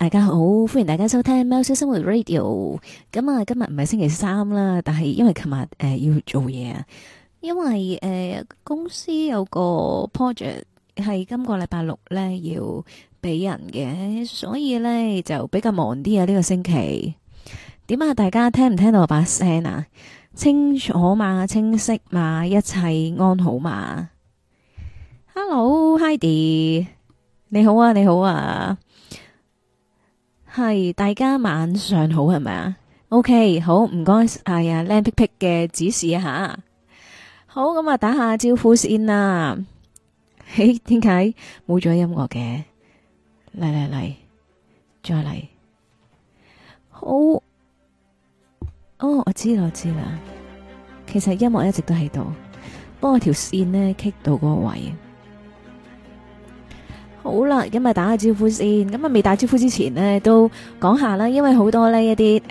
大家好，歡迎大家收聽喵式生活 Radio。咁啊，今日唔係星期三啦，但係因為琴日誒要做嘢啊，因為誒、呃、公司有個 project 係今個禮拜六咧要俾人嘅，所以咧就比較忙啲啊。呢、這個星期點啊？大家聽唔聽到我把聲啊？清楚嘛？清晰嘛？一切安好嘛？Hello Heidi，你好啊，你好啊。係，大家晚上好，係咪啊？OK，好，唔該，係啊，靚撇撇嘅指示一下，好咁啊，打下招呼先啦。嘿， 點解冇咗音樂嘅？嚟嚟嚟，再嚟，好，哦、oh,，我知道，我知啦。其實音樂一直都喺度，不過條線呢，棘到嗰個位。好啦，咁咪打下招呼先。咁啊，未打招呼之前呢，都講下啦。因為好多呢一啲誒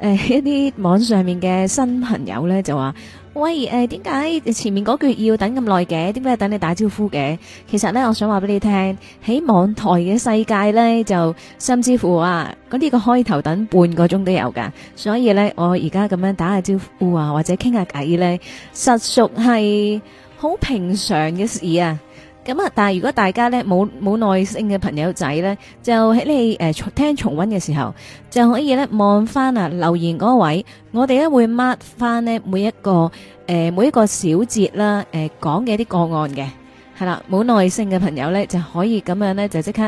誒一啲網上面嘅新朋友呢，就話：喂，誒、呃，點解前面嗰句要等咁耐嘅？點解要等你打招呼嘅？其實呢，我想話俾你聽，喺網台嘅世界呢，就甚至乎啊，嗰啲個開頭等半個鐘都有噶。所以呢，我而家咁樣打下招呼啊，或者傾下偈呢，實屬係好平常嘅事啊。咁啊！但係如果大家咧冇冇耐性嘅朋友仔咧，就喺你誒、呃、聽重溫嘅時候，就可以咧望翻啊留言嗰位，我哋咧會 mark 翻咧每一個誒、呃、每一個小節啦，誒講嘅啲個案嘅係啦，冇耐性嘅朋友咧就可以咁樣咧就即刻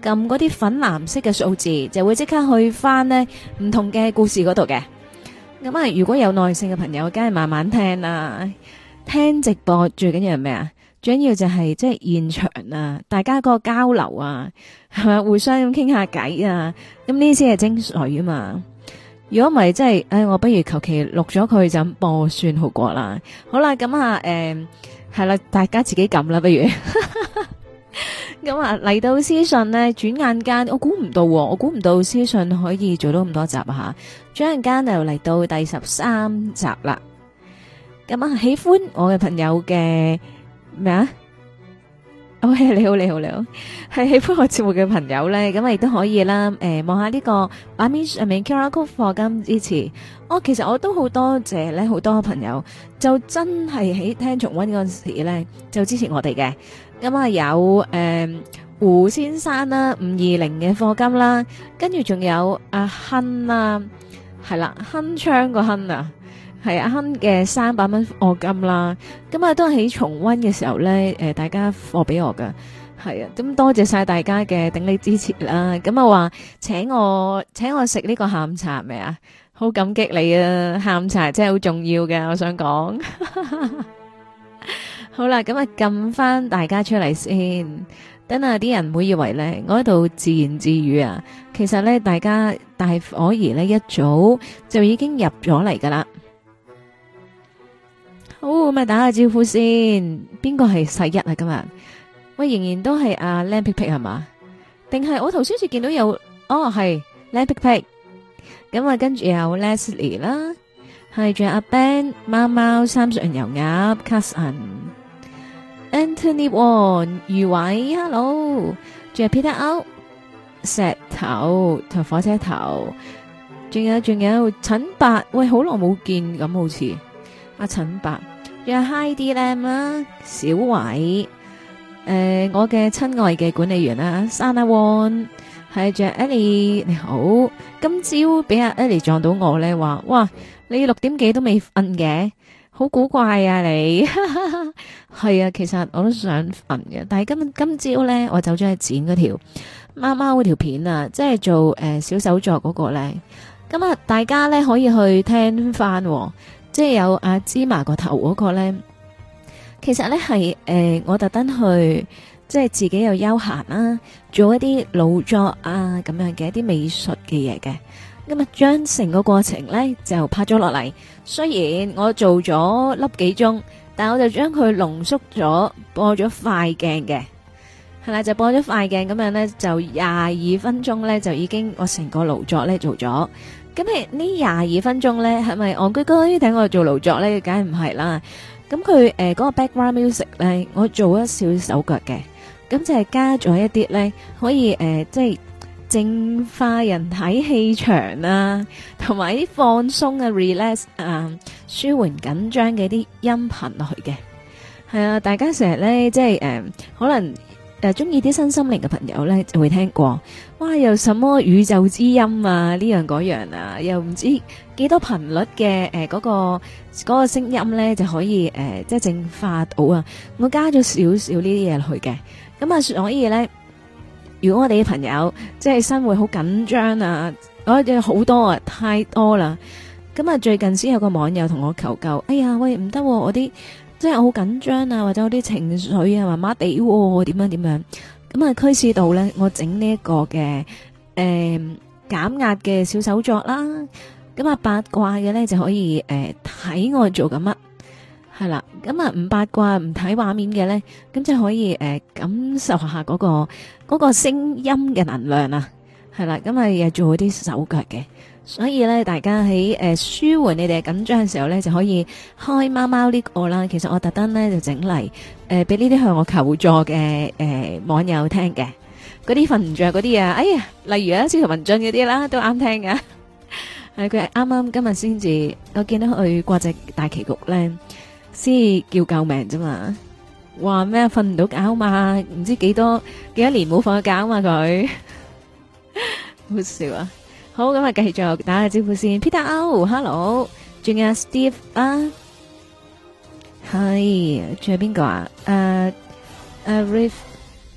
撳嗰啲粉藍色嘅數字，就會即刻去翻咧唔同嘅故事嗰度嘅。咁啊，如果有耐性嘅朋友，梗係慢慢聽啦。聽直播最緊要係咩啊？主要就係、是，即係現場啊，大家個交流啊，係咪互相咁傾下偈啊，咁呢啲先係精髓啊嘛。如果唔係，即係，誒，我不如求其錄咗佢就播算好過啦。好啦，咁啊，誒、欸，係啦，大家自己撳啦，不如。咁 啊，嚟到屍訊咧，轉眼間我估唔到，我估唔到屍、啊、訊可以做到咁多集啊吓，轉眼間又嚟到第十三集啦。咁啊，喜歡我嘅朋友嘅。咩啊 o 你好，你好，你好，係喜歡我節目嘅朋友咧，咁啊亦都可以啦。誒、呃，望下呢個畫面上面，QR code 課金支持。我、哦、其實我都好多謝咧，好多朋友就真係喺聽重溫嗰陣時咧，就支持我哋嘅。咁啊有誒、呃、胡先生啦，五二零嘅課金啦，跟住仲有阿亨啦，係啦，亨昌個亨啊！係啊，亨嘅三百蚊臥金啦，咁啊都喺重溫嘅時候咧，誒，大家貨俾我噶，係啊，咁多謝晒大家嘅鼎力支持啦。咁啊話請我請我食呢個下午茶，咩啊？好感激你啊！下午茶真係好重要嘅，我想講 好啦。咁、嗯、啊，撳翻大家出嚟先，等下啲人唔會以為咧，我喺度自言自語啊。其實咧，大家大火兒呢一早就已經入咗嚟噶啦。好，咪打下招呼先。邊個係十一啊？今日喂，仍然都係阿靚皮皮係嘛？定係我頭先先見到有哦係靚皮皮。咁啊，跟住有 Leslie 啦，仲有阿 Ben 貓貓三隻油鴨，Cousin Anthony Wong 余偉，Hello，仲有 Peter 歐石頭同火車頭，仲有仲有陳伯喂，好耐冇見咁好似阿陳伯。着 Hi，D.M 啦，Hi Lam，小偉，誒、呃，我嘅親愛嘅管理員啦 Sana Won 係係着 Ellie 你好，今朝俾阿 Ellie 撞到我咧，話哇，你六點幾都未瞓嘅，好古怪啊你，係啊，其實我都想瞓嘅，但係今今朝咧，我走咗去剪嗰條貓貓嗰條片啊，即係做誒、呃、小手作嗰個咧，咁啊，大家咧可以去聽翻、哦。即係有阿、啊、芝麻個頭嗰個呢，其實呢係誒、呃,我特登去即係自己又休閒啦，做一啲勞作啊咁樣嘅一啲美術嘅嘢嘅，咁啊將成個過程呢就拍咗落嚟。雖然我做咗粒幾鐘，但我就將佢濃縮咗，播咗快鏡嘅，係啦就播咗快鏡咁樣呢，就廿二分鐘呢，就已經我成個勞作呢做咗。咁係呢廿二分鐘咧，係咪戇居居等我做勞作咧？梗係唔係啦。咁佢誒嗰個 background music 咧，我做咗少少手腳嘅，咁就係加咗一啲咧，可以誒，即係淨化人體氣場啦，同埋啲放鬆嘅 relax 啊，舒緩緊張嘅啲音頻落去嘅，係啊，大家成日咧，即係誒，可能。誒，中意啲新心靈嘅朋友呢，就會聽過，哇，又什麼宇宙之音啊，呢樣嗰樣啊，又唔知幾多頻率嘅誒，嗰、呃嗰個嗰、嗰個聲音呢，就可以誒、呃，即係淨化到啊！我加咗少少呢啲嘢落去嘅。咁啊，所以呢如果我哋啲朋友即係生活好緊張啊，我、哦、好多啊，太多啦。咁啊，最近先有個網友同我求救，哎呀，喂，唔得、啊，我啲。即係好緊張啊，或者有啲情緒啊，麻麻地點樣點樣咁啊？驅使到咧，我整呢一個嘅誒減壓嘅小手作啦。咁啊八卦嘅咧就可以誒睇、呃、我做緊乜係啦。咁啊唔八卦唔睇畫面嘅咧，咁即係可以誒、呃、感受下嗰個嗰個聲音嘅能量啊。係啦，咁啊又做啲手腳嘅。所以咧，大家喺誒舒緩你哋緊張嘅時候咧，就可以開貓貓呢個啦。其實我特登咧就整嚟誒俾呢啲向我求助嘅誒網友聽嘅，嗰啲瞓唔着嗰啲啊，哎呀，例如啊，司徒文進嗰啲啦，都啱聽嘅。係佢啱啱今日先至，我見到佢掛隻大棋局咧，先至叫救命啫嘛，話咩瞓唔到覺嘛，唔知幾多幾多年冇瞓過覺啊嘛佢，好笑啊！好，咁啊，繼續打下招呼先。Peter，Hello，仲有 Steve 啊，係仲有邊個啊？誒誒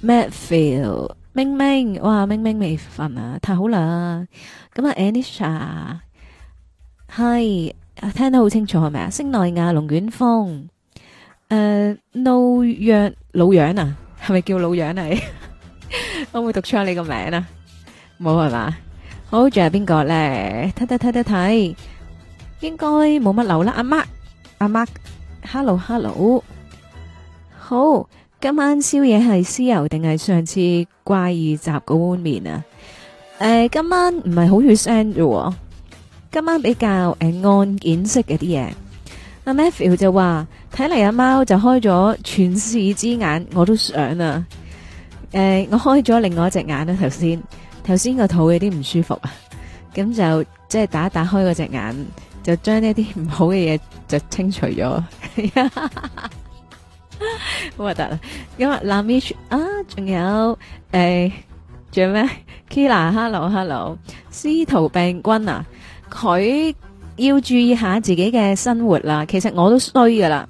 ，Rif，Matthew，明明，哇，明明未瞓啊，太好啦。咁啊，Anisha，係，聽得好清楚係咪啊？星奈亞龍捲風，誒，老樣老樣啊，係咪叫老樣啊？可唔可以讀出你個名啊？冇係嘛？好，仲有邊個咧？睇睇睇睇睇，應該冇乜流啦。阿 Mark，阿 Mark，hello hello。好，今晚宵夜係豉油定係上次怪異集嗰碗麵啊？誒，今晚唔係好血腥嘅，今晚比較誒案件式嘅啲嘢。阿 Matthew 就話睇嚟阿貓就開咗全視之眼，我都想啊。誒，我開咗另外一隻眼啦，頭先。頭先個肚有啲唔舒服啊，咁就即係打一打開嗰隻眼，就將呢啲唔好嘅嘢，就清除咗。好核突啦，因為 a c h 啊，仲有，誒，仲、哎、有咩 Kila？Hello，Hello，司徒病君啊，佢要注意下自己嘅生活啦。其實我都衰噶啦。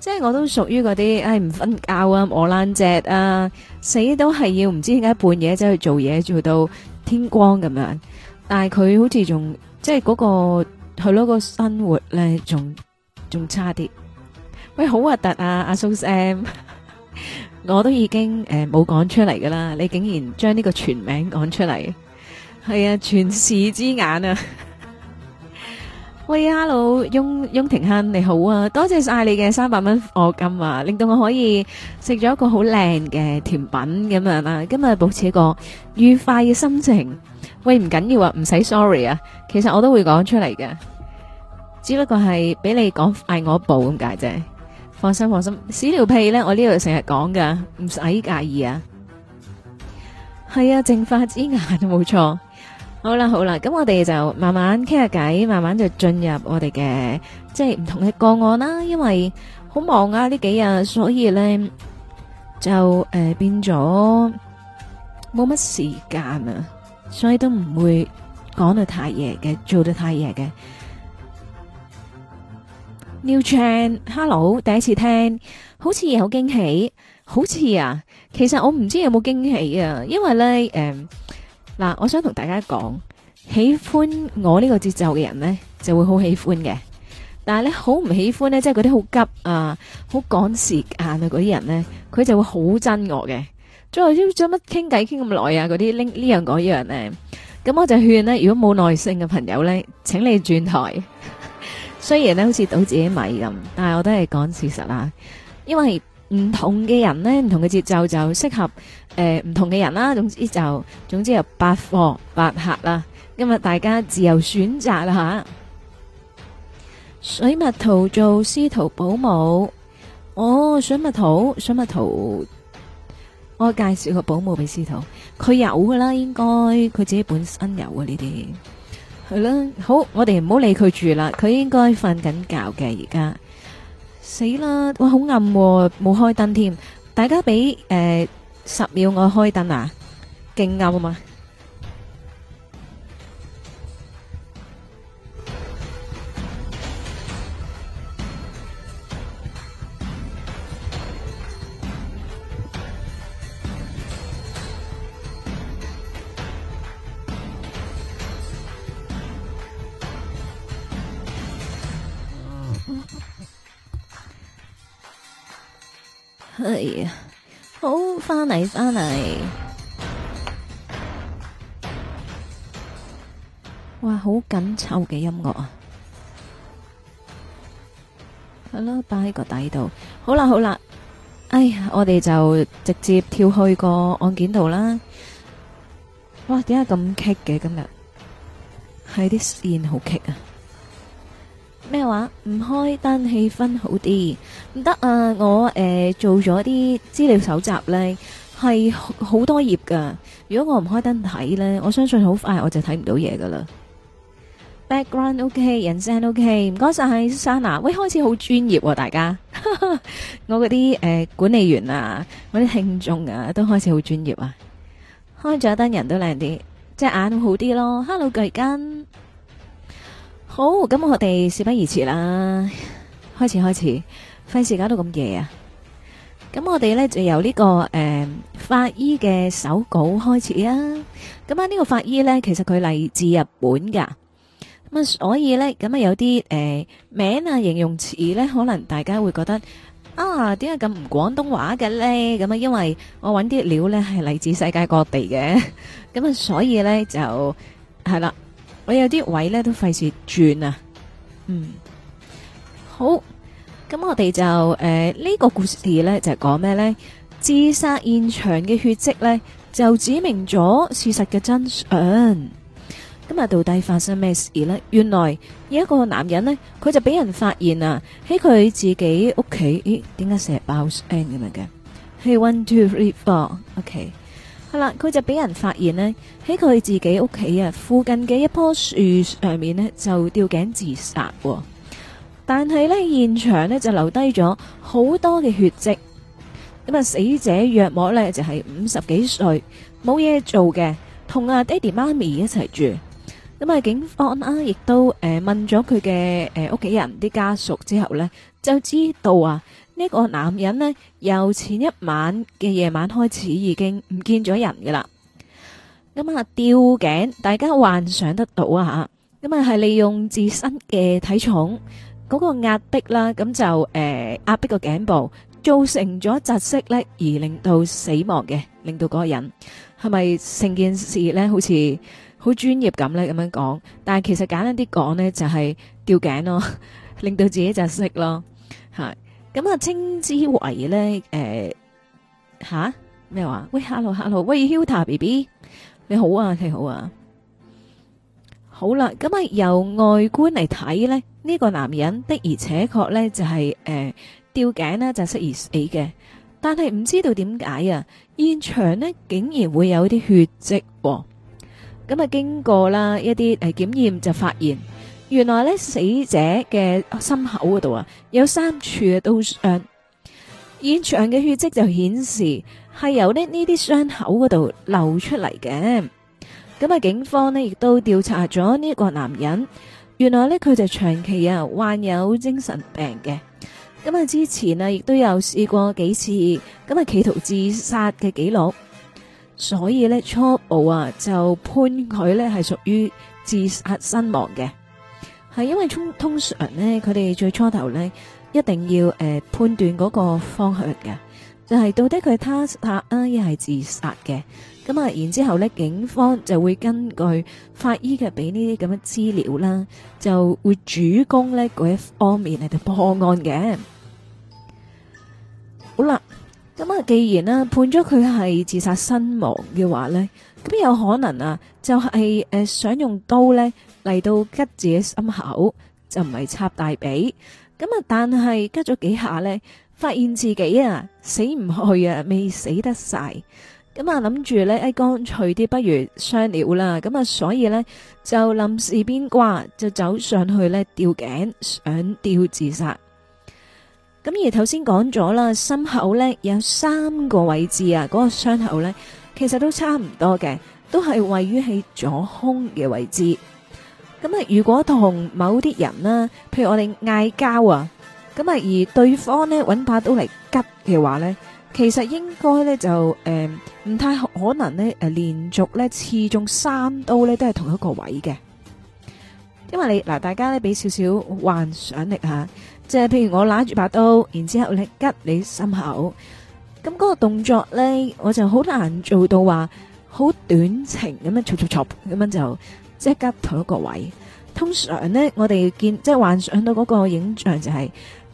即係我都屬於嗰啲，唉唔瞓覺啊，我爛只啊，死都係要唔知點解半夜走去做嘢做到天光咁樣。但係佢好似仲即係嗰、嗰個佢嗰個生活咧，仲仲差啲。喂，好核突啊，阿蘇 s m， 我都已經誒冇講出嚟噶啦，你竟然將呢個全名講出嚟，係 啊，全視之眼啊！ 喂，hello，雍雍庭亨你好啊，多謝晒你嘅三百蚊課金啊，令到我可以食咗一個好靚嘅甜品咁樣啦。今日保持一個愉快嘅心情。喂，唔緊要啊，唔使 sorry 啊，其實我都會講出嚟嘅，只不過係俾你講快我一步咁解啫。放心，放心，屎尿屁咧，我呢度成日講噶，唔使介意啊。係啊，淨化之眼冇錯。好啦，好啦，咁我哋就慢慢傾下偈，慢慢就進入我哋嘅，即係唔同嘅個案啦。因為好忙啊，呢幾日，所以咧就誒變咗冇乜時間啊，所以都唔會講得太夜嘅，做得太夜嘅。New Chan，Hello，第一次聽，好似好驚喜，好似啊，其實我唔知有冇驚喜啊，因為咧，誒。嗱，我想同大家講，喜歡我呢個節奏嘅人呢，就會好喜歡嘅。但係咧，好唔喜歡呢？即係嗰啲好急啊、好趕時間啊嗰啲人呢，佢就會好憎我嘅。最後啲做乜傾偈傾咁耐啊？嗰啲拎呢樣嗰樣呢？咁我就勸呢：如果冇耐性嘅朋友呢，請你轉台。雖然呢好似倒自己米咁，但係我都係講事實啦。因為唔同嘅人呢，唔同嘅節奏就適合。誒，唔同嘅人啦，總之就總之就百貨百客啦。今日大家自由選擇啦吓。水蜜桃做司徒保姆，哦，水蜜桃，水蜜桃，我介紹個保姆俾司徒，佢有㗎啦，應該佢自己本身有啊，呢啲係啦。好，我哋唔好理佢住啦，佢應該瞓緊覺嘅而家死啦。哇，好暗，冇開燈添。大家俾誒。十秒我開燈啊，勁暗啊嘛。哎呀！好，翻嚟，翻嚟，哇，好緊湊嘅音樂啊！係咯，擺喺個底度。好啦，好啦，哎呀，我哋就直接跳去個案件度啦。哇，點解咁棘嘅？今日係啲線好棘啊！咩話？唔開燈氣氛好啲唔得啊！我誒、呃、做咗啲資料搜集呢，係好，好多頁噶，如果我唔開燈睇呢，我相信好快我就睇唔到嘢噶啦。Background OK，人聲 OK，唔該晒 Sana，喂，開始好專業喎、啊，大家 我嗰啲誒管理員啊，我啲聽眾啊都開始好專業啊，開咗燈人都靚啲，隻眼都好啲咯。Hello 巨根。好，咁我哋事不宜遲啦，開始開始，費事搞到咁夜啊！咁我哋呢就由呢、呢個誒、呃、法醫嘅手稿開始啊！咁啊呢個法醫呢，其實佢嚟自日本噶，咁啊所以呢，咁、呃、啊有啲誒名啊形容詞呢，可能大家會覺得啊點解咁唔廣東話嘅呢？咁啊因為我揾啲料呢，係嚟自世界各地嘅，咁啊所以呢，就係啦。我有啲位咧都費事轉啊，嗯，好，咁我哋就誒呢、呃這個故事咧就係講咩咧？自殺現場嘅血迹咧就指明咗事實嘅真相。今日到底發生咩事咧？原來有一個男人咧，佢就俾人發現啊喺佢自己屋企，咦？點解成日爆聲咁樣嘅？Hey, one two three four，OK。係啦，佢就俾人發現呢喺佢自己屋企啊附近嘅一棵樹上面呢就吊頸自殺，但係呢現場呢就留低咗好多嘅血跡。咁啊，死者約莫呢就係五十幾歲，冇嘢做嘅，同啊爹哋媽咪一齊住。咁啊，警方啊亦都誒問咗佢嘅誒屋企人啲家屬之後呢，就知道啊。呢個男人呢，由前一晚嘅夜晚開始已經唔見咗人噶啦。咁啊，吊頸，大家幻想得到啊吓。咁啊，係利用自身嘅體重嗰、那個壓迫啦，咁就誒、呃、壓迫個頸部造成咗窒息呢，而令到死亡嘅。令到嗰個人係咪成件事呢？好似好專業咁呢。咁樣講？但係其實簡單啲講呢，就係、是、吊頸咯，令到自己窒息咯，係。咁啊，稱之為咧，誒、呃，吓咩話？喂，hello，hello，Hello. 喂，Huta B B，你好啊，你好啊，好啦，咁啊，由外觀嚟睇咧，呢、這個男人的確、就是呃、而且確咧就係誒吊頸呢，就窒息死嘅，但係唔知道點解啊，現場呢竟然會有啲血跡、哦，咁啊經過啦一啲誒檢驗就發現。原來咧死者嘅心口嗰度啊，有三處嘅刀傷，現場嘅血迹就顯示係由呢呢啲傷口嗰度流出嚟嘅。咁啊，警方呢亦都調查咗呢個男人，原來咧佢就長期啊患有精神病嘅。咁啊，之前啊亦都有試過幾次咁啊企圖自殺嘅記錄，所以咧初步啊就判佢咧係屬於自殺身亡嘅。係因為通通常咧，佢哋最初頭咧一定要誒、呃、判斷嗰個方向嘅，就係、是、到底佢係他殺啊，亦係自殺嘅。咁啊，然之後咧，警方就會根據法醫嘅俾呢啲咁嘅資料啦，就會主攻咧嗰一方面嚟到破案嘅。好啦，咁啊，既然啊判咗佢係自殺身亡嘅話咧，咁有可能啊就係、是、誒、呃、想用刀咧。嚟到吉自己心口就唔係插大髀咁啊。但係吉咗幾下呢，發現自己啊死唔去啊，未死得晒咁啊。諗住呢，唉，乾脆啲不如傷了啦。咁啊，所以呢，就臨時邊掛就走上去呢，吊頸想吊自殺。咁而頭先講咗啦，心口呢，有三個位置啊，嗰、嗰個傷口呢，其實都差唔多嘅，都係位於喺左胸嘅位置。咁啊，如果同某啲人呢，譬如我哋嗌交啊，咁啊，而對方呢，揾把刀嚟拮嘅話呢，其實應該呢就唔太可能呢連續呢刺中三刀呢都係同一個位嘅，因為你嗱大家呢俾少少幻想力下，即係譬如我拿住把刀，然之後咧拮你心口，咁嗰個動作呢，我就好難做到話好短程咁樣戳戳戳咁樣就。即刻同一個位，通常呢，我哋見即係幻想到嗰個影像就係、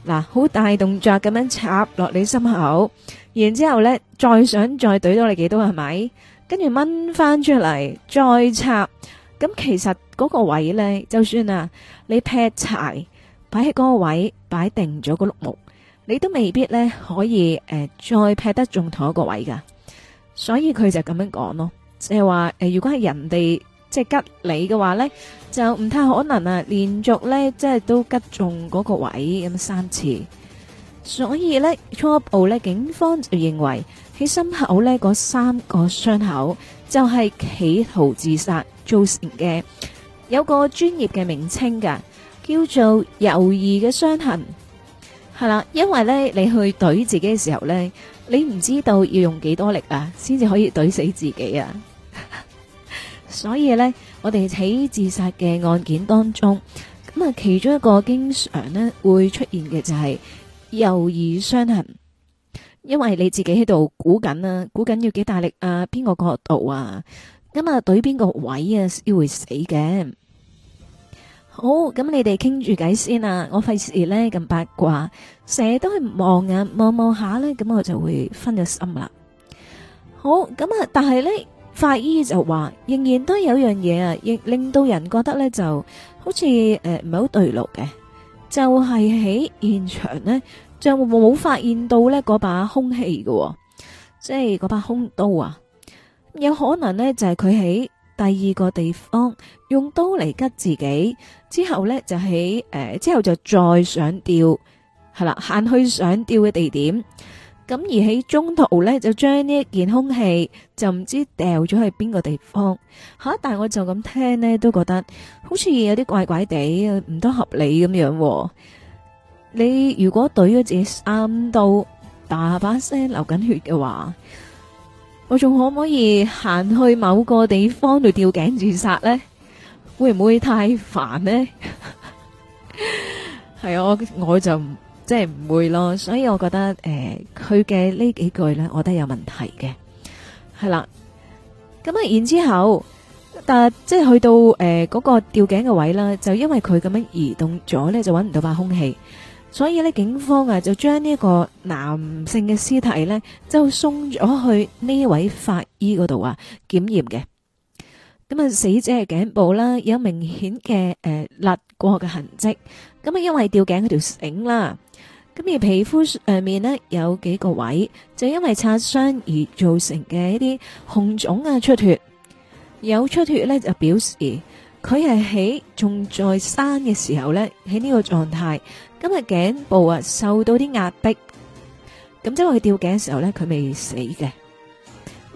是、嗱，好大動作咁樣插落你心口，然之後呢再想再懟到你幾多係咪？跟住掹翻出嚟再插咁，其實嗰個位呢，就算啊你劈柴擺喺嗰個位擺定咗個碌木，你都未必呢可以誒、呃、再劈得中同一個位噶。所以佢就咁樣講咯，即係話誒，如果係人哋。即係吉你嘅話呢，就唔太可能啊！連續咧，即係都吉中嗰個位咁三次，所以呢，初步呢，警方就認為，喺心口呢嗰三個傷口就係企圖自殺造成嘅，有個專業嘅名稱噶，叫做猶豫嘅傷痕。係啦，因為呢，你去懟自己嘅時候呢，你唔知道要用幾多力啊，先至可以懟死自己啊！所以咧，我哋喺自殺嘅案件當中，咁啊其中一個經常咧會出現嘅就係猶豫傷痕，因為你自己喺度估緊啊，估緊要幾大力啊，邊個角度啊，咁啊懟邊個位啊，要會死嘅。好，咁你哋傾住偈先啊，我費事咧咁八卦，成日都係望眼望望下咧，咁啊我就會分咗心啦。好，咁啊，但係咧。法醫就話，仍然都有樣嘢啊，亦令到人覺得咧，就好似誒唔係好對路嘅，就係、是、喺現場呢，就冇發現到咧嗰把兇器嘅，即係嗰把兇刀啊，有可能呢，就係佢喺第二個地方用刀嚟吉自己，之後呢，就喺誒、呃、之後就再上吊，係啦，行去上吊嘅地點。咁而喺中途咧，就將呢一件空氣就唔知掉咗去邊個地方吓，但係我就咁聽咧，都覺得好似有啲怪怪地啊，唔多合理咁樣。你如果懟咗自己啱啱度大把聲流緊血嘅話，我仲可唔可以行去某個地方度吊頸自殺咧？會唔會太煩咧？係啊，我我就。即係唔會咯，所以我覺得誒，佢嘅呢幾句呢，我覺得有問題嘅係啦。咁啊，然之後但即係去到誒嗰、呃那個吊頸嘅位啦，就因為佢咁樣移動咗呢，就揾唔到把空氣，所以呢，警方啊就將呢個男性嘅屍體呢，就送咗去呢位法醫嗰度啊檢驗嘅。咁、嗯、啊，死者嘅頸部啦有明顯嘅誒勒過嘅痕跡，咁、嗯、啊，因為吊頸嗰條繩啦。咁而皮膚上面咧有幾個位，就因為擦傷而造成嘅一啲紅腫啊，出血。有出血咧就表示佢係喺仲在生嘅時候咧，喺呢個狀態。今日頸部啊受到啲壓迫，咁即係話佢吊頸嘅時候咧，佢未死嘅。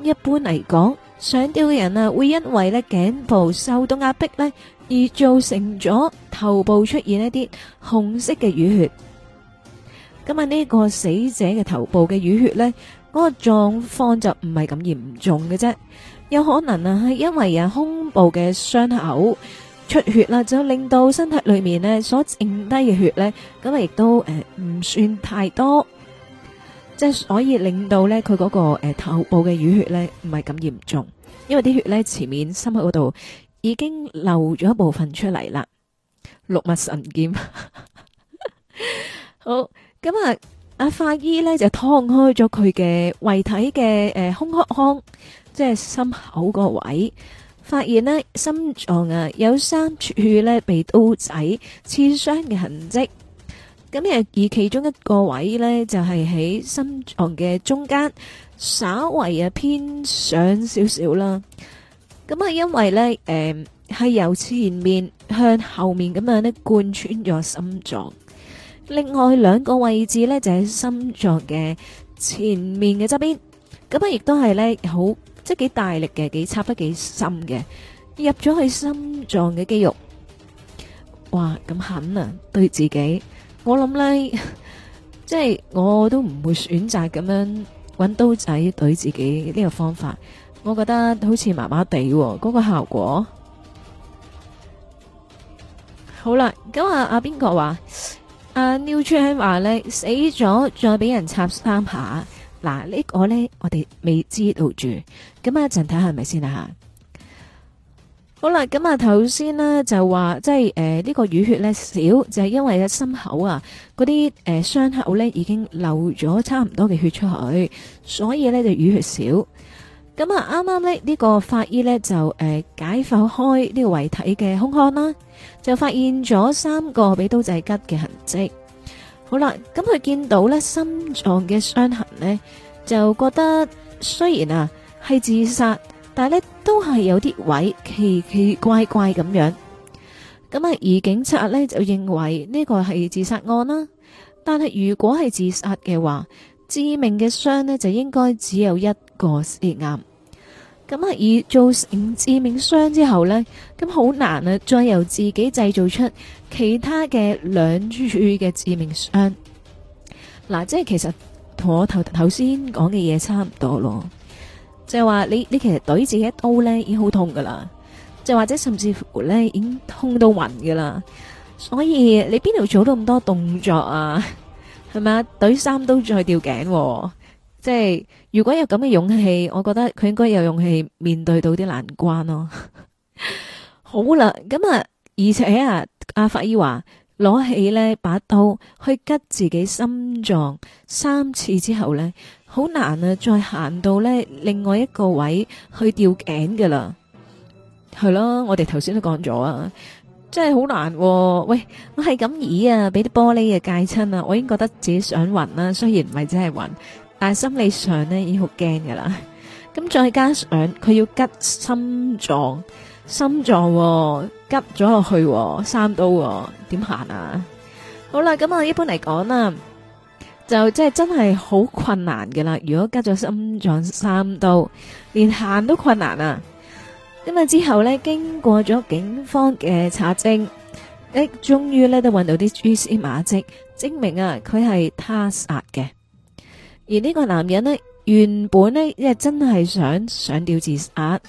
一般嚟講，上吊嘅人啊，會因為咧頸部受到壓迫咧，而造成咗頭部出現一啲紅色嘅淤血。咁啊，呢個死者嘅頭部嘅淤血呢，嗰、嗰個狀況就唔係咁嚴重嘅啫。有可能啊，係因為啊，胸部嘅傷口出血啦，就令到身體裏面呢所剩低嘅血呢，咁啊，亦都誒唔算太多，即係可以令到呢佢嗰、嗰個誒、呃、頭部嘅淤血呢唔係咁嚴重，因為啲血呢前面心口嗰度已經漏咗一部分出嚟啦。六脈神劍 好。咁啊，阿法醫咧就劏開咗佢嘅遺體嘅誒胸腔，即係心口嗰位，發現咧心臟啊有三處咧被刀仔刺傷嘅痕跡。咁啊，而其中一個位咧就係喺心臟嘅中間，稍為啊偏上少少啦。咁啊，因為咧誒係由前面向後面咁樣咧貫穿咗心臟。另外兩個位置咧，就喺心臟嘅前面嘅側邊，咁啊，亦都係咧好即係幾大力嘅，幾插得幾深嘅，入咗去心臟嘅肌肉，哇！咁狠啊，對自己，我諗咧，即係我都唔會選擇咁樣揾刀仔對自己呢個方法，我覺得好似麻麻地嗰個效果。好啦，咁啊，阿邊個話？啊！Newman 話咧死咗，再俾人插三下。嗱、啊，這個、呢個咧我哋未知道住，咁啊一陣睇下係咪先啦。好啦，咁啊頭先呢就話即係誒呢個淤血咧少，就係、呃這個就是、因為心口啊嗰啲誒傷口咧已經漏咗差唔多嘅血出去，所以咧就淤血少。咁啊啱啱咧呢、這個法醫咧就誒、呃、解剖開呢個遺體嘅胸腔啦。就發現咗三個俾刀仔吉嘅痕迹，好啦，咁佢見到呢心臟嘅傷痕呢，就覺得雖然啊係自殺，但係呢都係有啲位奇奇怪怪咁樣。咁啊，而警察呢就認為呢個係自殺案啦，但係如果係自殺嘅話，致命嘅傷呢就應該只有一個先啱咁啊，以造成致命傷之後呢，咁好難啊！再由自己製造出其他嘅兩處嘅致命傷，嗱，即係其實同我頭頭先講嘅嘢，差唔多咯。就係話你你其實懟自己一刀呢，已經好痛噶啦，就或者甚至乎呢已經痛到暈噶啦。所以你邊度做到咁多動作啊？係咪啊？懟三刀再吊頸。即係，如果有咁嘅勇氣，我覺得佢應該有勇氣面對到啲難關咯。好啦，咁啊，而且啊，阿法醫話攞起呢把刀去拮自己心臟三次之後呢，好難啊！再行到呢另外一個位去吊頸噶啦，係咯，我哋頭先都講咗啊，真係好難。喂，我係咁咦啊，俾啲玻璃嘅戒親啊，我已經覺得自己想暈啦。雖然唔係真係暈。但係心理上咧已經好驚噶啦，咁再加上佢要拮心臟，心臟拮咗落去三刀，點行啊？好啦，咁啊，一般嚟講啦，就即係真係好困難噶啦。如果拮咗心臟三刀，連行都困難啊！咁啊之後咧，經過咗警方嘅查證，咧終於咧都揾到啲蛛絲馬跡，證明啊佢係他殺嘅。而呢個男人呢，原本呢，即係真係想上吊自殺，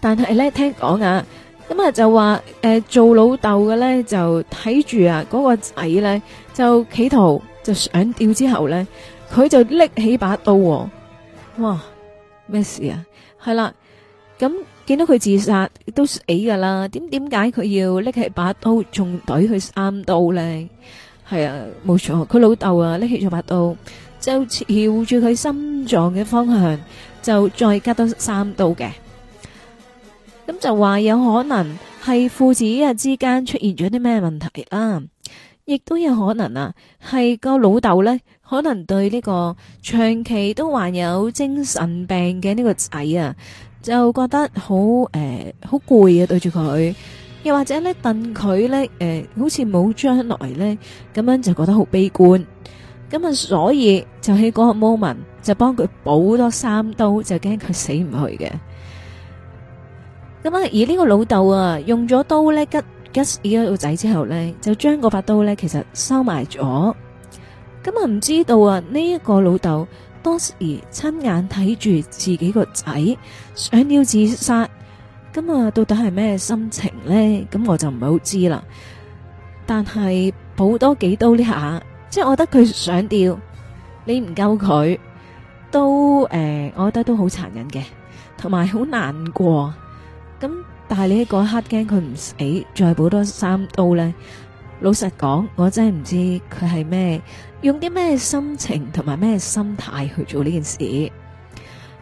但係呢聽講啊，咁啊就話誒做老豆嘅呢，就睇住啊嗰個仔呢就企圖就上吊之後呢，佢就拎起把刀，哇咩事啊？係啦，咁見到佢自殺都死噶啦，點點解佢要拎起把刀仲懟佢三刀呢？係啊，冇錯，佢老豆啊拎起咗把刀。就朝住佢心臟嘅方向，就再加多三刀嘅。咁就話有可能係父子啊之間出現咗啲咩問題啦，亦都有可能啊係個老豆咧，可能對呢個長期都患有精神病嘅呢個仔啊，就覺得好誒好攰啊，對住佢，又或者咧戥佢咧誒，好似冇將來咧，咁樣就覺得好悲觀。咁啊、嗯，所以就喺嗰個 moment 就幫佢補多三刀，就驚佢死唔去嘅。咁、嗯、啊，而呢個老豆啊，用咗刀咧吉吉死咗個仔之後咧，就將個把刀咧，其實收埋咗。咁、嗯、啊，唔、嗯、知道啊呢一、這個老豆當時親眼睇住自己個仔想要自殺，咁、嗯、啊、嗯，到底係咩心情咧？咁、嗯、我就唔係好知啦。但係補多幾刀呢下。即係我覺得佢上吊，你唔救佢，都誒、呃，我覺得都好殘忍嘅，同埋好難過。咁但係你喺嗰一刻驚佢唔死，再補多三刀咧。老實講，我真係唔知佢係咩用啲咩心情同埋咩心態去做呢件事。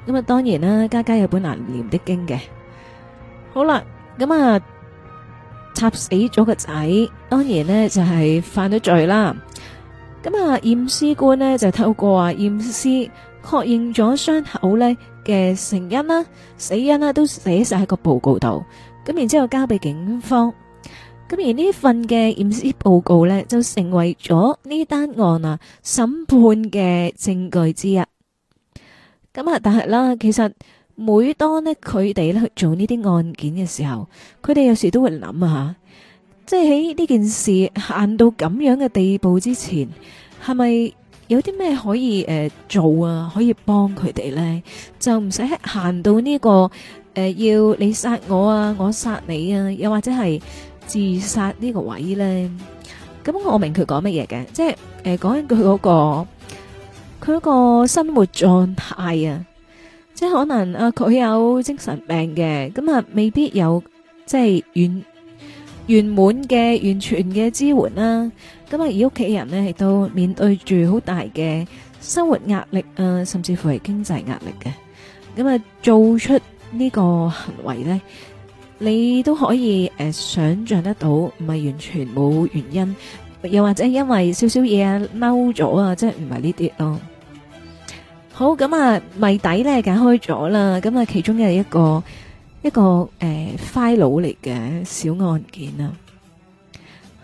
咁啊，當然啦、啊，家家有本難念的經嘅。好啦，咁啊，插死咗個仔，當然呢就係、是、犯咗罪啦。咁啊，驗屍官呢就透過啊驗屍確認咗傷口呢嘅成因啦、死因啦，都寫晒喺個報告度。咁然之後交俾警方。咁而呢份嘅驗屍報告呢，就成為咗呢單案啊審判嘅證據之一。咁啊，但係啦，其實每當呢佢哋咧去做呢啲案件嘅時候，佢哋有時都會諗下。即係喺呢件事行到咁樣嘅地步之前，係咪有啲咩可以誒做啊？可以幫佢哋咧，就唔使行到呢個誒要你殺我啊，我殺你啊，又或者係自殺呢個位咧？咁我明佢講乜嘢嘅？即係誒講緊佢嗰個佢嗰個生活狀態啊，即係可能啊佢有精神病嘅，咁啊未必有即係遠。圓滿嘅完全嘅支援啦，咁啊而屋企人咧亦都面對住好大嘅生活壓力啊，甚至乎係經濟壓力嘅，咁啊做出呢個行為咧，你都可以誒想象得到唔係完全冇原因，又或者係因為少少嘢嬲咗啊，即係唔係呢啲咯。好，咁啊謎底咧解開咗啦，咁啊其中嘅一個。一個誒 file 嚟嘅小案件啊，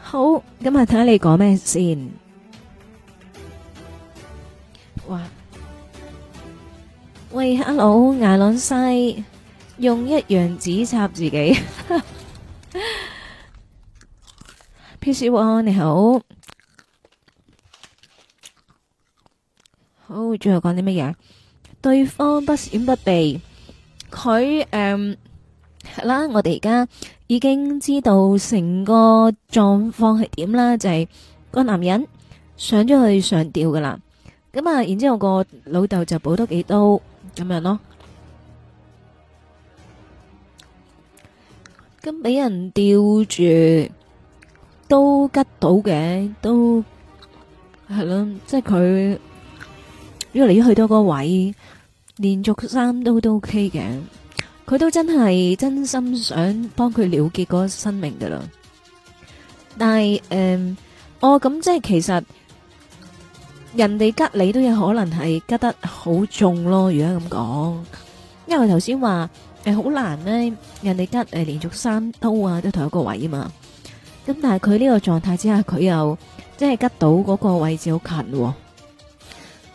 好，咁啊，睇下你講咩先。哇，喂，hello，艾朗西，用一樣紙插自己。PC One，你好，好，最後講啲乜嘢？對方不閃不避，佢誒。係啦，嗯，我哋而家已經知道成個狀況係點啦，就係、是、個男人上咗去上吊噶啦，咁啊，然之後個老豆就補多幾刀咁樣咯。咁、嗯、俾人吊住都吉到嘅，都係啦，即係佢越嚟越去多個位，連續三刀都 OK 嘅。佢都真係真心想幫佢了結嗰個生命噶啦，但係誒，我、嗯、咁、哦、即係其實人哋吉你都有可能係吉得好重咯，如果咁講，因為我頭先話誒好難呢人哋吉誒連續三刀啊都同一個位嘛，咁但係佢呢個狀態之下，佢又即係吉到嗰個位置好近，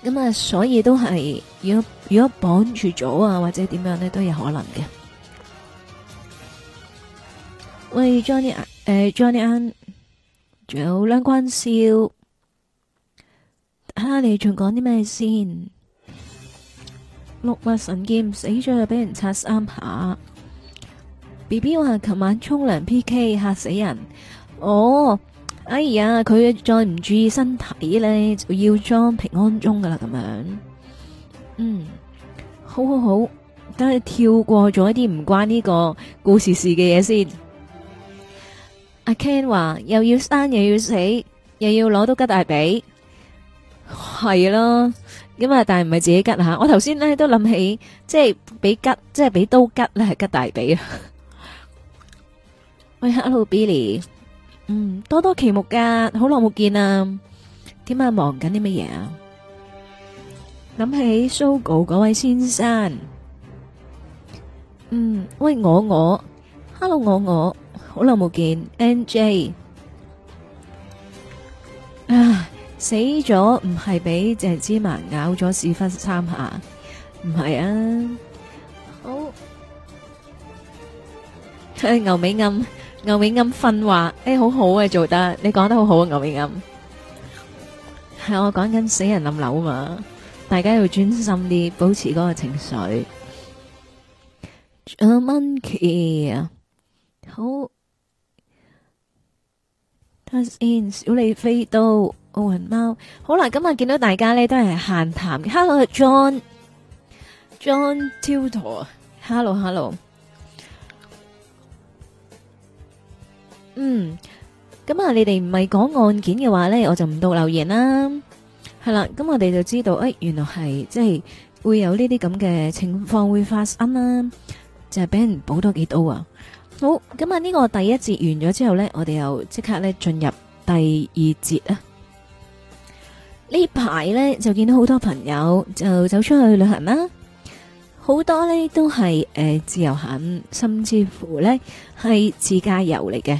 咁啊所以都係如果。如果綁住咗啊，或者點樣呢，都有可能嘅。喂，Johnny，誒、呃、，Johnny，仲有兩關笑，睇下你仲講啲咩先？六脈神劍死咗，又俾人拆三下。B B 話琴晚沖涼 P K 吓死人。哦，哎呀，佢再唔注意身體咧，就要裝平安鐘噶啦咁樣。嗯，好好好，等你跳過咗一啲唔關呢個故事事嘅嘢先。阿 Ken 話又要生又要死，又要攞到吉大髀，係咯？咁啊，但係唔係自己吉下。我頭先咧都諗起，即係俾吉，即係俾刀吉咧，係吉大髀。啊！ 喂，Hello，Billy，嗯，多多期目噶，好耐冇見啊，點解忙緊啲乜嘢啊？諗起 Sogo 嗰位先生，嗯，喂我我，hello 我我，好耐冇見，N J，啊死咗唔係俾鄭芝麻咬咗屎忽三下，唔係啊，好，牛尾暗牛尾暗訓話，誒好好啊做得，你講得好好啊牛尾暗，係我講緊死人冧樓啊嘛。大家要專心啲，保持嗰個情緒。阿 monkey 啊，好 in 小李飛刀，奧運貓，好啦，今日見到大家咧，都係閒談。Hello，John，John Tuto，Hello，Hello，hello。嗯，咁啊，你哋唔係講案件嘅話咧，我就唔讀留言啦。係啦，咁我哋就知道，誒、哎，原來係即係會有呢啲咁嘅情況會發生啦，就係、是、俾人補多幾刀啊！好，咁啊呢個第一節完咗之後呢，我哋又即刻咧進入第二節啊。呢排呢，就見到好多朋友就走出去旅行啦，好多呢都係誒、呃、自由行，甚至乎呢係自駕遊嚟嘅。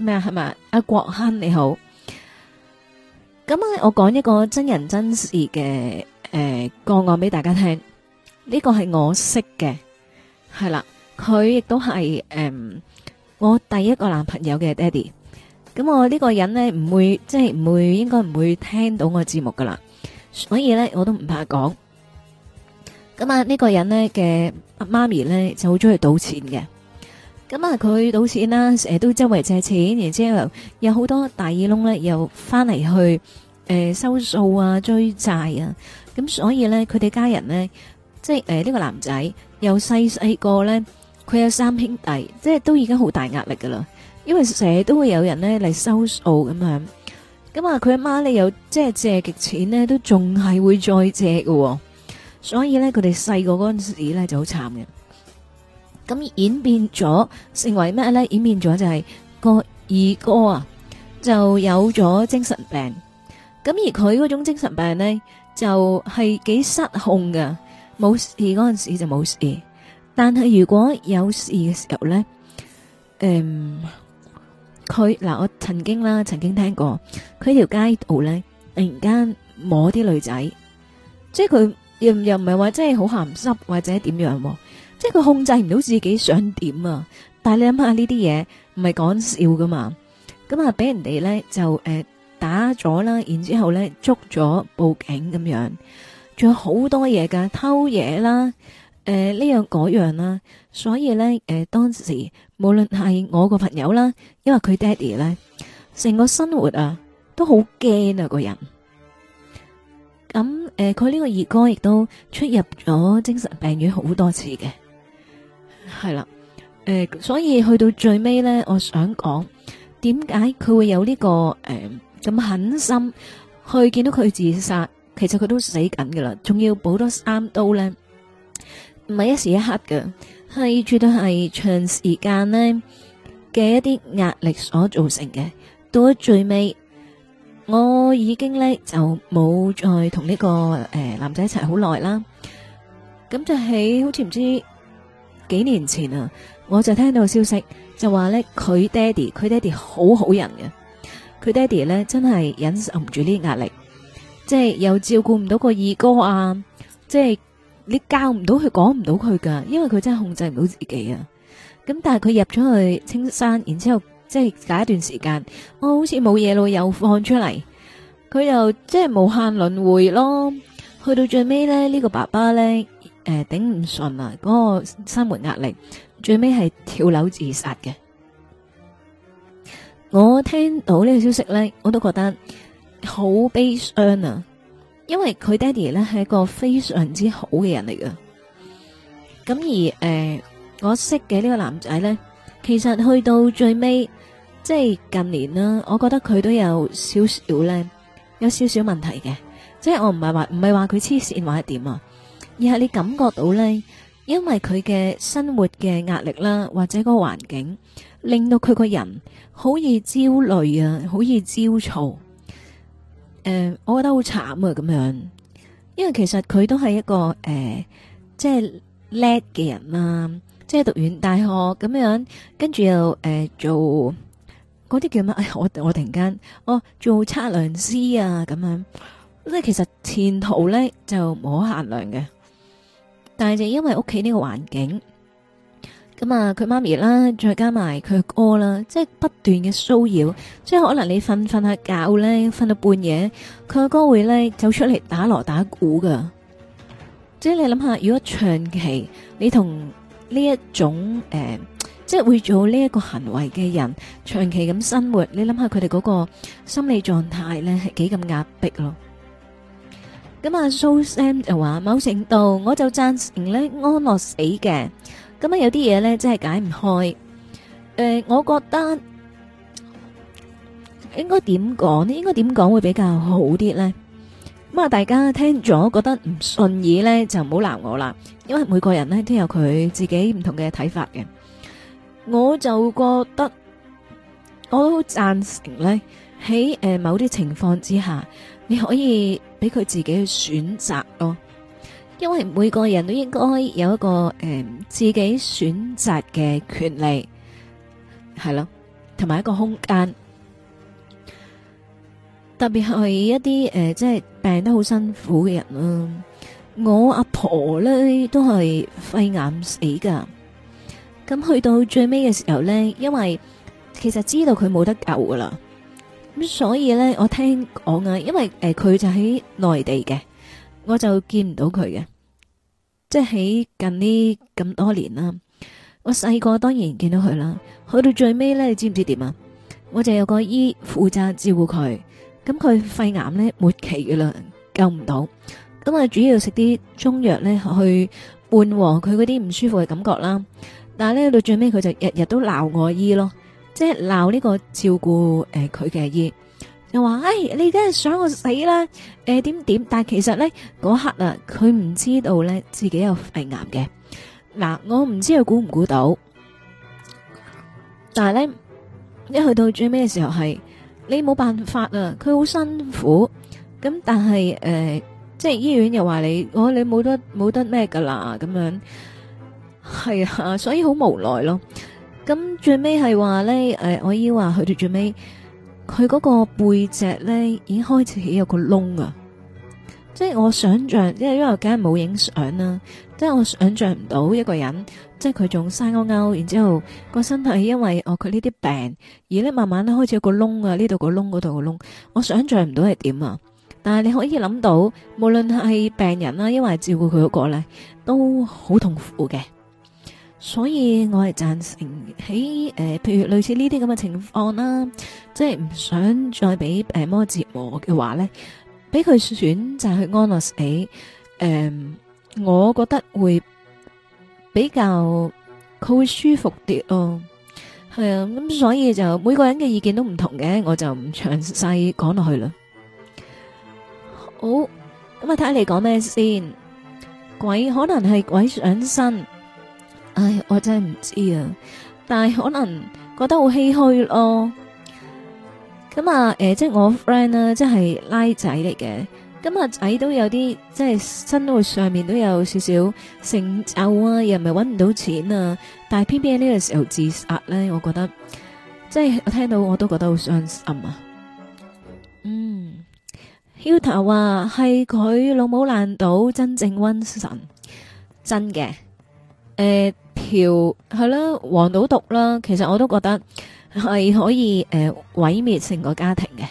咩係咪？阿、啊、國亨你好，咁我講一個真人真事嘅誒、呃、個案俾大家聽，呢、這個係我識嘅，係啦，佢亦都係誒我第一個男朋友嘅爹哋，咁我呢個人呢，唔會即係唔會應該唔會聽到我節目噶啦，所以呢，我都唔怕講。咁啊呢個人呢嘅媽咪呢，就好中意賭錢嘅。咁啊，佢賭錢啦，成日都周圍借錢，然之後有好多大耳窿咧，又翻嚟去，誒，收數啊，追債啊，咁所以咧，佢哋家人咧，即係誒呢個男仔又細細個咧，佢有三兄弟，即係都已經好大壓力噶啦，因為成日都會有人咧嚟收數咁樣，咁啊，佢阿媽咧又即係借極錢咧，都仲係會再借噶，所以咧，佢哋細個嗰陣時咧就好慘嘅。咁演變咗成為咩咧？演變咗就係個二哥啊，就有咗精神病。咁而佢嗰種精神病咧，就係幾失控噶。冇事嗰陣時就冇事，但係如果有事嘅時候咧，誒，佢嗱我曾經啦，曾經聽過佢條街道咧，突然間摸啲女仔，即係佢又又唔係話真係好鹹濕或者點樣喎。即係佢控制唔到自己想點啊！但係你諗下呢啲嘢唔係講笑噶嘛？咁啊俾人哋咧就誒、呃、打咗啦，然之後咧捉咗報警咁樣，仲有好多嘢噶偷嘢啦，誒、呃、呢樣嗰樣啦、啊。所以咧誒、呃、當時無論係我個朋友啦，因為佢爹哋咧，成個生活啊都好驚啊個人。咁誒佢呢個二哥亦都出入咗精神病院好多次嘅。係啦，誒、呃，所以去到最尾呢，我想講點解佢會有呢、呢個誒咁、呃、狠心去見到佢自殺，其實佢都死緊噶啦，仲要補多三刀呢，唔係一時一刻噶，係絕對係長時間呢嘅一啲壓力所造成嘅。到咗最尾，我已經呢就冇再同呢、呢個誒、呃、男仔一齊、就是、好耐啦，咁就喺好似唔知。幾年前啊，我就聽到消息，就話咧佢爹哋，佢爹哋好好人嘅，佢爹哋咧真係忍受唔住呢壓力，即係又照顧唔到個二哥啊，即係你教唔到佢，講唔到佢噶，因為佢真係控制唔到自己啊。咁但係佢入咗去青山，然之後即係隔一段時間，我好似冇嘢咯，又放出嚟，佢又即係無限輪回咯。去到最尾咧，呢個爸爸咧。誒，頂唔順啊！嗰、那個生活壓力，最尾係跳樓自殺嘅。我聽到呢個消息咧，我都覺得好悲傷啊！因為佢爹哋咧係一個非常之好嘅人嚟㗎。咁而誒、呃，我識嘅呢個男仔咧，其實去到最尾，即係近年啦，我覺得佢都有少少咧，有少少問題嘅。即係我唔係話唔係話佢黐線或者點啊！而係你感覺到咧，因為佢嘅生活嘅壓力啦、啊，或者個環境令到佢個人好易焦慮啊，好易焦躁。誒、呃，我覺得好慘啊，咁樣，因為其實佢都係一個誒、呃，即係叻嘅人啦、啊，即係讀完大學咁樣，跟住又誒、呃、做嗰啲叫乜、哎？我我突然間哦，做測量師啊，咁樣，即係其實前途咧就冇可限量嘅。但係就因為屋企呢個環境，咁啊佢媽咪啦，再加埋佢哥啦，即係不斷嘅騷擾，即係可能你瞓瞓下覺呢，瞓到半夜，佢阿哥會呢走出嚟打鑼打鼓噶。即係你諗下，如果長期你同呢一種誒、呃，即係會做呢一個行為嘅人，長期咁生活，你諗下佢哋嗰個心理狀態呢，係幾咁壓迫咯。咁啊，蘇 Sam 就話，某程度我就贊成咧安樂死嘅。咁啊，有啲嘢咧真係解唔開。誒，我覺得應該點講咧？應該點講會比較好啲咧？咁啊，大家聽咗覺得唔順耳咧，就唔好鬧我啦。因為每個人咧都有佢自己唔同嘅睇法嘅。我就覺得，我都贊成咧喺誒某啲情況之下。你可以俾佢自己去選擇咯，因為每個人都應該有一個誒、呃、自己選擇嘅權利，係咯，同埋一個空間。特別係一啲誒、呃，即係病得好辛苦嘅人啦。我阿婆咧都係肺癌死噶，咁去到最尾嘅時候咧，因為其實知道佢冇得救噶啦。咁所以咧，我聽講啊，因為誒佢就喺內地嘅，我就見唔到佢嘅，即係喺近呢咁多年啦。我細個當然見到佢啦，去到最尾咧，你知唔知點啊？我就有個醫負責照顧佢，咁佢肺癌咧末期噶啦，救唔到，咁啊主要食啲中藥咧去緩和佢嗰啲唔舒服嘅感覺啦。但係咧到最尾佢就日日都鬧我醫咯。即係鬧呢個照顧誒佢嘅阿姨，又話誒你梗係想我死啦，誒點點，但係其實咧嗰刻啊，佢唔知道咧自己有肺癌嘅。嗱，我唔知佢估唔估到，但係咧一去到最尾嘅時候係你冇辦法啊，佢好辛苦，咁但係誒、呃、即係醫院又話你我、哦、你冇得冇得咩噶啦，咁樣係啊，所以好無奈咯。咁最尾係話咧，誒，我依話佢哋最尾，佢嗰個背脊咧，已經開始起有個窿啊！即係我想象，因為因為我梗係冇影相啦，即係我想象唔到一個人，即係佢仲生勾勾，然之後個身體因為佢呢啲病，而咧慢慢咧開始有個窿啊，呢度個窿，嗰度個窿，我想象唔到係點啊！但係你可以諗到，無論係病人啦，因為照顧佢嗰個咧，都好痛苦嘅。所以我係贊成喺誒、呃，譬如類似呢啲咁嘅情況啦，即係唔想再俾病魔折磨嘅話咧，俾佢選擇去安樂死，誒、嗯，我覺得會比較佢會舒服啲咯。係、哦、啊，咁所以就每個人嘅意見都唔同嘅，我就唔詳細講落去啦。好，咁啊睇下你講咩先？鬼可能係鬼上身。唉，我真係唔知啊，但係可能覺得好唏噓咯。咁啊，誒、呃，即係我 friend 啊，即係拉仔嚟嘅，咁啊，仔都有啲即係生活上面都有少少成就啊，又唔係搵唔到錢啊，但係偏偏喺呢個時候自殺咧，我覺得即係我聽到我都覺得好傷心啊。嗯，Huta 話係佢老母爛到真正瘟神，真嘅，誒、呃。條係啦，黃賭毒啦，其實我都覺得係可以誒毀滅成個家庭嘅。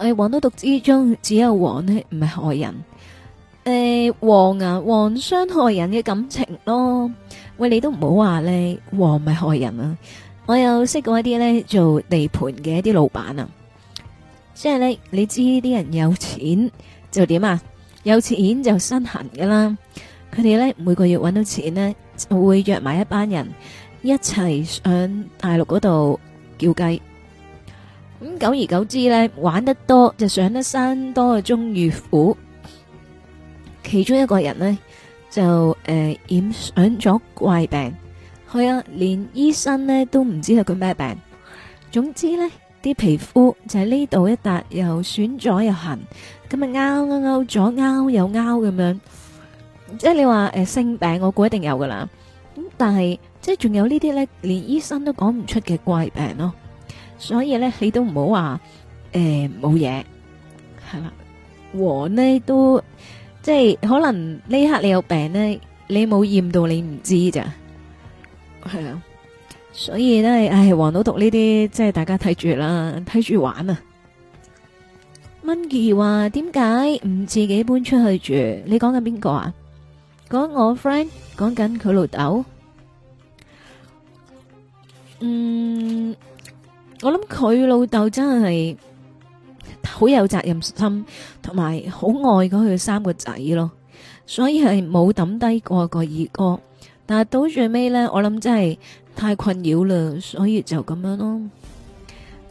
喺黃賭毒之中，只有黃呢唔係害人，誒、欸、黃啊，黃傷害人嘅感情咯。喂，你都唔好話咧，黃唔係害人啊！我有識過一啲咧做地盤嘅一啲老闆啊，即係咧你知啲人有錢就點啊，有錢就身痕噶啦。佢哋咧每個月揾到錢咧，就會約埋一班人一齊上大陸嗰度叫雞。咁久而久之咧，玩得多就上得山多終遇虎。其中一個人呢，就誒染上咗怪病，係啊，連醫生呢都唔知道佢咩病。總之呢，啲皮膚就喺呢度一笪又損咗又痕，咁咪拗拗拗左拗右拗咁樣。即係你話誒，性、呃、病我估一定有噶啦。咁但係即係仲有這些呢啲咧，連醫生都講唔出嘅怪病咯。所以咧，你都唔好話誒冇嘢係啦。我、呃、呢都即係、就是、可能呢刻你有病咧，你冇驗到你唔知咋。係啊的，所以咧，唉，黃賭毒呢啲即係大家睇住啦，睇住玩啊。蚊 y 話，點解唔自己搬出去住？你講緊邊個啊？講我 friend 講緊佢老豆，嗯，我諗佢老豆真係好有責任心，同埋好愛佢三個仔咯，所以係冇抌低過個二哥，但係到最尾呢，我諗真係太困擾啦，所以就咁樣咯。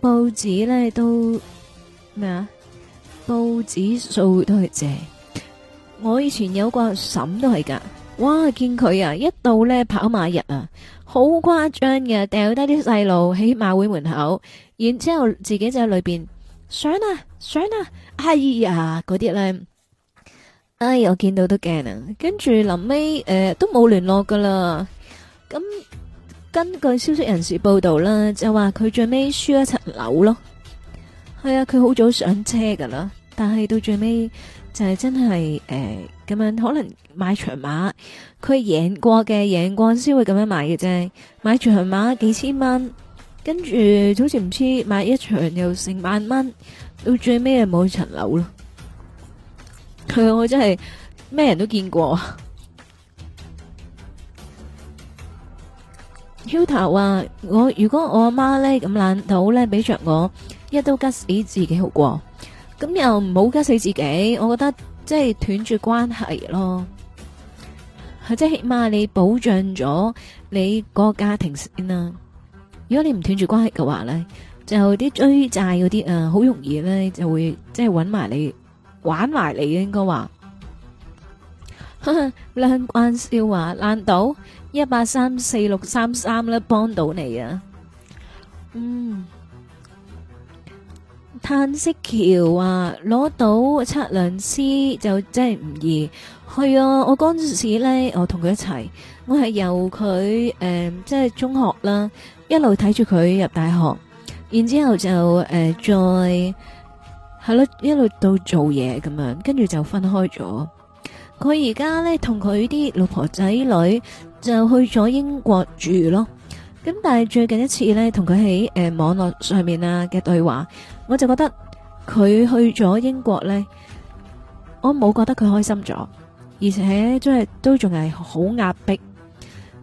報紙咧都咩啊？報紙數都係借。我以前有個嬸都係噶，哇！見佢啊，一到咧跑馬日啊，好誇張嘅，掉低啲細路喺馬會門口，然之後自己就喺裏邊上啊上啊，哎呀嗰啲咧，哎，我見到都驚啊！跟住臨尾誒都冇聯絡噶啦，咁。根據消息人士報道啦，就話佢最尾輸一層樓咯。係啊，佢好早上車噶啦，但係到最尾就係真係誒咁樣，可能買場馬，佢贏過嘅贏過先會咁樣買嘅啫。買場馬幾千蚊，跟住好似唔知買一場又成萬蚊，到最尾係冇一層樓咯。係啊，我真係咩人都見過啊。Huta 話：我如果我阿媽咧咁爛賭咧，比着我一刀吉死自己好過，咁又唔好吉死自己。我覺得即係斷絕關係咯，即係起碼你保障咗你個家庭先啦、啊。如果你唔斷絕關係嘅話咧，就啲追債嗰啲啊，好、呃、容易咧就會即係搵埋你玩埋你應該話。爛官笑話，爛賭。」一八三四六三三咧，幫到你啊！嗯，碳色橋話，攞到測量師就真係唔易。係啊，我嗰陣時咧，我同佢一齊，我係由佢誒，即係中學啦，一路睇住佢入大學，然之後就誒，再係咯，一路到做嘢咁樣，跟住就分開咗。佢而家咧，同佢啲老婆仔女，就去咗英國住咯，咁但係最近一次咧，同佢喺誒網絡上面啊嘅對話，我就覺得佢去咗英國咧，我冇覺得佢開心咗，而且即係都仲係好壓迫。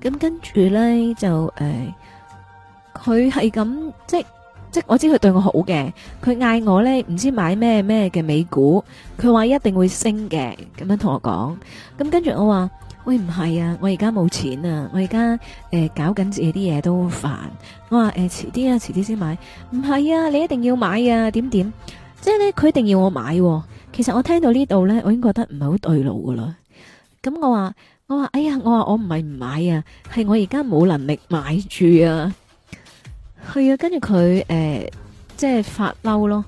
咁跟住咧就誒，佢係咁即即我知佢對我好嘅，佢嗌我咧唔知買咩咩嘅美股，佢話一定會升嘅，咁樣同我講。咁跟住我話。喂，唔係啊，我而家冇錢啊，我而家誒搞緊自己啲嘢都煩。我話誒遲啲啊，遲啲先買。唔係啊，你一定要買啊，點點？即係咧，佢一定要我買啊。其實我聽到呢度咧，我已經覺得唔係好對路噶啦。咁我話，我話，哎呀，我話我唔係唔買啊，係我而家冇能力買住啊。係啊，跟住佢誒，即係發嬲咯。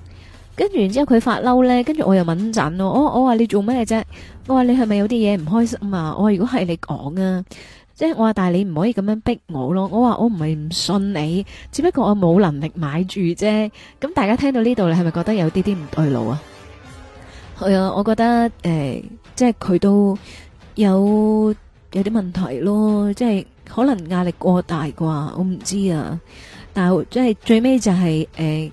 跟住然之後佢發嬲呢，跟住我又敏感咯。我我話你做咩啫？我話你係咪有啲嘢唔開心啊？我話如果係你講啊，即係我話但係你唔可以咁樣逼我咯。我話我唔係唔信你，只不過我冇能力買住啫。咁大家聽到呢度，你係咪覺得有啲啲唔對路啊？係啊，我覺得誒，即係佢都有有啲問題咯，即係可能壓力過大啩，我唔知啊。但係即係最尾就係誒。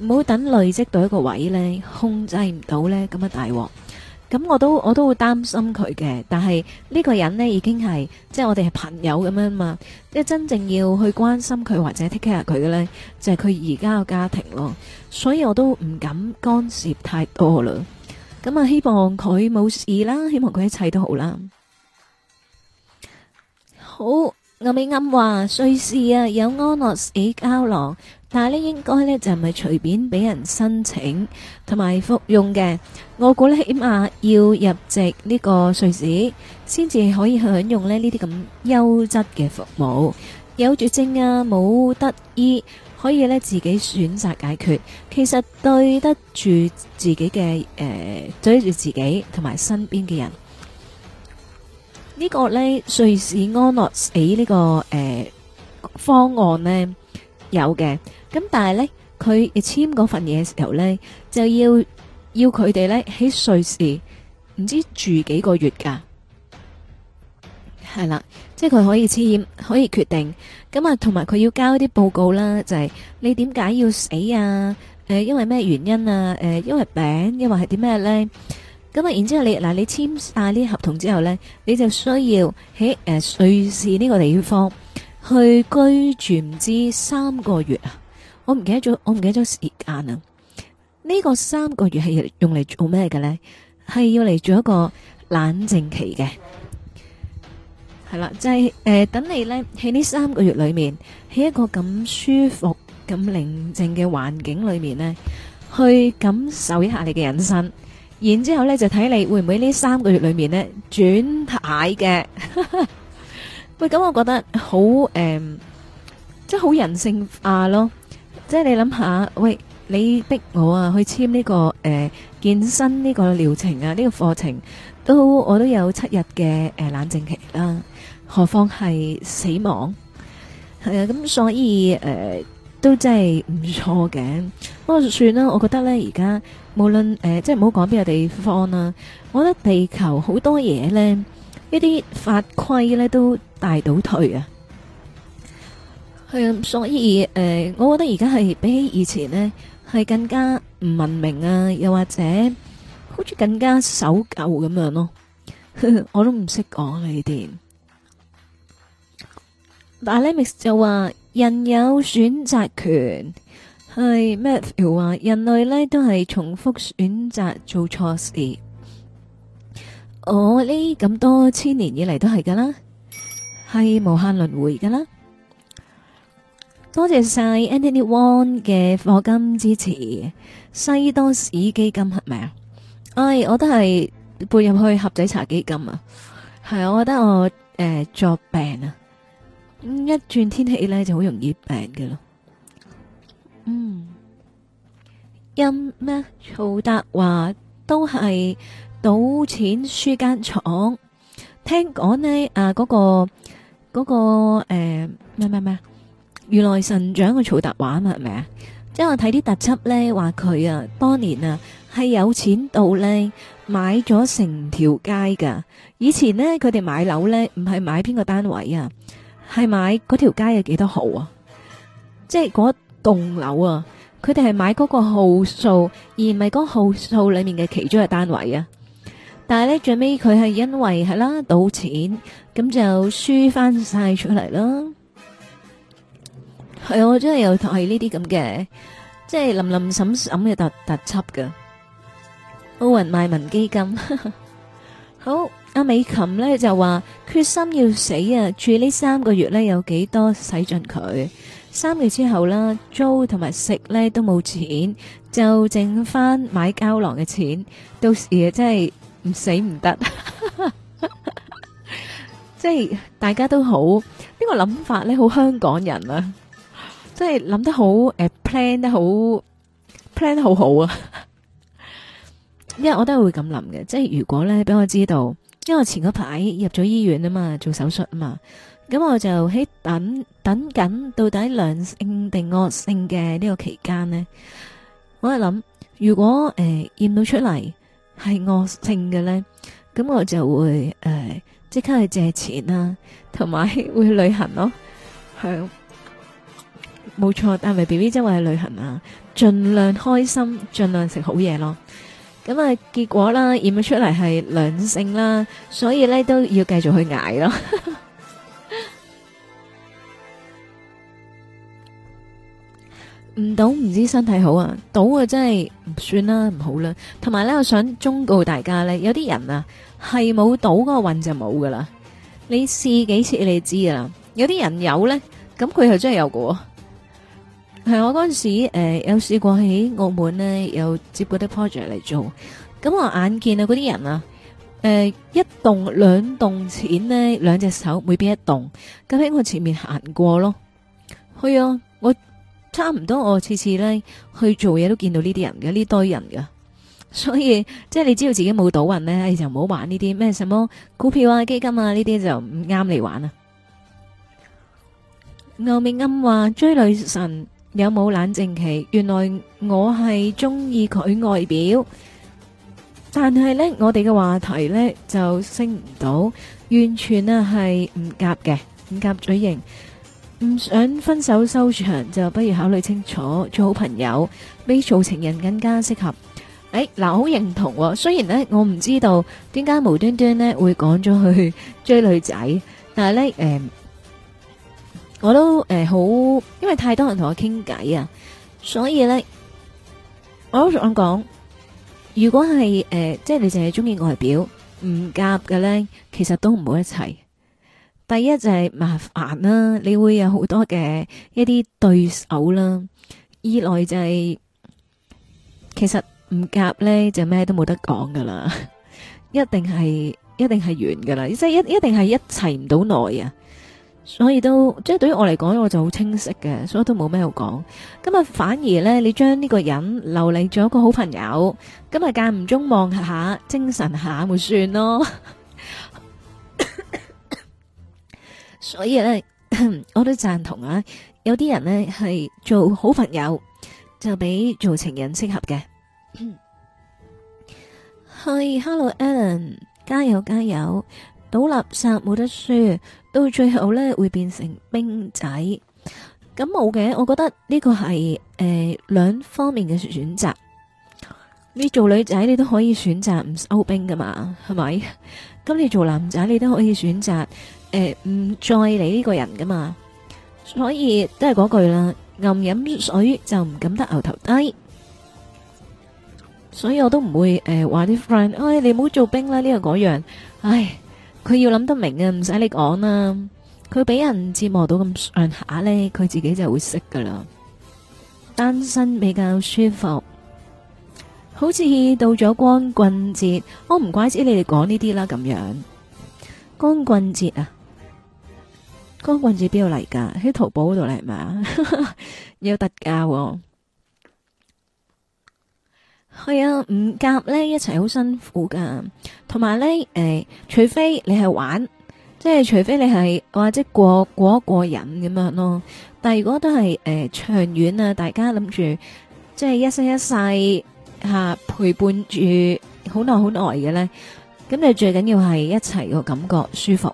唔好等累積到一個位呢，控制唔到呢，咁啊大鑊！咁我都我都會擔心佢嘅，但係呢個人呢已經係即係我哋係朋友咁樣嘛，即係真正要去關心佢或者 take care 佢嘅呢，就係佢而家個家庭咯，所以我都唔敢干涉太多啦。咁啊，希望佢冇事啦，希望佢一切都好啦。好。我啱啱話瑞士啊有安樂死膠囊，但係咧應該咧就唔係隨便俾人申請同埋服用嘅。我估咧起碼要入籍呢個瑞士先至可以享用咧呢啲咁優質嘅服務。有絕症啊冇得醫，可以咧自己選擇解決。其實對得住自己嘅誒，對得住自己同埋身邊嘅人。呢個咧瑞士安樂死呢個誒方案咧有嘅，咁但係咧佢簽嗰份嘢嘅時候咧就要要佢哋咧喺瑞士唔知住幾個月噶，係啦，即係佢可以簽，可以決定。咁啊，同埋佢要交一啲報告啦，就係你點解要死啊？誒，因為咩原因啊？誒，因為病，因為係啲咩咧？咁啊，然之後你嗱，你簽晒呢啲合同之後咧，你就需要喺誒瑞士呢個地方去居住唔知三個月啊，我唔記得咗，我唔記得咗時間啊。呢個三個月係用嚟做咩嘅咧？係用嚟做一個冷靜期嘅，係啦，就係誒等你咧喺呢三個月裏面，喺一個咁舒服、咁寧靜嘅環境裏面咧，去感受一下你嘅人生。然之後呢就睇你會唔會呢三個月裏面呢轉軚嘅，喂 咁我覺得好誒，即係好人性化咯。即、就、係、是、你諗下，喂你逼我啊去簽呢、這個誒、呃、健身呢個療程啊呢、這個課程，都我都有七日嘅誒冷靜期啦、啊，何況係死亡係啊，咁所以誒。呃都真係唔錯嘅，不過就算啦。我覺得咧，而家無論誒、呃，即係唔好講邊個地方啦、啊。我覺得地球好多嘢咧，一啲法規咧都大倒退啊。係啊，所以誒、呃，我覺得而家係比起以前呢，係更加唔文明啊，又或者好似更加守舊咁樣咯、啊。我都唔識講呢啲。但係 Alex 就話。人有選擇權，係 Matthew 話人類呢都係重複選擇做錯事，我呢咁多千年以嚟都係噶啦，係無限輪回噶啦。多謝晒 Anthony Wong 嘅課金支持，西多士基金係咪啊？哎，我都係背入去盒仔茶基金啊，係，我覺得我誒、呃、作病啊。一轉天氣咧就好容易病嘅咯，嗯，因、嗯、咩曹達華都係賭錢輸間廠。聽講呢，啊嗰個、嗰個誒咩咩咩如來神掌嘅曹達華嘛係咪啊？即係我睇啲特輯咧，話佢啊當年啊係有錢到咧買咗成條街噶，以前呢，佢哋買樓咧唔係買邊個單位啊？係買嗰條街有幾多號啊？即係嗰棟樓啊，佢哋係買嗰個號數，而唔係嗰號數裏面嘅其中嘅單位啊。但係咧最尾佢係因為係啦賭錢，咁就輸翻晒出嚟啦。係啊，我真係有係呢啲咁嘅，即係林林沈沈嘅特特輯嘅。奧運賣文基金 好。阿美琴咧就話決心要死啊！住呢三個月咧有幾多使盡佢，三個月之後啦，租同埋食咧都冇錢，就剩翻買膠囊嘅錢。到時啊，真係唔死唔得，即係大家都好，呢個諗法咧，好香港人啊，即係諗得好誒，plan 得好，plan 得好好啊！因為我都係會咁諗嘅，即係如果咧俾我知道。因為我前嗰排入咗醫院啊嘛，做手術啊嘛，咁我就喺等等緊到底良性定惡性嘅呢個期間咧，我係諗，如果誒驗到出嚟係惡性嘅咧，咁我就會誒即刻去借錢啦，同埋會去旅行咯，係冇錯，帶埋 B B 周圍去旅行啊，盡量開心，盡量食好嘢咯。咁啊，結果啦，驗出嚟係良性啦，所以咧都要繼續去挨咯。唔賭唔知身體好啊，賭啊真係唔算啦，唔好啦。同埋咧，我想忠告大家咧，有啲人啊係冇賭嗰個運就冇噶啦，你試幾次你知噶啦。有啲人有咧，咁佢係真係有噶。係我嗰陣時，誒、呃、有試過喺澳門咧，有接嗰啲 project 嚟做，咁我眼見啊嗰啲人啊，誒、呃、一棟兩棟錢呢，兩隻手每邊一棟，咁喺我前面行過咯，係啊，我差唔多我次次咧去做嘢都見到呢啲人嘅呢堆人噶，所以即係你知道自己冇賭運咧，你就唔好玩呢啲咩什麼股票啊、基金啊呢啲就唔啱你玩啊。牛面暗話追女神。有冇冷靜期？原來我係中意佢外表，但係咧，我哋嘅話題咧就升唔到，完全啊係唔夾嘅，唔夾嘴型，唔想分手收場，就不如考慮清楚，做好朋友比做情人更加適合。誒，嗱，好認同喎。雖然咧，我唔知道點解無端端咧會講咗去追女仔，但係咧，誒。我都誒、呃、好，因為太多人同我傾偈啊，所以咧，我都想講，如果係誒，即、呃、係、就是、你淨係中意外表唔夾嘅咧，其實都唔好一齊。第一就係麻煩啦，你會有好多嘅一啲對手啦。二來就係、是，其實唔夾咧就咩都冇得講噶啦，一定係一定係完噶啦，即、就、係、是、一一定係一齊唔到耐啊。所以都即係對於我嚟講，我就好清晰嘅，所以都冇咩好講。咁啊，反而呢，你將呢個人留嚟做一個好朋友，咁啊間唔中望下，精神下，咪算咯。 所以呢，我都贊同啊！有啲人呢係做好朋友，就比做情人適合嘅。係 ，Hello，Alan，加油加油，倒垃圾冇得輸。到最後咧，會變成兵仔，咁冇嘅。我覺得呢個係誒兩方面嘅選擇。你做女仔，你都可以選擇唔收兵噶嘛，係咪？咁你做男仔，你都可以選擇誒唔再理呢個人噶嘛。所以都係嗰句啦，暗飲水就唔敢得牛頭低。所以我都唔會誒話啲 friend，哎你唔好做兵啦，呢個嗰樣，唉。佢要諗得明啊，唔使你講啦。佢俾人折磨到咁上下咧，佢自己就會識噶啦。單身比較舒服，好似到咗光棍節，我、哦、唔怪知你哋講呢啲啦咁樣。光棍節啊，光棍節邊度嚟噶？喺淘寶嗰度嚟嘛？ 有特價、哦。係啊、哎，唔夾咧一齊好辛苦噶，同埋咧誒，除非你係玩，即係除非你係或者過過一過癮咁樣咯。但係如果都係誒、呃、長遠啊，大家諗住即係一生一世吓、啊、陪伴住好耐好耐嘅咧，咁你最緊要係一齊個感覺舒服。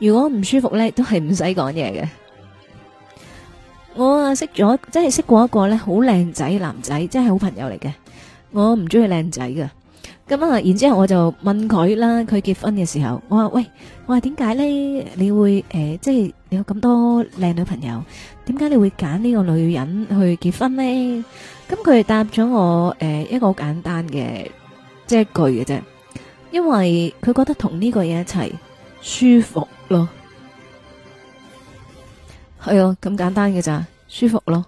如果唔舒服咧，都係唔使講嘢嘅。我啊識咗，即係識過一個咧，好靚仔男仔，真係好朋友嚟嘅。我唔中意靚仔㗎。咁啊，然之後我就問佢啦，佢結婚嘅時候，我話喂，我話點解咧？你會誒、呃，即係你有咁多靚女朋友，點解你會揀呢個女人去結婚咧？咁佢答咗我誒、呃，一個好簡單嘅，即係一句嘅啫，因為佢覺得同呢個人一齊舒服咯。係啊，咁簡單嘅咋，舒服咯。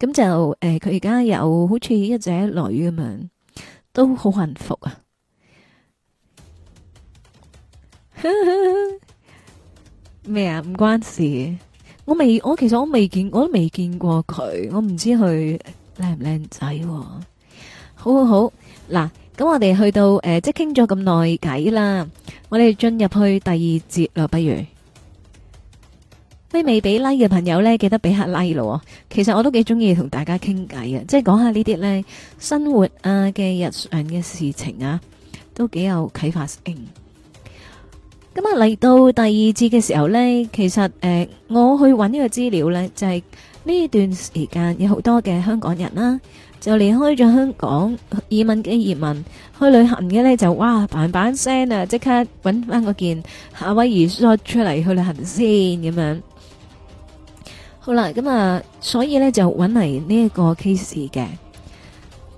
咁就誒，佢而家又好似一仔一女咁樣，都好幸福啊。咩啊？唔關事，我未，我其實我未見，我都未見過佢，我唔知佢靚唔靚仔。好好好，嗱，咁我哋去到誒，即係傾咗咁耐偈啦，我哋進入去第二節啦，不如。未俾 like 嘅朋友呢，記得俾下 like 咯。其實我都幾中意同大家傾偈啊，即係講下呢啲呢生活啊嘅日常嘅事情啊，都幾有啟發性。咁啊嚟到第二節嘅時候呢，其實誒、呃，我去揾呢個資料呢，就係、是、呢段時間有好多嘅香港人啦、啊，就離開咗香港，移民嘅移民去旅行嘅呢，就哇，板板聲啊，即刻揾翻嗰件夏威夷衫出嚟去旅行先咁樣。好啦，咁啊，所以咧就搵嚟呢一個 case 嘅，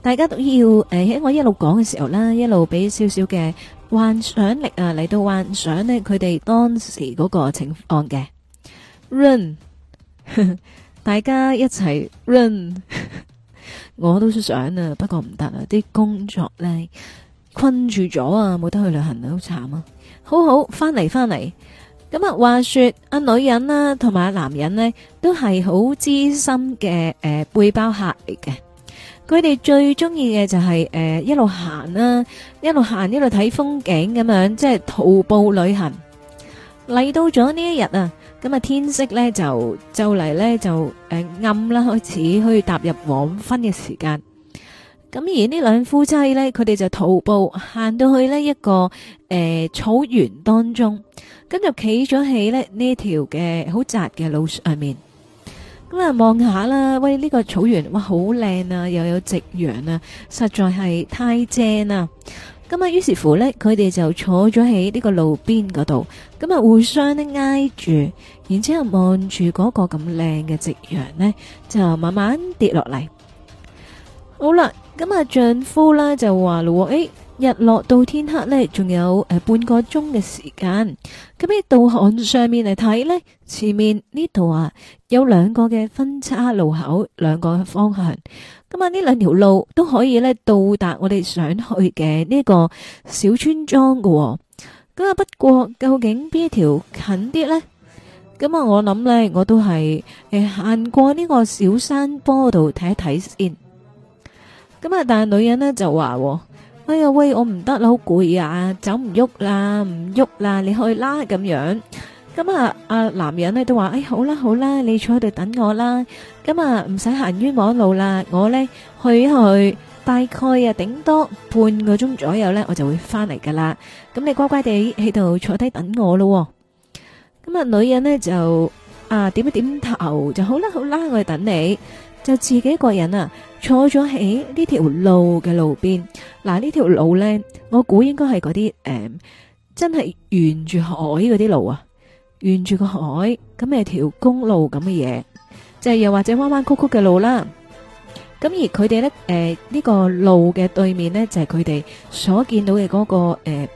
大家都要誒，喺我一路講嘅時候咧，一路俾少少嘅幻想力啊嚟到幻想咧，佢哋當時嗰個情況嘅。run，大家一齊 run，我都想啊，不過唔得啊，啲工作咧困住咗啊，冇得去旅行啊，好慘啊！好好，翻嚟翻嚟。咁啊，話說阿女人啦，同埋男人咧，都係好資深嘅誒背包客嚟嘅。佢哋最中意嘅就係誒一路行啦，一路行一路睇風景咁樣，即係徒步旅行。嚟到咗呢一日啊，咁啊天色咧就就嚟咧就誒暗啦，開始去踏入黃昏嘅時間。咁而呢兩夫妻咧，佢哋就徒步行到去咧一個誒草原當中，咁就企咗喺咧呢條嘅好窄嘅路上面，咁啊望下啦，喂，呢個草原哇好靚啊，又有夕陽啊，實在係太正啦。咁啊，於是乎咧，佢哋就坐咗喺呢個路邊嗰度，咁啊互相咧挨住，然之後望住嗰個咁靚嘅夕陽咧，就慢慢跌落嚟。好啦。咁啊，丈夫啦就話啦，誒，日落到天黑咧，仲有誒半個鐘嘅時間。咁喺導航上面嚟睇咧，前面呢度啊有兩個嘅分叉路口，兩個方向。咁啊，呢兩條路都可以咧到達我哋想去嘅呢個小村莊嘅。咁啊，不過究竟邊條近啲咧？咁啊，我諗咧，我都係誒行過呢個小山坡度睇一睇先。咁啊！但係女人咧就話，哎呀喂，我唔得啦，好攰啊，走唔喐啦，唔喐啦，你去啦咁樣。咁啊，阿男人咧都話，哎，好啦好啦，你坐喺度等我啦。咁啊，唔使行冤枉路啦，我咧去一去，大概啊頂多半個鐘左右咧，我就會翻嚟噶啦。咁你乖乖地喺度坐低等我咯。咁啊，女人咧就啊點一點頭就好啦好啦，我哋等你。就自己一個人啊，坐咗喺呢條路嘅路邊。嗱，呢條路咧，我估應該係嗰啲誒，真係沿住海嗰啲路啊，沿住個海咁嘅條公路咁嘅嘢，就係又或者彎彎曲曲嘅路啦。咁而佢哋咧，誒呢個路嘅對面咧，就係佢哋所見到嘅嗰個誒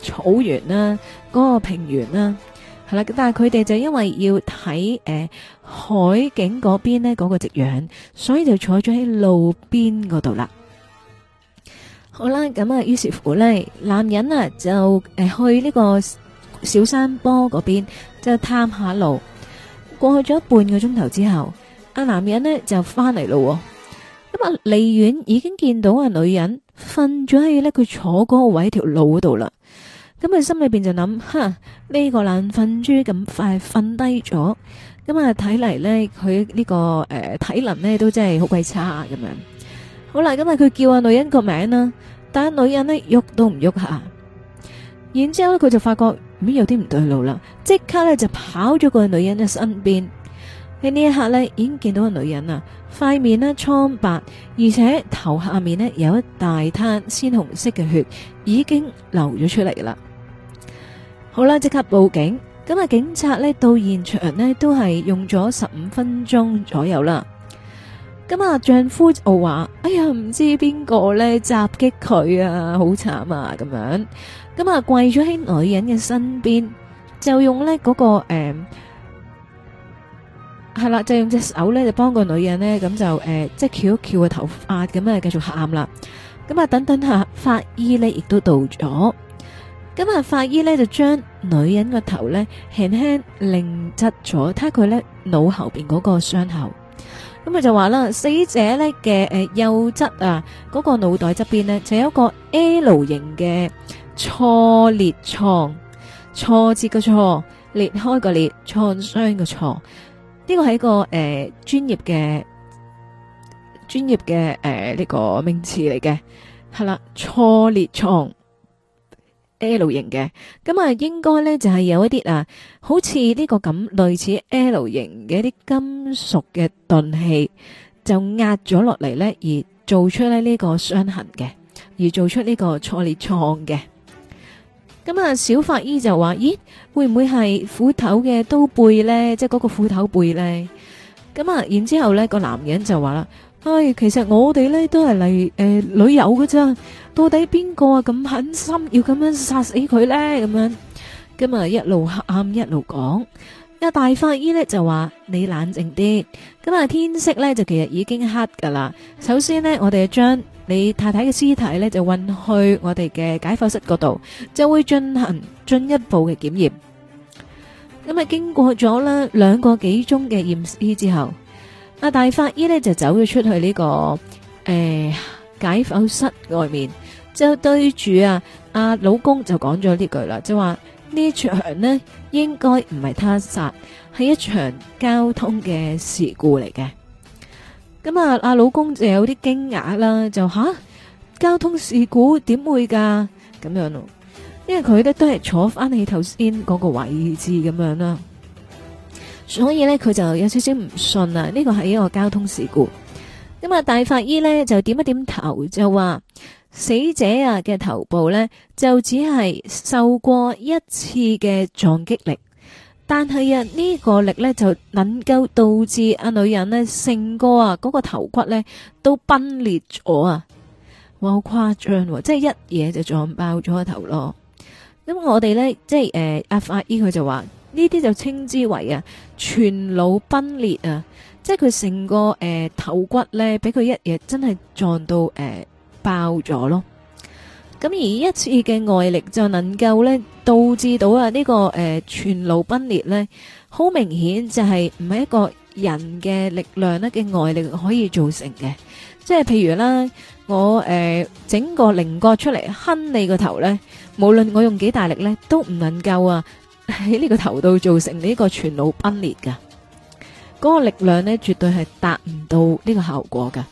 草原啦，嗰個平原啦。係啦，但係佢哋就因為要睇誒、呃、海景嗰邊呢嗰、嗰個夕陽，所以就坐咗喺路邊嗰度啦。好啦，咁啊，於是乎呢，男人啊就誒、呃、去呢個小山坡嗰邊，就探下路。過去咗半個鐘頭之後，阿男人呢就翻嚟咯。咁啊，離遠已經見到阿女人瞓咗喺咧佢坐嗰個位條路嗰度啦。咁佢心裏邊就諗，吓呢、呢個爛瞓豬咁快瞓低咗，咁啊睇嚟呢，佢呢、呢個誒、呃、體能呢都真係好鬼差咁樣。好啦，咁啊佢叫下女人個名啦，但係女人呢喐都唔喐下。然之後呢佢就發覺咦有啲唔對路啦，即刻呢就跑咗個女人嘅身邊。喺呢一刻呢，已經見到個女人啊，塊面呢蒼白，而且頭下面呢有一大灘鮮紅色嘅血已經流咗出嚟啦。好啦，即刻報警。咁啊，警察呢到現場呢都係用咗十五分鐘左右啦。咁啊，丈夫就話：，哎呀，唔知邊個呢襲擊佢啊，好慘啊，咁樣。咁啊，跪咗喺女人嘅身邊，就用呢嗰個誒，係啦，就用隻手呢，就幫個女人呢，咁就誒，即係翹一翹個頭髮，咁啊，繼續喊啦。咁啊，等等下，法醫呢亦都到咗。咁啊，法醫咧就將女人個頭咧輕輕擰側咗，睇下佢咧腦後邊嗰個傷口。咁佢就話啦，死者咧嘅誒右側啊嗰個腦袋側邊咧就有一個 L 型嘅挫裂創，挫折嘅挫裂開個裂創傷嘅創，呢個係一個誒專業嘅專業嘅誒呢個名詞嚟嘅，係啦挫裂創。L 型嘅，咁啊應該呢就係有一啲啊，好似呢個咁類似 L 型嘅一啲金屬嘅鈍器，就壓咗落嚟，呢，而做出呢個傷痕嘅，而做出呢個錯裂創嘅。咁啊，小法醫就話：「咦，會唔會係斧頭嘅刀背呢？即係嗰個斧頭背呢？」咁啊，然之後呢個男人就話啦。唉，其實我哋咧都係嚟，誒旅遊㗎咋。到底邊個啊咁狠心要咁樣殺死佢咧？咁樣咁啊一路喊一路講。阿大法醫咧就話，你冷靜啲。咁啊天色咧就其實已經黑噶啦。首先咧我哋將你太太嘅屍體咧就運去我哋嘅解剖室嗰度，就會進行進一步嘅檢驗。咁啊經過咗咧兩個幾鐘嘅驗屍之後。阿大法醫咧就走咗出去呢、這個誒、欸、解剖室外面，就對住啊阿、啊、老公就講咗呢句啦，就話呢場呢應該唔係他殺，係一場交通嘅事故嚟嘅。咁啊，阿、啊、老公就有啲驚訝啦，就吓、啊、交通事故點會噶咁樣咯？因為佢咧都係坐翻起頭先嗰個位置咁樣啦。所以咧，佢就有少少唔信啊！呢個係一個交通事故。咁啊，大法醫咧就點一點頭，就話死者啊嘅頭部咧就只係受過一次嘅撞擊力，但係啊呢、呢個力咧就能夠導致阿女人呢，成個啊嗰個頭骨咧都崩裂咗啊！哇，好誇張喎！即係一嘢就撞爆咗個頭咯。咁我哋咧即係誒、呃，法醫佢就話。呢啲就稱之為啊全顱崩裂啊，即係佢成個誒頭骨咧，俾佢一嘢真係撞到誒爆咗咯。咁而一次嘅外力就能夠咧導致到啊呢個誒全顱崩裂咧，好明顯就係唔係一個人嘅力量咧嘅外力可以造成嘅。即係譬如啦，我誒整個靈骨出嚟，哼你個頭咧，無論我用幾大力咧，都唔能夠啊。喺呢個頭度造成呢個全腦崩裂嘅嗰、那個力量咧，絕對係達唔到呢個效果嘅。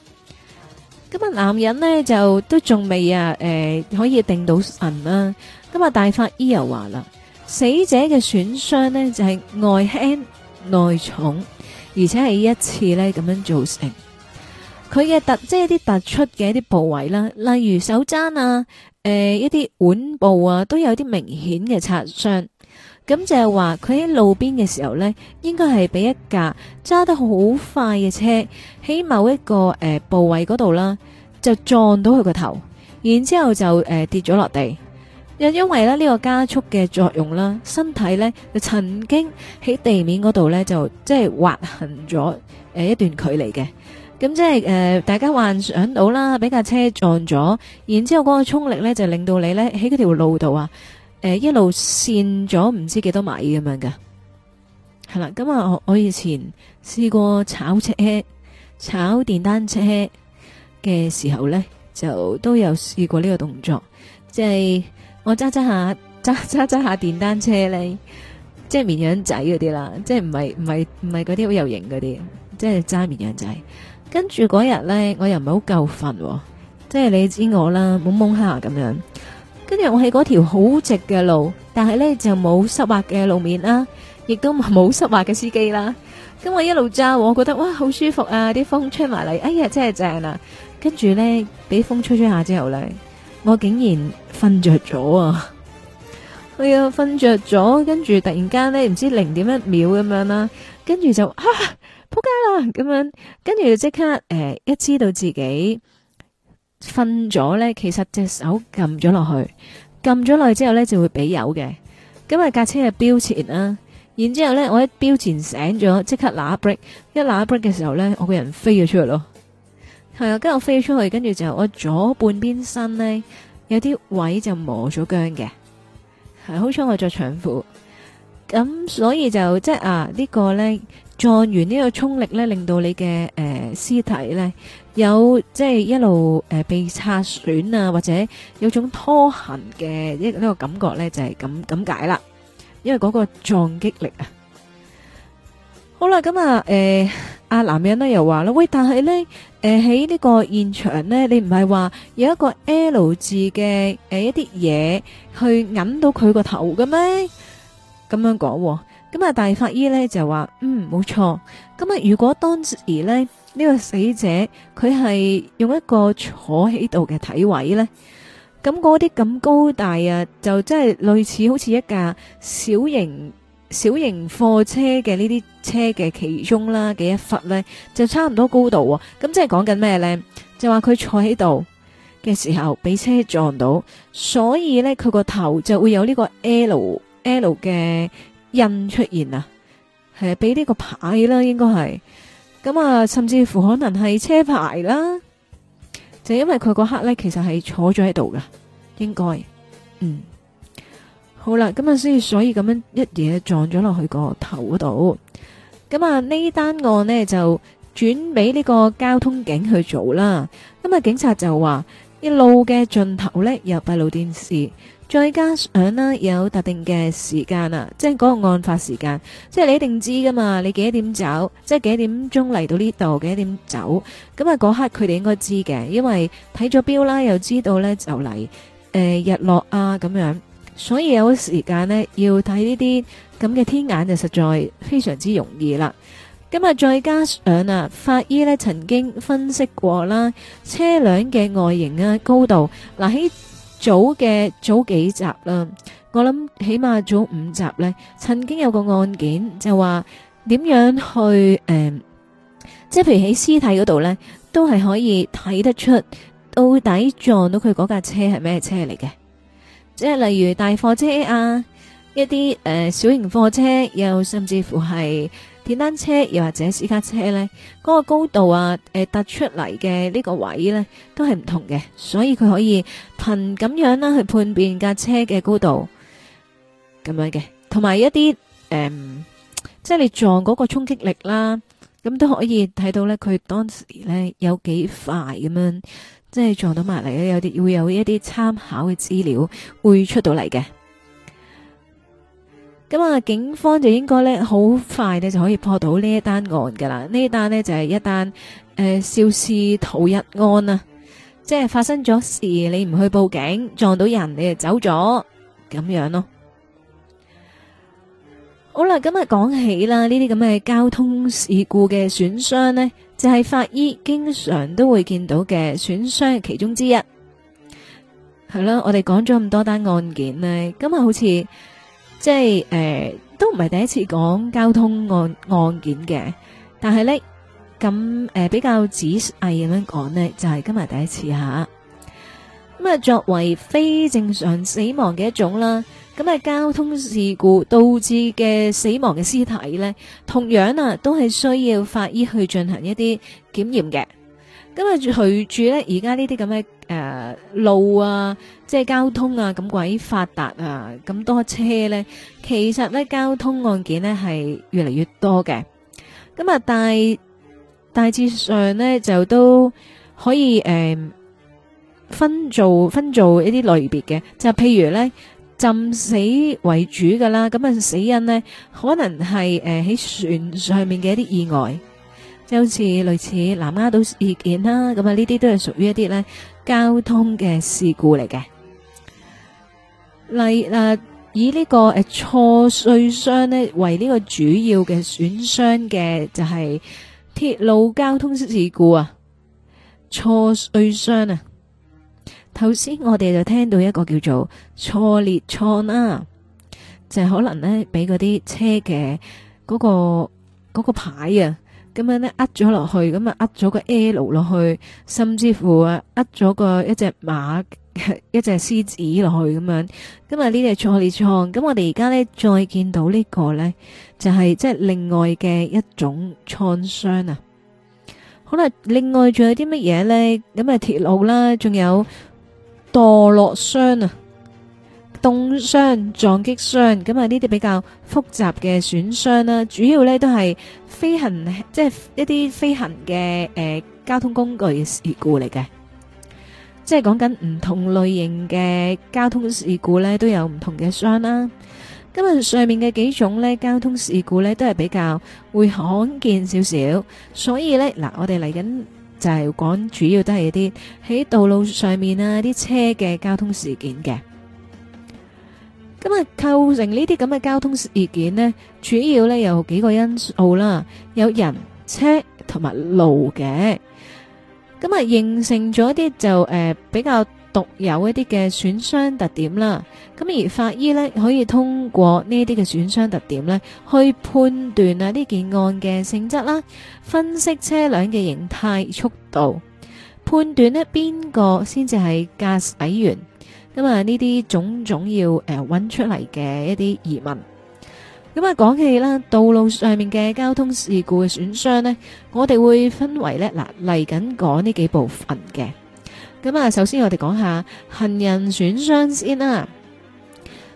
咁啊，男人呢，就都仲未啊，誒、呃、可以定到神啦。咁啊，那麼大法醫又話啦，死者嘅損傷呢，就係、是、外輕內重，而且係一次呢咁樣造成佢嘅突即係一啲突出嘅一啲部位啦，例如手踭啊，誒、呃、一啲腕部啊，都有啲明顯嘅擦傷。咁就係話佢喺路邊嘅時候呢，應該係俾一架揸得好快嘅車喺某一個誒、呃、部位嗰度啦，就撞到佢個頭，然之後就誒、呃、跌咗落地。又因為咧呢、呢個加速嘅作用啦，身體呢就曾經喺地面嗰度呢，就即係滑行咗誒、呃、一段距離嘅。咁即係誒大家幻想到啦，俾架車撞咗，然之後嗰個衝力呢，就令到你呢喺嗰條路度啊。誒、嗯，一路跣咗唔知幾多米咁樣噶，係啦。咁、嗯、啊，我我以前試過炒車、炒電單車嘅時候咧，就都有試過呢個動作，即係我揸揸下、揸揸揸下電單車咧，即係綿羊仔嗰啲啦，即係唔係唔係唔係嗰啲好有型嗰啲，即係揸綿羊仔。跟住嗰日咧，我又唔係好夠瞓，即係你知我啦，懵懵下咁樣。跟住我喺嗰條好直嘅路，但係呢就冇濕滑嘅路面啦，亦都冇濕滑嘅司機啦。咁我一路揸，我覺得哇，好舒服啊！啲風吹埋嚟，哎呀，真係正啊！跟住呢，俾風吹吹下之後呢，我竟然瞓着咗啊！哎 呀，瞓着咗，跟住突然間呢，唔知零點一秒咁樣啦，跟住就哈扑街啦咁樣，跟住就即刻誒、呃，一知道自己。瞓咗咧，其實隻手撳咗落去，撳咗落去之後咧就會俾油嘅，因為架車係標前啦。然之後咧，我喺標前醒咗，即刻拿一 break，一拿一 break 嘅時候咧，我個人飛咗出去咯。係啊，跟住我飛咗出去，跟住就我左半邊身咧有啲位就磨咗姜嘅，係好彩我着長褲，咁所以就即係啊、這個、呢個咧。撞完個呢個衝力咧，令到你嘅誒屍體咧有即係、就是、一路誒、呃、被擦損啊，或者有種拖痕嘅一呢個，個感覺咧，就係咁咁解啦。因為嗰個撞擊力啊。好啦，咁啊誒阿、呃、男人咧又話啦，喂，但係咧誒喺呢、呃、個現場咧，你唔係話有一個 L 字嘅誒、呃、一啲嘢去揞到佢個頭嘅咩？咁樣講、啊。咁啊！大法醫咧就話嗯冇錯。咁啊，如果當時咧呢個死者佢係用一個坐喺度嘅體位咧，咁嗰啲咁高大啊，就真係類似好似一架小型小型貨車嘅呢啲車嘅其中啦嘅一忽咧，就差唔多高度喎。咁即係講緊咩咧？就話佢坐喺度嘅時候俾車撞到，所以咧佢個頭就會有呢個 L L 嘅。印出現啊，係俾呢個牌啦，應該係咁啊，甚至乎可能係車牌啦，就因為佢嗰刻咧，其實係坐咗喺度噶，應該嗯好啦，咁啊，所以所以咁樣一嘢撞咗落去個頭度，咁啊呢單案呢，就轉俾呢個交通警去做啦，咁啊警察就話，一路嘅盡頭呢，有閉路電視。再加上啦，有特定嘅時間啊，即係嗰個案發時間，即係你一定知噶嘛？你幾點走，即係幾點鐘嚟到呢度，幾點走，咁啊嗰刻佢哋應該知嘅，因為睇咗標啦，又知道咧就嚟誒、呃、日落啊咁樣，所以有時間咧要睇呢啲咁嘅天眼就實在非常之容易啦。咁啊再加上啊，法醫咧曾經分析過啦，車輛嘅外形啊、高度嗱喺。啊早嘅早幾集啦，我諗起碼早五集呢，曾經有個案件就話點樣去誒、呃，即係譬如喺屍體嗰度呢，都係可以睇得出到底撞到佢嗰架車係咩車嚟嘅，即係例如大貨車啊，一啲誒、呃、小型貨車，又甚至乎係。電單車又或者私家車呢，嗰個高度啊，誒突出嚟嘅呢個位呢，都係唔同嘅，所以佢可以憑咁樣啦去判別架車嘅高度咁樣嘅，同埋一啲誒，即係你撞嗰個衝擊力啦，咁都可以睇到呢，佢當時呢，有幾快咁樣，即係撞到埋嚟咧，有啲會有一啲參考嘅資料會出到嚟嘅。咁啊，警方就應該咧好快就可以破到呢一單案噶啦。呢單呢就係一單誒肇事逃逸案啦，即係發生咗事，你唔去報警，撞到人你就走咗，咁樣咯。好啦，今日講起啦，呢啲咁嘅交通事故嘅損傷呢，就係法醫經常都會見到嘅損傷其中之一。係啦，我哋講咗咁多單案件呢，今日好似。即係誒、呃，都唔係第一次講交通案案件嘅，但係呢，咁誒、呃、比較仔細咁樣講呢，就係、是、今日第一次吓。咁啊，作為非正常死亡嘅一種啦，咁啊，交通事故導致嘅死亡嘅屍體呢，同樣啊，都係需要法醫去進行一啲檢驗嘅。咁啊，隨住呢，而家呢啲咁嘅。誒，路啊，即係交通啊，咁鬼發達啊，咁多車咧，其實咧交通案件咧係越嚟越多嘅。咁啊，大大致上咧就都可以誒，分做分做一啲類別嘅，就譬如咧浸死為主噶啦，咁啊死因咧可能係誒喺船上面嘅一啲意外，即係好似類似南丫島事件啦，咁啊呢啲都係屬於一啲咧。交通嘅事故嚟嘅，例嗱以呢、呢個誒、呃、錯碎傷咧為呢個主要嘅損傷嘅就係鐵路交通事故啊，錯碎傷啊。頭先我哋就聽到一個叫做錯裂創啦，就係可能咧俾嗰啲車嘅嗰、嗰個、嗰個牌啊。咁樣咧，扼咗落去，咁啊，扼咗個 L 落去，甚至乎啊，扼咗個一隻馬、一隻獅子落去咁樣。咁啊，呢啲係挫裂創。咁我哋而家咧再見到呢個咧，就係即係另外嘅一種創傷啊。好啦，另外仲有啲乜嘢咧？咁啊，鐵路啦，仲有墮落傷啊。凍傷、撞擊傷，咁啊呢啲比較複雜嘅損傷啦。主要呢都係飛行，即係一啲飛行嘅誒交通工具事故嚟嘅。即係講緊唔同類型嘅交通事故呢，都有唔同嘅傷啦。今日上面嘅幾種呢交通事故呢，都係比較會罕見少少。所以呢嗱，我哋嚟緊就係講主要都係一啲喺道路上面啊啲車嘅交通事故嘅。咁啊，構成呢啲咁嘅交通事件咧，主要咧有幾個因素啦，有人、車同埋路嘅，咁啊形成咗啲就誒、呃、比較獨有一啲嘅損傷特點啦。咁而法醫咧可以通過呢啲嘅損傷特點咧，去判斷啊呢件案嘅性質啦，分析車輛嘅形態、速度，判斷咧邊個先至係駕駛員。咁啊，呢啲種種要誒揾出嚟嘅一啲疑問。咁啊，講起啦，道路上面嘅交通事故嘅損傷呢，我哋會分為呢嗱嚟緊講呢幾部分嘅。咁啊，首先我哋講下行人損傷先啦。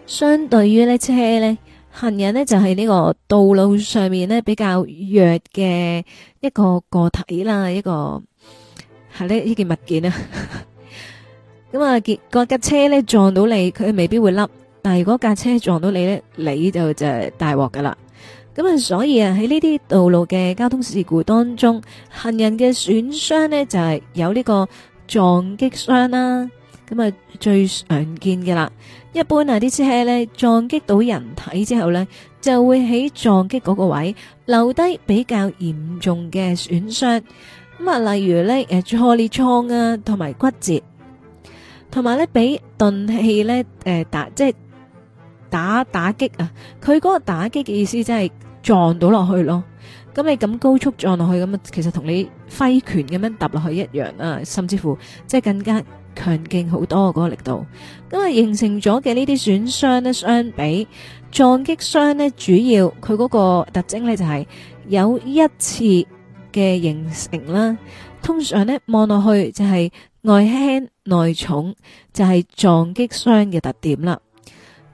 相對於呢車呢，行人呢就係呢個道路上面呢比較弱嘅一個個體啦，一個係呢件物件啊。 咁啊，結架車咧撞到你，佢未必會笠；但係如果架車撞到你咧，你就就係大鑊噶啦。咁啊，所以啊，喺呢啲道路嘅交通事故當中，行人嘅損傷咧就係、是、有呢個撞擊傷啦。咁啊，最常見嘅啦，一般啊，啲車咧撞擊到人體之後咧，就會喺撞擊嗰個位留低比較嚴重嘅損傷。咁啊，例如咧誒挫裂瘡啊，同埋骨折。同埋咧，俾鈍器咧，誒、呃、打即係打打擊啊！佢嗰個打擊嘅意思，即係撞到落去咯。咁你咁高速撞落去，咁啊，其實同你揮拳咁樣揼落去一樣啊！甚至乎即係更加強勁好多嗰個力度。咁啊，形成咗嘅呢啲損傷咧，相比撞擊傷咧，主要佢嗰個特徵咧就係有一次嘅形成啦。通常咧望落去就係。外輕內重就係、是、撞擊傷嘅特點啦，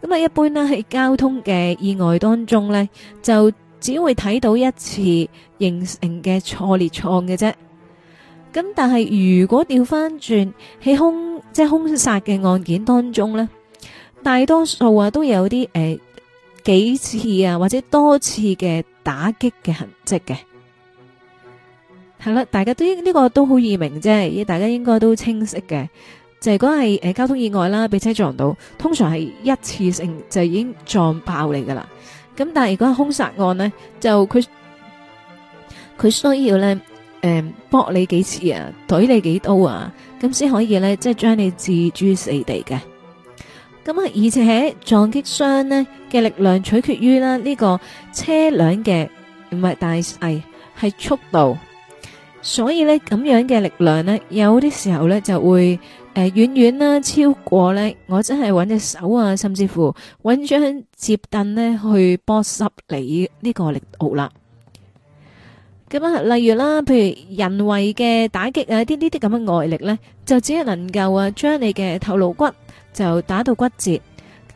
咁啊一般咧喺交通嘅意外當中呢，就只會睇到一次形成嘅挫裂創嘅啫。咁但係如果調翻轉喺凶即係凶殺嘅案件當中呢，大多數啊都有啲誒、呃、幾次啊或者多次嘅打擊嘅痕跡嘅。係啦，大家都呢、這個都好易明，即係大家應該都清晰嘅。就係如果係誒、呃、交通意外啦，被車撞到，通常係一次性就已經撞爆你噶啦。咁但係如果係凶殺案咧，就佢佢需要咧誒，搏、呃、你幾次啊，懟你幾刀啊，咁先可以咧，即係將你置諸死地嘅。咁啊，而且撞擊傷咧嘅力量取決於啦呢、這個車輛嘅唔係大細係速度。所以咧咁樣嘅力量呢，有啲時候呢，就會誒、呃、遠遠啦超過呢。我真係搵隻手啊，甚至乎揾張摺凳呢，去波濕你呢個力度啦。咁啊，例如啦，譬如人為嘅打擊啊，啲呢啲咁嘅外力呢，就只係能夠啊將你嘅頭顱骨就打到骨折，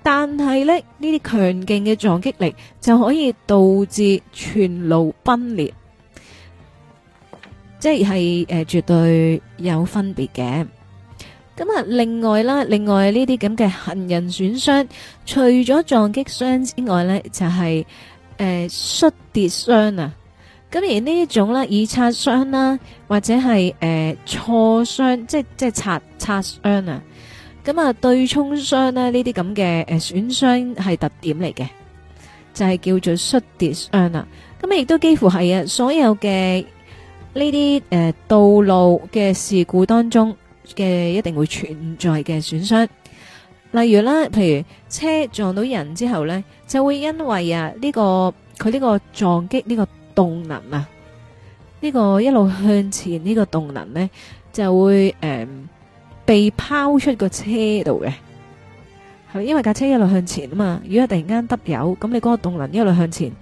但係呢，呢啲強勁嘅撞擊力就可以導致全顱崩裂。即係誒、呃，絕對有分別嘅。咁啊，另外啦，另外呢啲咁嘅行人損傷，除咗撞擊傷之外咧，就係誒摔跌傷啊。咁而呢一種咧，以擦傷啦、啊，或者係誒挫傷，即係即係擦擦傷啊。咁啊，對沖傷咧，呢啲咁嘅誒損傷係特點嚟嘅，就係、是、叫做摔跌傷啦。咁啊，亦都幾乎係啊，所有嘅，呢啲誒道路嘅事故當中嘅一定會存在嘅損傷，例如啦，譬如車撞到人之後呢，就會因為啊呢個佢呢個撞擊呢個動能啊，呢個一路向前呢個動能呢，就會誒、呃、被拋出個車度嘅，係因為架車一路向前啊嘛，如果突然間得油，咁你嗰個動能一路向前。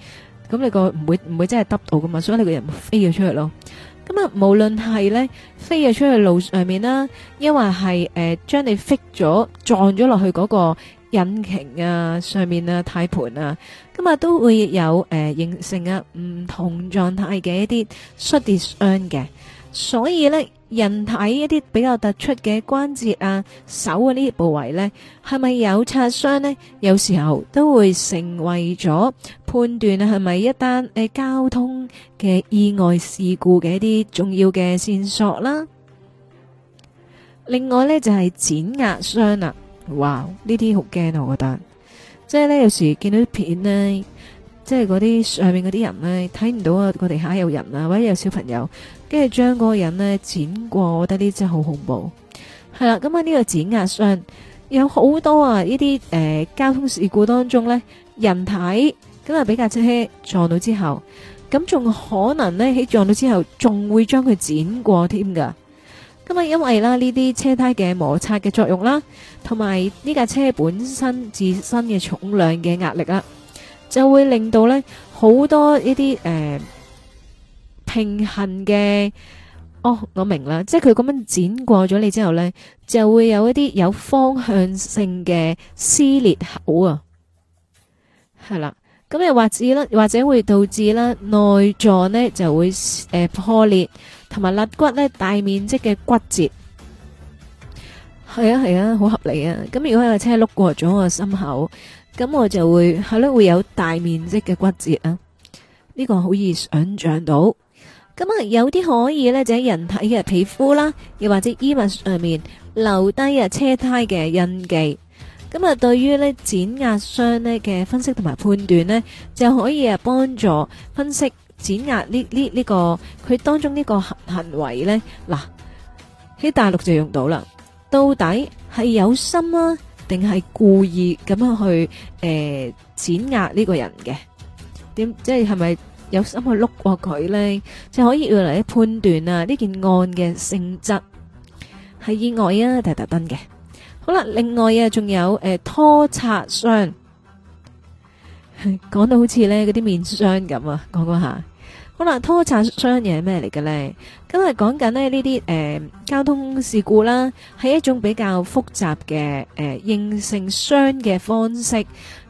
咁你個唔會唔會真係得到噶嘛？所以你個人飛咗出去咯。咁啊，無論係咧飛咗出去路上面啦，因為係誒將你飛咗撞咗落去嗰個引擎啊上面啊胎盤啊，咁啊都會有誒、呃、形成唔同狀態嘅一啲摔跌傷嘅。所以呢，人體一啲比較突出嘅關節啊、手啊呢啲部位呢，係咪有擦傷呢？有時候都會成為咗判斷係咪一單誒、呃、交通嘅意外事故嘅一啲重要嘅線索啦。另外呢，就係、是、剪壓傷啦、啊，哇！呢啲好驚啊，我覺得，即係呢，有時見到啲片呢。即係嗰啲上面嗰啲人呢，睇唔到啊！個地下有人啊，或者有小朋友，跟住將嗰個人呢剪過，我覺得呢真係好恐怖。係啦，咁啊呢個剪壓上，有好多啊！呢啲誒交通事故當中呢，人體咁啊俾架車撞到之後，咁仲可能呢，喺撞到之後仲會將佢剪過添噶。咁啊，因為啦呢啲車胎嘅摩擦嘅作用啦，同埋呢架車本身自身嘅重量嘅壓力啦。就會令到咧好多呢啲誒平衡嘅哦，我明啦，即係佢咁樣剪過咗你之後咧，就會有一啲有方向性嘅撕裂口啊，係啦，咁又或者啦，或者會導致啦內臟咧就會誒、呃、破裂，同埋肋骨咧大面積嘅骨折，係啊係啊，好合理啊！咁如果有個車碌過咗我心口。咁我就會係咯，會有大面積嘅骨折啊！呢個好易想象到。咁啊，有啲可以呢，就喺人體嘅皮膚啦，又或者衣物上面留低啊車胎嘅印記。咁啊，對於呢碾壓傷呢嘅分析同埋判斷呢，就可以啊幫助分析碾壓呢呢呢個佢當中呢個行行為呢嗱，喺大陸就用到啦。到底係有心啊？定係故意咁樣去誒碾壓呢個人嘅？點，即係咪有心去碌過佢咧？就可以要嚟判斷啊呢件案嘅性質係意外啊定係特登嘅？好啦，另外啊仲有誒拖擦傷，講到好似呢嗰啲面霜咁啊，講講下。好啦，拖擦傷嘢係咩嚟嘅咧？今日講緊咧呢啲誒交通事故啦，係一種比較複雜嘅誒、呃、應性傷嘅方式。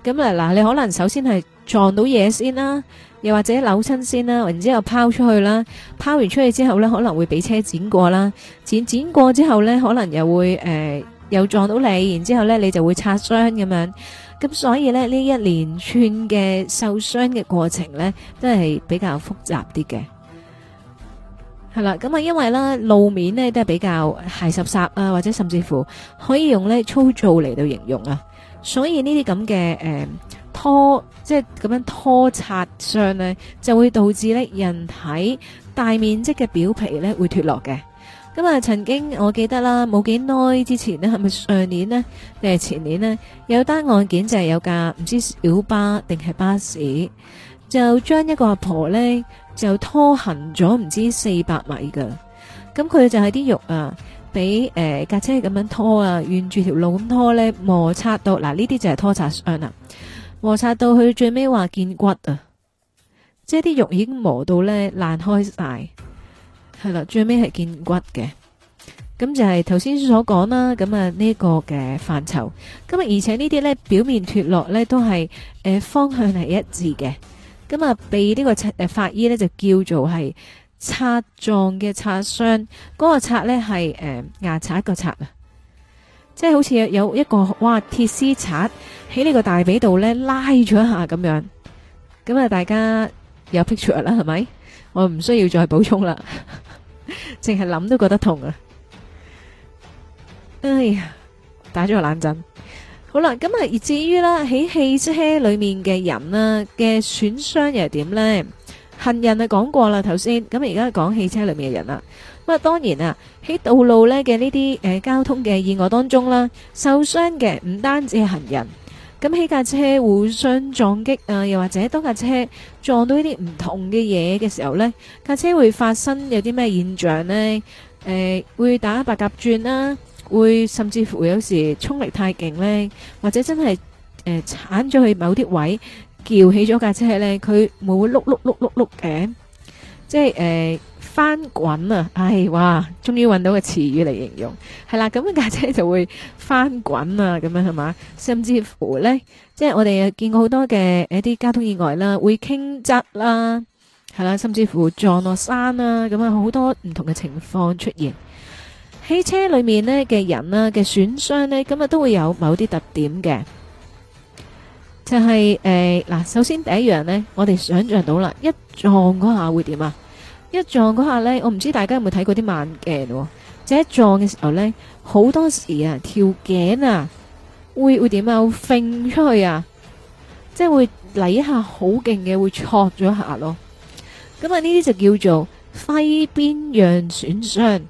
咁啊嗱，你可能首先係撞到嘢先啦，又或者扭親先啦，然之後拋出去啦，拋完出去之後咧可能會俾車剪過啦，剪剪過之後咧可能又會誒、呃、又撞到你，然之後咧你就會擦傷咁樣。咁所以咧，呢一連串嘅受傷嘅過程呢，都係比較複雜啲嘅。係啦，咁啊，因為啦路面呢，都係比較鞋濕濕啊，或者甚至乎可以用呢粗糙嚟到形容啊。所以呢啲咁嘅誒拖，即係咁樣拖擦傷呢，就會導致呢，人體大面積嘅表皮呢會脱落嘅。咁啊，曾經我記得啦，冇幾耐之前呢，係咪上年呢？定係前年呢？有單案件就係有架唔知小巴定係巴士，就將一個阿婆呢，就拖行咗唔知四百米㗎。咁佢就係啲肉啊，俾誒、呃、架車咁樣拖，樣拖啊，沿住條路咁拖呢，摩擦到。嗱，呢啲就係拖擦傷啊，摩擦到佢最尾話見骨啊，即係啲肉已經磨到呢爛開晒。係啦，最尾係見骨嘅，咁就係頭先所講啦。咁啊呢個嘅範疇，咁啊而且呢啲呢，表面脫落呢都係誒、呃、方向係一致嘅。咁啊被呢個、呃、法醫呢就叫做係擦狀嘅擦傷，嗰個擦呢係誒牙擦一個擦啊，即係好似有一個哇鐵絲擦喺呢個大髀度呢拉咗一下咁樣。咁啊大家有 picture 啦，係咪？我唔需要再補充啦。淨係諗都覺得痛啊！哎呀，打咗個冷震。好啦，咁啊，而至於啦，喺汽車裏面嘅人啦嘅損傷又係點咧？行人啊講過啦，頭先咁啊，而家講汽車裏面嘅人啦。咁啊，當然啊，喺道路咧嘅呢啲誒交通嘅意外當中啦，受傷嘅唔單止係行人。咁起架車互相撞擊啊，又或者當架車撞到呢啲唔同嘅嘢嘅時候咧，架車會發生有啲咩現象咧？誒，會打白鴿轉啦，會甚至乎有時衝力太勁咧，或者真係誒鏟咗去某啲位，翹起咗架車咧，佢會會碌碌碌碌碌嘅，即係誒。.翻滾啊！唉、哎，哇，終於揾到個詞語嚟形容係啦。咁樣架車就會翻滾啊，咁樣係嘛？甚至乎呢，即係我哋見過好多嘅一啲交通意外啦，會傾側啦，係啦，甚至乎撞落山啦、啊，咁樣好多唔同嘅情況出現。汽車裏面呢嘅人啊嘅損傷呢，咁啊都會有某啲特點嘅，就係誒嗱，首先第一樣呢，我哋想象到啦，一撞嗰下會點啊？一撞嗰下呢，我唔知大家有冇睇過啲慢鏡喎。即一撞嘅時候呢，好多時啊，條頸啊，會會點啊，揈出去啊，即係會嚟一下好勁嘅，會挫咗下咯。咁啊，呢啲就叫做揮鞭樣損傷。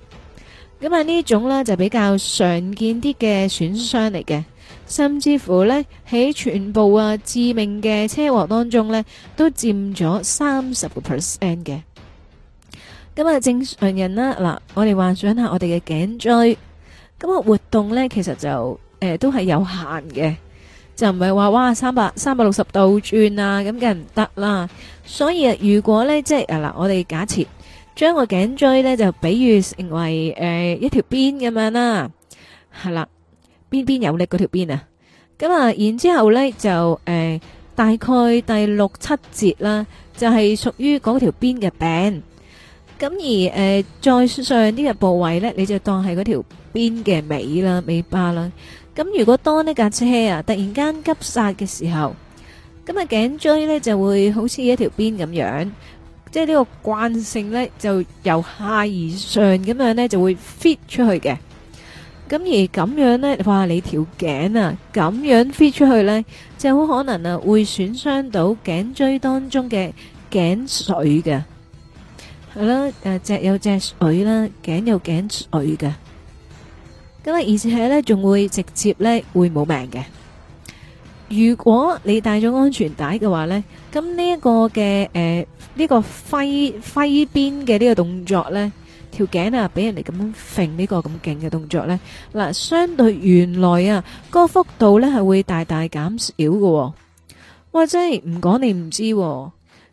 咁啊，呢種呢，就比較常見啲嘅損傷嚟嘅，甚至乎呢，喺全部啊致命嘅車禍當中呢，都佔咗三十個 percent 嘅。咁啊，正常人啦嗱，我哋幻想下我哋嘅頸椎咁啊，活動呢，其實就誒、呃、都係有限嘅，就唔係話哇三百三百六十度轉啊，咁梗係唔得啦。所以啊，如果呢，即係嗱、呃，我哋假設將個頸椎呢，就比喻成為誒、呃、一條邊咁樣啦，係啦邊邊有力嗰條邊啊。咁啊，然之後呢就誒、呃、大概第六七節啦，就係、是、屬於嗰條邊嘅柄。咁而誒，再上呢個部位咧，你就當係嗰條邊嘅尾啦，尾巴啦。咁如果當呢架車啊，突然間急剎嘅時候，咁啊頸椎咧就會好似一條邊咁樣，即係呢個慣性咧就由下而上咁樣咧就會 fit 出去嘅。咁而咁樣咧，哇！你條頸啊咁樣 fit 出去咧，就好可能啊會損傷到頸椎當中嘅頸髓嘅。係啦，誒，只有只水啦，頸有頸水嘅。咁啊，而且咧仲會直接咧會冇命嘅。如果你戴咗安全帶嘅話咧，咁呢一個嘅誒呢個揮揮鞭嘅呢個動作咧，條頸啊俾人哋咁樣揈呢個咁勁嘅動作咧，嗱相對原來啊嗰幅度咧係會大大減少嘅。哇，真係唔講你唔知。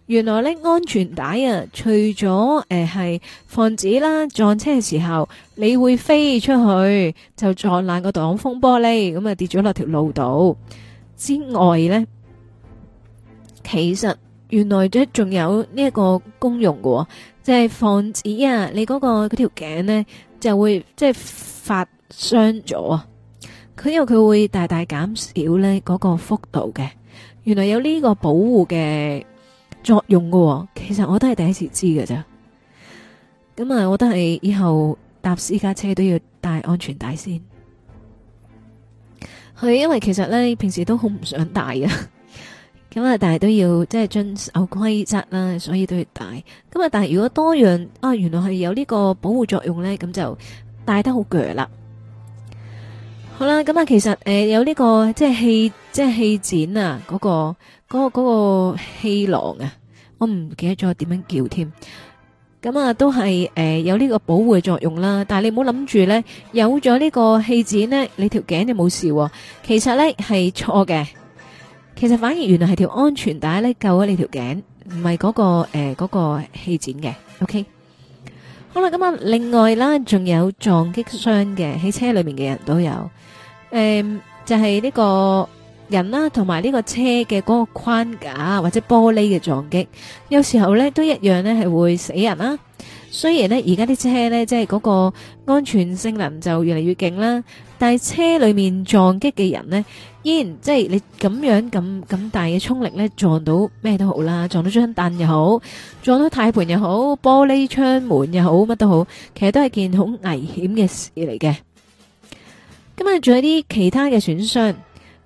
原來呢安全帶啊，除咗誒係防止啦、啊、撞車嘅時候你會飛出去，就撞爛個擋風玻璃，咁啊跌咗落條路度之外呢，其實原來即係仲有呢一個功用喎、哦，即、就、係、是、防止啊你嗰、那個嗰條頸呢就會即係、就是、發傷咗啊。佢又佢會大大減少呢嗰、那個幅度嘅。原來有呢個保護嘅。作用嘅，其實我都係第一次知嘅咋，咁啊，我都係以後搭私家車都要戴安全帶先。佢因為其實呢，平時都好唔想戴啊，咁 啊但係都要即係遵守規則啦，所以都要戴。咁啊但係如果多樣啊，原來係有呢個保護作用呢，咁就戴得好鋸啦。好啦，咁啊，其實誒有呢個即係氣即係氣枕啊，嗰個嗰個嗰個氣囊啊，我唔記得咗點樣叫添。咁啊，都係誒有呢個保護嘅作用啦。但係你唔好諗住咧，有咗呢個氣枕咧，你條頸就冇事。其實咧係錯嘅，其實反而原來係條安全帶咧救咗你條頸，唔係嗰個誒嗰個氣枕嘅。OK。好啦，咁啊，另外啦，仲有撞擊傷嘅，喺車裏面嘅人都有，誒、嗯，就係、是、呢個人啦，同埋呢個車嘅嗰個框架或者玻璃嘅撞擊，有時候呢，都一樣呢係會死人啦。雖然呢而家啲車呢，即係嗰個安全性能就越嚟越勁啦，但係車裏面撞擊嘅人呢，依然即係你咁樣咁咁大嘅衝力呢，撞到咩都好啦，撞到張凳又好，撞到鈦盤又好，玻璃窗門又好，乜都好，其實都係件好危險嘅事嚟嘅。今日仲有啲其他嘅損傷。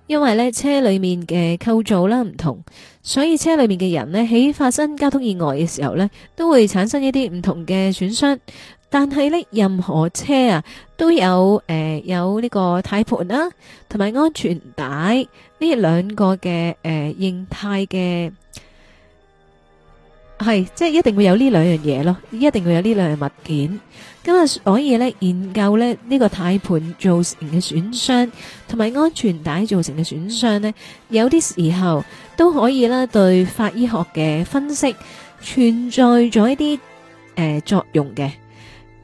因為咧車裏面嘅構造啦唔同，所以車裏面嘅人咧喺發生交通意外嘅時候咧，都會產生一啲唔同嘅損傷。但係咧任何車啊都有誒有呢個軚盤啦，同埋安全帶呢兩個嘅誒形態嘅。係，即係一定會有呢兩樣嘢咯，一定會有呢兩樣物件。咁啊，所以咧，研究咧呢、這個軚盤造成嘅損傷，同埋安全帶造成嘅損傷呢，有啲時候都可以咧對法醫學嘅分析存在咗一啲誒、呃、作用嘅。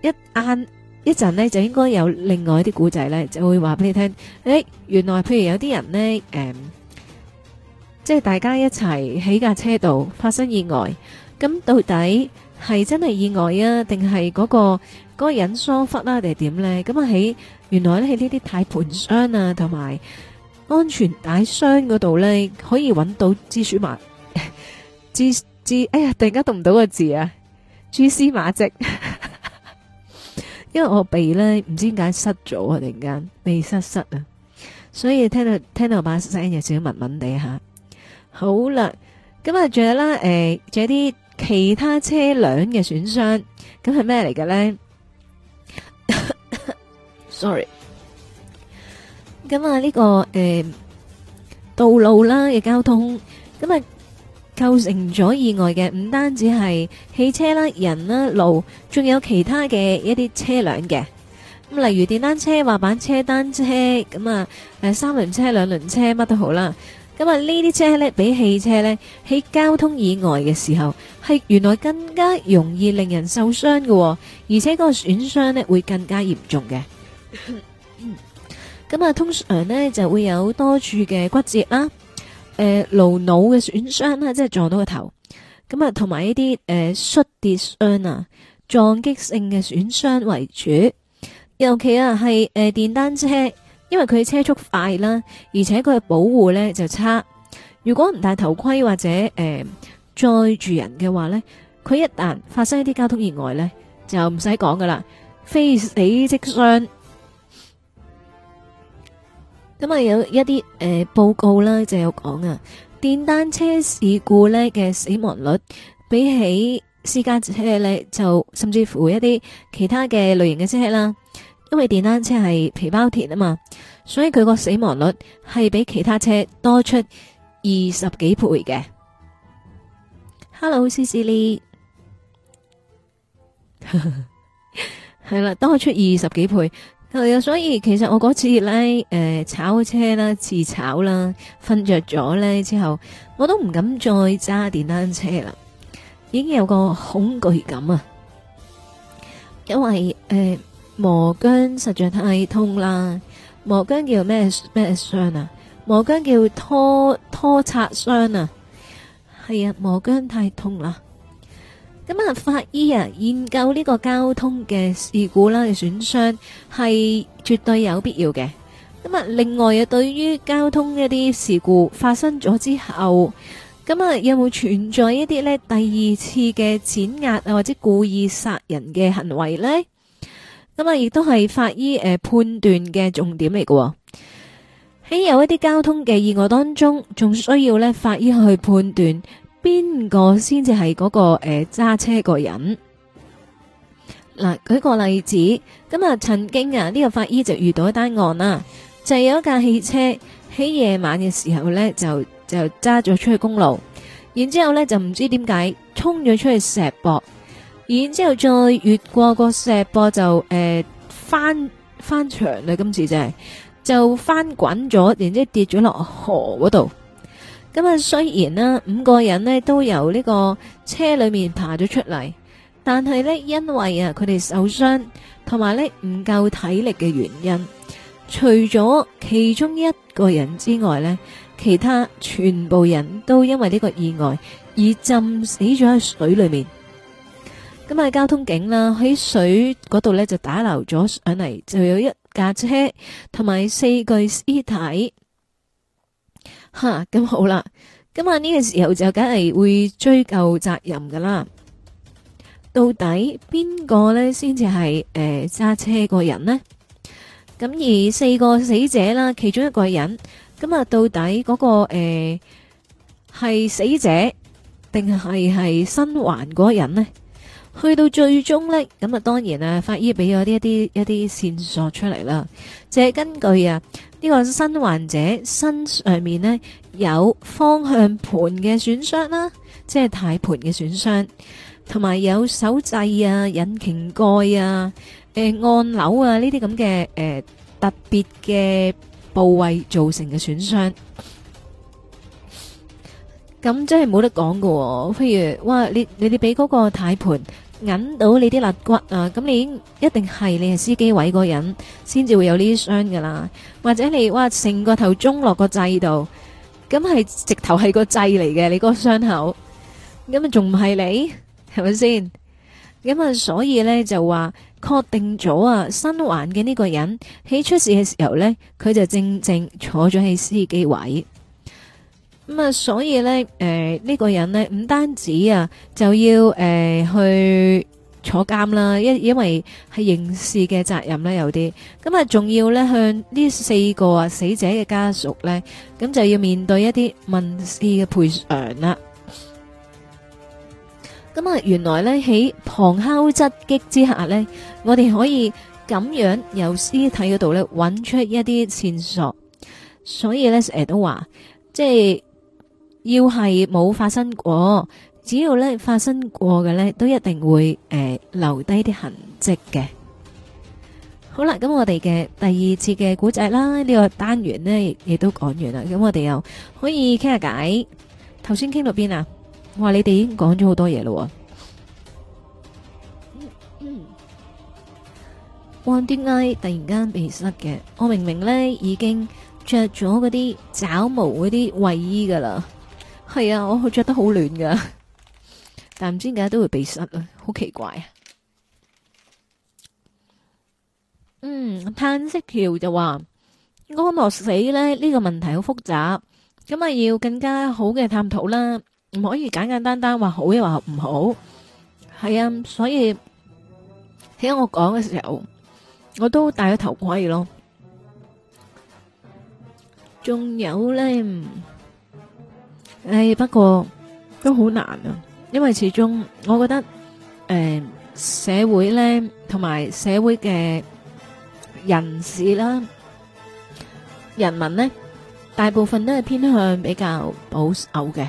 一晏一陣呢，就應該有另外一啲古仔呢，就會話俾你聽。誒、哎，原來譬如有啲人呢，誒、呃，即係大家一齊喺架車度發生意外。咁到底係真係意外啊，定係嗰個嗰個人疏忽啦，定係點咧？咁啊喺原來咧喺呢啲軚盤箱啊，同埋安全帶箱嗰度咧，可以揾到蛛絲麻蛛蛛。哎呀，突然間讀唔到個字啊！蛛絲馬迹，因為我鼻咧唔知點解塞咗啊！突然間鼻塞塞啊！所以聽到聽到把聲有少少文文地吓。好啦，咁啊，仲有啦，誒，仲有啲。其他車輛嘅損傷，咁係咩嚟嘅呢？ Sorry，咁啊呢、這個誒、呃、道路啦嘅交通，咁啊構成咗意外嘅，唔單止係汽車啦、人啦、路，仲有其他嘅一啲車輛嘅，咁例如電單車、滑板車、單車，咁啊誒三輪車、兩輪車，乜都好啦。咁啊，呢啲車咧比汽車咧喺交通意外嘅時候係原來更加容易令人受傷嘅，而且個損傷咧會更加嚴重嘅。咁啊，通常咧就會有多處嘅骨折啦，誒、呃，顱腦嘅損傷啦，即係撞到個頭，咁啊，同埋一啲誒摔跌傷啊，撞擊性嘅損傷為主，尤其啊係誒電單車。因為佢車速快啦，而且佢嘅保護呢就差。如果唔戴頭盔或者誒、呃、載住人嘅話呢，佢一旦發生一啲交通意外呢，就唔使講噶啦，非死即傷。咁啊，有一啲誒、呃、報告啦就有講啊，電單車事故呢嘅死亡率比起私家車呢，就甚至乎一啲其他嘅類型嘅車啦。因為電單車係皮包鐵啊嘛，所以佢個死亡率係比其他車多出二十幾倍嘅。Hello，C C L，係啦， 多出二十幾倍。係啊，所以其實我嗰次咧，誒、呃，炒車啦，自炒啦，瞓着咗咧之後，我都唔敢再揸電單車啦，已經有個恐懼感啊，因為誒。呃磨薑實在太痛啦，磨薑叫咩咩傷啊？磨薑叫拖拖擦傷啊，係啊，磨薑太痛啦。咁啊，法醫啊研究呢個交通嘅事故啦嘅損傷係絕對有必要嘅。咁啊，另外啊，對於交通一啲事故發生咗之後，咁啊有冇存在一啲呢第二次嘅碾壓啊，或者故意殺人嘅行為呢？咁啊，亦都係法醫誒判斷嘅重點嚟嘅喎。喺有一啲交通嘅意外當中，仲需要呢法醫去判斷邊個先至係嗰個誒揸車個人。嗱，舉個例子，咁啊，曾經啊呢個法醫就遇到一單案啦，就有一架汽車喺夜晚嘅時候呢，就就揸咗出去公路，然之後呢就唔知點解衝咗出去石壆。然之後再越過個石坡就誒、呃、翻翻牆啦，今次就係、是、就翻滾咗，然之後跌咗落河嗰度。咁啊，雖然呢五個人呢都由呢個車裏面爬咗出嚟，但係呢因為啊佢哋受傷同埋呢唔夠體力嘅原因，除咗其中一個人之外呢，其他全部人都因為呢個意外而浸死咗喺水裏面。咁啊，交通警啦，喺水嗰度咧就打撈咗上嚟，就有一架車同埋四具屍體。吓、啊，咁好啦，咁啊呢個時候就梗係會追究責任噶啦。到底邊個咧先至係誒揸車個人呢？咁而四個死者啦，其中一個人，咁啊到底嗰、嗰個誒係、呃、死者定係係生還嗰人呢？去到最終呢，咁啊當然啦，法醫俾咗啲一啲一啲線索出嚟啦，就係、是、根據啊呢、這個新患者身上面呢，有方向盤嘅損傷啦、啊，即係軚盤嘅損傷，同埋有手掣啊、引擎蓋啊、誒、呃、按鈕啊呢啲咁嘅誒特別嘅部位造成嘅損傷，咁真係冇得講噶、啊，譬如哇，你你你俾嗰個軚盤。引到你啲肋骨啊！咁你已經一定係，你係司機位嗰人，先至會有呢啲傷噶啦，或者你哇成個頭中落個掣度，咁係直頭係個掣嚟嘅。你嗰個傷口咁啊，仲唔係你係咪先咁啊？所以呢，就話確定咗啊，身環嘅呢個人喺出事嘅時候呢，佢就正正坐咗喺司機位。咁啊，所以咧，誒、呃、呢、呢個人呢，唔單止啊，就要誒、呃、去坐監啦，因因為係刑事嘅責任啦有啲，咁啊仲要咧向呢四個啊死者嘅家屬咧，咁、嗯、就要面對一啲民事嘅賠償啦。咁、嗯、啊，原來咧喺旁敲側擊之下呢，我哋可以咁樣由屍體嗰度咧揾出一啲線索，所以咧 Edward 話即係。要係冇發生過，只要咧發生過嘅咧，都一定會誒、呃、留低啲痕迹嘅。好啦，咁我哋嘅第二次嘅古仔啦，呢個單元呢亦都講完啦。咁我哋又可以傾下偈。頭先傾到邊啊？我話你哋已經講咗好多嘢啦。嗯，嗯。哇，點解突然間鼻塞嘅？我明明呢已經着咗嗰啲爪毛嗰啲衛衣噶啦。係啊，我着得好暖噶，但唔知點解都會鼻塞啊，好奇怪啊！嗯，嘆息橋就話安樂死咧，呢個問題好複雜，咁啊要更加好嘅探討啦，唔可以簡簡單單話好又話唔好。係啊，所以聽我講嘅時候，我都戴咗頭盔咯。仲有咧。誒，不過都好難啊，因為始終我覺得誒，社會咧同埋社會嘅人士啦、人民咧，大部分都係偏向比較保守嘅。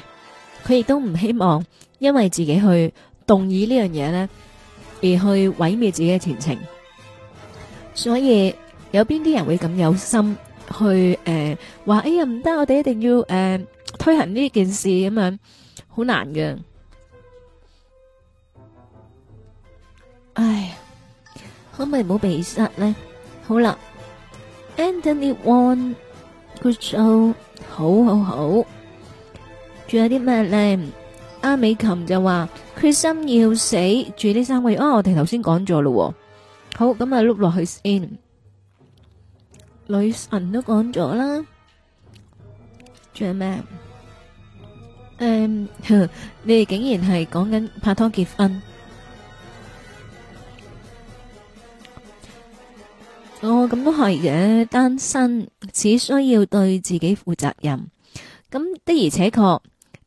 佢亦都唔希望因為自己去動議呢樣嘢咧，而去毀滅自己嘅前程。所以有邊啲人會咁有心去誒話哎呀唔得，我哋一定要誒。推行呢件事咁樣好難嘅，唉，可唔可以唔好被殺呢？好啦，Anthony Wong，Good Show，好好好，仲有啲咩呢？阿美琴就話決心要死住呢三個月啊！我哋頭先講咗咯，好咁啊，碌落去先，女神都講咗啦，仲有咩？誒，你哋竟然係講緊拍拖結婚？哦，咁都係嘅。單身只需要對自己負責任，咁的而且確，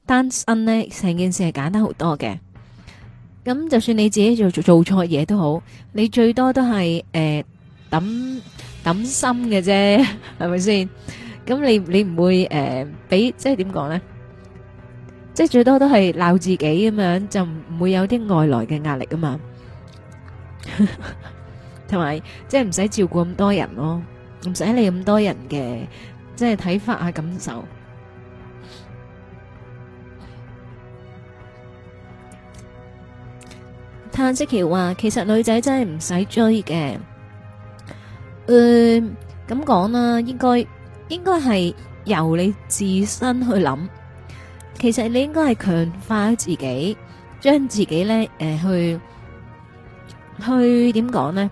單身呢成件事係簡單好多嘅。咁就算你自己做做做錯嘢都好，你最多都係誒抌抌心嘅啫，係咪先？咁你你唔會誒俾即係點講咧？即係最多都係鬧自己咁樣，就唔會有啲外來嘅壓力㗎嘛，同埋即係唔使照顧咁多人咯，唔使理咁多人嘅即係睇法啊、感受。嘆息橋話，其實女仔真係唔使追嘅，嗯，咁講啦，應該應該係由你自身去諗。其實你應該係強化自己，將自己咧誒去去點講咧，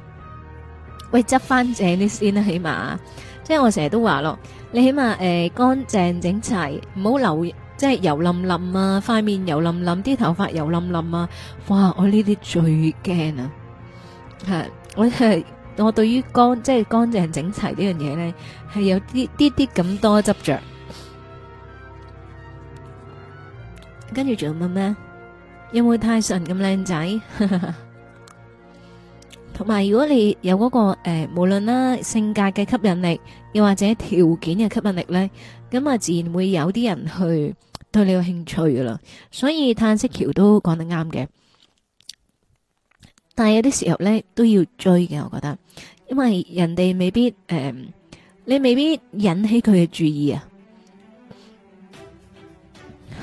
喂，執翻正啲先啦，起碼。即係我成日都話咯，你起碼誒乾淨整齊，唔好留即係油淋淋啊，塊面油淋淋，啲頭髮油淋淋啊，哇！我呢啲最驚啊，係我係我對於乾即係乾淨整齊呢樣嘢咧，係有啲啲啲咁多執着。跟住仲有乜咩？有冇泰神咁靚仔？同 埋如果你有嗰、嗰個誒、呃，無論啦性格嘅吸引力，又或者條件嘅吸引力咧，咁啊自然會有啲人去對你有興趣㗎啦。所以嘆息橋都講得啱嘅，但係有啲時候咧都要追嘅，我覺得，因為人哋未必誒、呃，你未必引起佢嘅注意啊。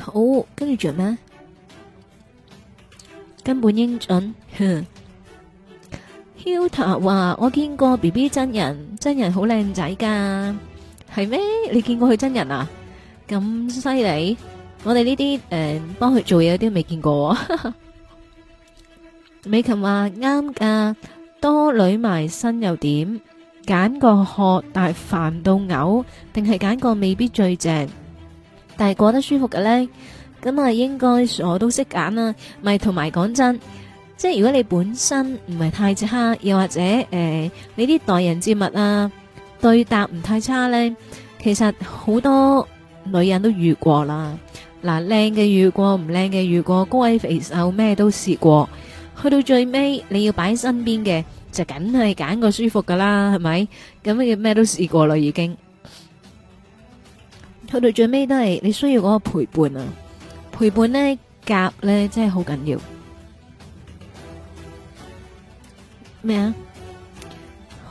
好，跟住著咩？根本英俊，哼。Huta 話：我見過 B B 真人，真人好靚仔噶，係咩？你見過佢真人啊？咁犀利，我哋呢啲誒，幫佢做嘢啲都未見過。美琴話啱噶，多女埋身又點？揀個殼，但係煩到嘔，定係揀個未必最正？但係過得舒服嘅咧，咁啊應該我都識揀啦，咪同埋講真，即係如果你本身唔係太差，又或者誒、呃、你啲待人接物啊對答唔太差咧，其實好多女人都遇過啦。嗱、啊，靚嘅遇過，唔靚嘅遇過，高矮肥瘦咩都試過，去到最尾你要擺喺身邊嘅就梗係揀個舒服噶啦，係咪？咁嘅咩都試過啦，已經。去到最尾都係你需要嗰個陪伴啊！陪伴呢夾呢，真係好緊要。咩啊？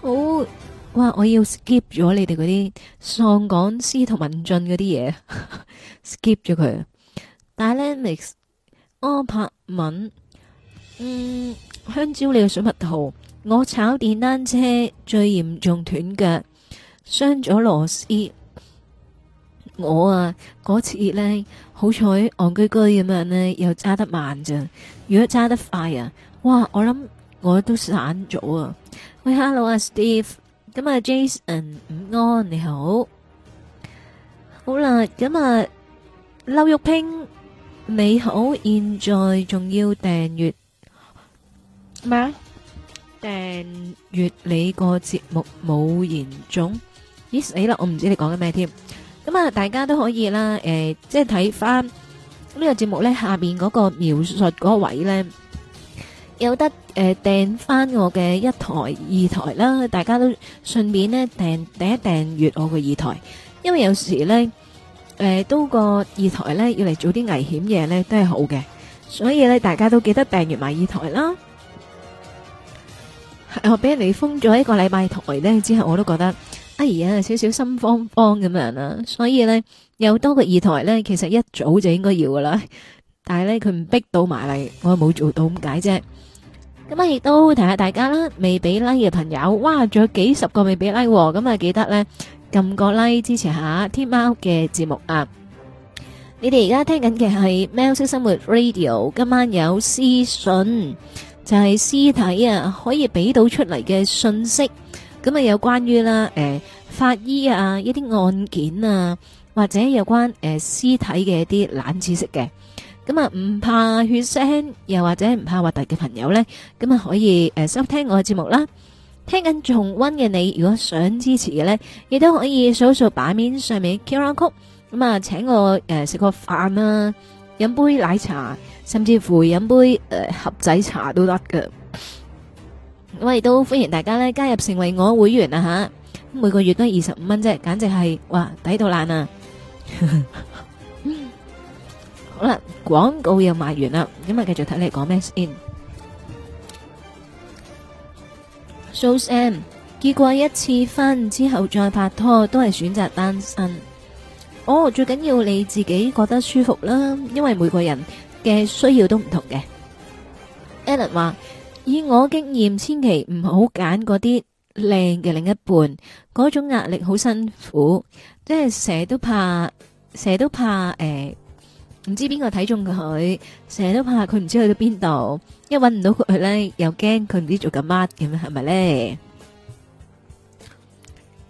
好哇！我要 skip 咗你哋嗰啲喪港司徒 呢文進嗰啲嘢，skip 咗佢。dynamics 柯柏敏，嗯，香蕉你嘅水蜜桃。我炒電單車最嚴重斷腳，傷咗螺絲。我啊，嗰次咧，好彩戇居居咁樣咧，又揸得慢咋。如果揸得快啊，哇！我諗我都散咗啊。喂，hello 啊，Steve，咁啊，Jason，午安，你好。好啦，咁啊，劉玉平，你好，現在仲要訂閱咩？訂閱你個節目《無言種》？咦死啦！我唔知你講緊咩添。咁啊，大家都可以啦，誒、呃，即係睇翻呢個節目咧，下面嗰個描述嗰位咧，有得誒、呃、訂翻我嘅一台二台啦，大家都順便咧訂訂一訂閱我嘅二台，因為有時咧誒、呃、都個二台咧要嚟做啲危險嘢咧都係好嘅，所以咧大家都記得訂閱埋二台啦。我俾人哋封咗一個禮拜台咧之後，我都覺得。哎呀，少少心慌慌咁樣啦，所以呢，有多個二台呢，其實一早就應該要噶啦，但係呢，佢唔逼到埋嚟，我冇做到咁解啫。咁啊，亦都提下大家啦，未俾 like 嘅朋友，哇，仲有幾十個未俾 like，咁、哦、啊、嗯，記得呢，撳個 like 支持下天貓嘅節目啊！你哋而家聽緊嘅係喵式生活 radio，今晚有屍訊，就係、是、屍體啊，可以俾到出嚟嘅信息。咁啊，有關於啦，誒、呃，法醫啊，一啲案件啊，或者有關誒屍、呃、體嘅一啲冷知識嘅，咁啊，唔怕血腥，又或者唔怕核突嘅朋友咧，咁啊，可以誒、呃、收聽我嘅節目啦。聽緊重温嘅你，如果想支持嘅咧，亦都可以數數版面上面 QR Code，咁、呃、啊，請我誒食個飯啦，飲杯奶茶，甚至乎飲杯誒、呃、盒仔茶都得㗎。我亦都歡迎大家咧加入成為我會員啊吓，每個月都係二十五蚊啫，簡直係哇，抵到爛啊！ 好啦，廣告又賣完啦，今日繼續睇你講咩先。So Sam 結過一次婚之後再拍拖，都係選擇單身。哦、oh，最緊要你自己覺得舒服啦，因為每個人嘅需要都唔同嘅。Alan 話。以我經驗，千祈唔好揀嗰啲靚嘅另一半，嗰種壓力好辛苦，即係成日都怕，成日都怕誒，唔知邊個睇中佢，成日都怕佢唔知去到邊度，一搵唔到佢咧，又驚佢唔知做緊乜咁樣，係咪咧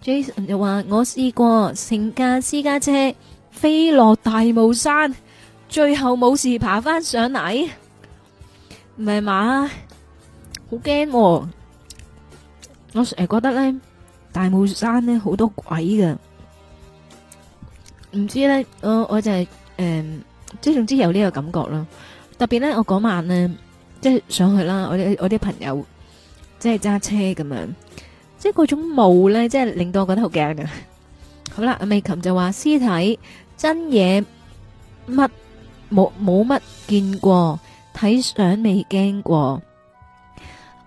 ？Jason 又話：我試過成架私家車飛落大霧山，最後冇事爬翻上嚟，唔係嘛？好驚、哦，我成日覺得咧，大帽山咧好多鬼㗎。唔知咧，我我就係、是、誒、嗯，即係總之有呢個感覺啦。特別咧，我嗰晚咧，即係上去啦，我啲我啲朋友即係揸車咁樣，即係嗰種霧咧，即係令到我覺得好驚㗎！好啦，阿美琴就話屍 體真嘢乜冇冇乜見過，睇相未驚過。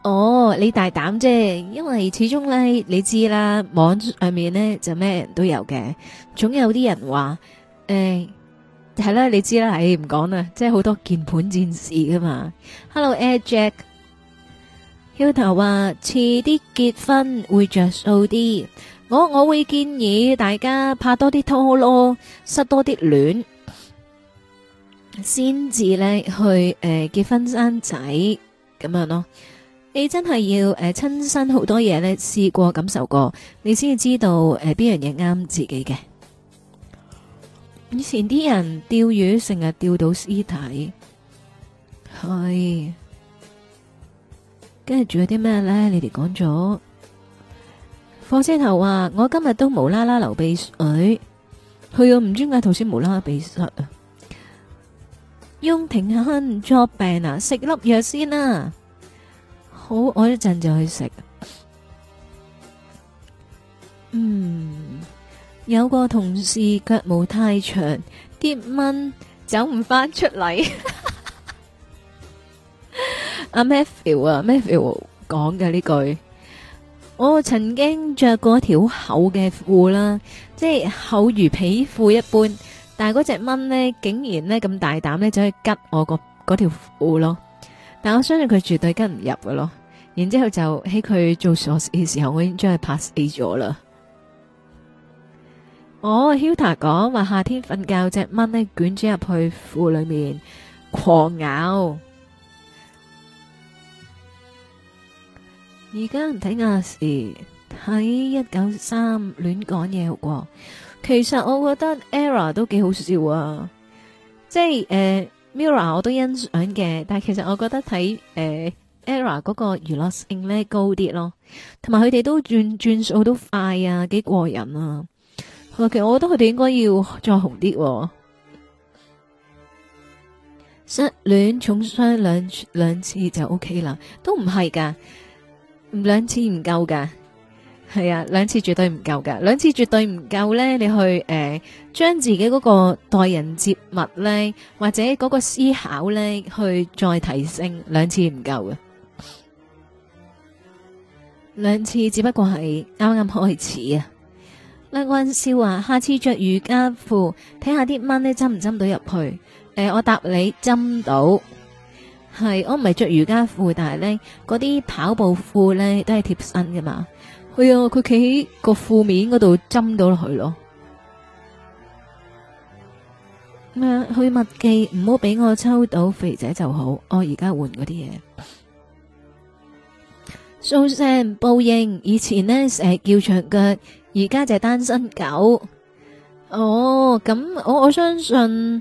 哦，oh, 你大膽啫，因為始終咧，你知啦，網上面咧就咩人都有嘅，總有啲人話誒係啦，你知啦，唉唔講啦，即係好多鍵盤戰士噶嘛。Hello，Air、欸、Jack，Hilton 話遲啲結婚會着數啲，我我會建議大家拍多啲拖咯，失多啲戀，先至咧去誒、呃、結婚生仔咁樣咯。你真係要誒親、呃、身好多嘢，呢試過感受過，你先至知道誒邊樣嘢啱自己嘅。以前啲人釣魚成日釣到屍體，係跟住咗啲咩呢？你哋講咗火車頭話，我今日都無啦啦流鼻水，哎、去個唔專業頭先無啦啦鼻塞，要停下作病啊，食粒藥先啦、啊。好，我一陣就去食。嗯，有個同事腳毛太長，啲蚊走唔翻出嚟。阿、 啊、Matthew 啊，Matthew 講嘅呢句，我曾經着過一條厚嘅褲啦，即係厚如皮褲一般，但係嗰隻蚊呢，竟然呢咁大膽呢走去吉我個嗰條褲咯，但我相信佢絕對吉唔入嘅咯。然之後就喺佢做傻事嘅時候，我已經將佢拍死咗啦。我、oh, Hilda 講話夏天瞓覺隻蚊呢，捲咗入去褲裏面狂咬。而家唔睇亞視睇一九三亂講嘢好過，其實我覺得 ERROR 都幾好笑啊，即係誒、呃、MIRROR 我都欣賞嘅，但係其實我覺得睇誒。呃 Era 嗰個娛樂性咧高啲咯，同埋佢哋都轉轉數都快啊，幾過癮啊！其實我覺得佢哋應該要再紅啲。失戀重傷兩兩次就 OK 啦，都唔係噶，兩次唔夠噶，係啊，兩次絕對唔夠噶，兩次絕對唔夠咧。你去誒，將、呃、自己嗰個待人接物咧，或者嗰個思考咧，去再提升兩次唔夠嘅。兩次只不過係啱啱開始啊！梁君笑話：下次着瑜伽褲，睇下啲蚊呢針唔針到入去。誒、呃，我答你針到，係我唔係着瑜伽褲，但係咧嗰啲跑步褲咧都係貼身噶嘛。哎呀，佢企喺個褲面嗰度針到落去咯。咩、哎？去麥記，唔好俾我抽到肥仔就好。我而家換嗰啲嘢。做聲報應，以前呢，成日叫長腳，而家就係單身狗。哦、oh，咁我我相信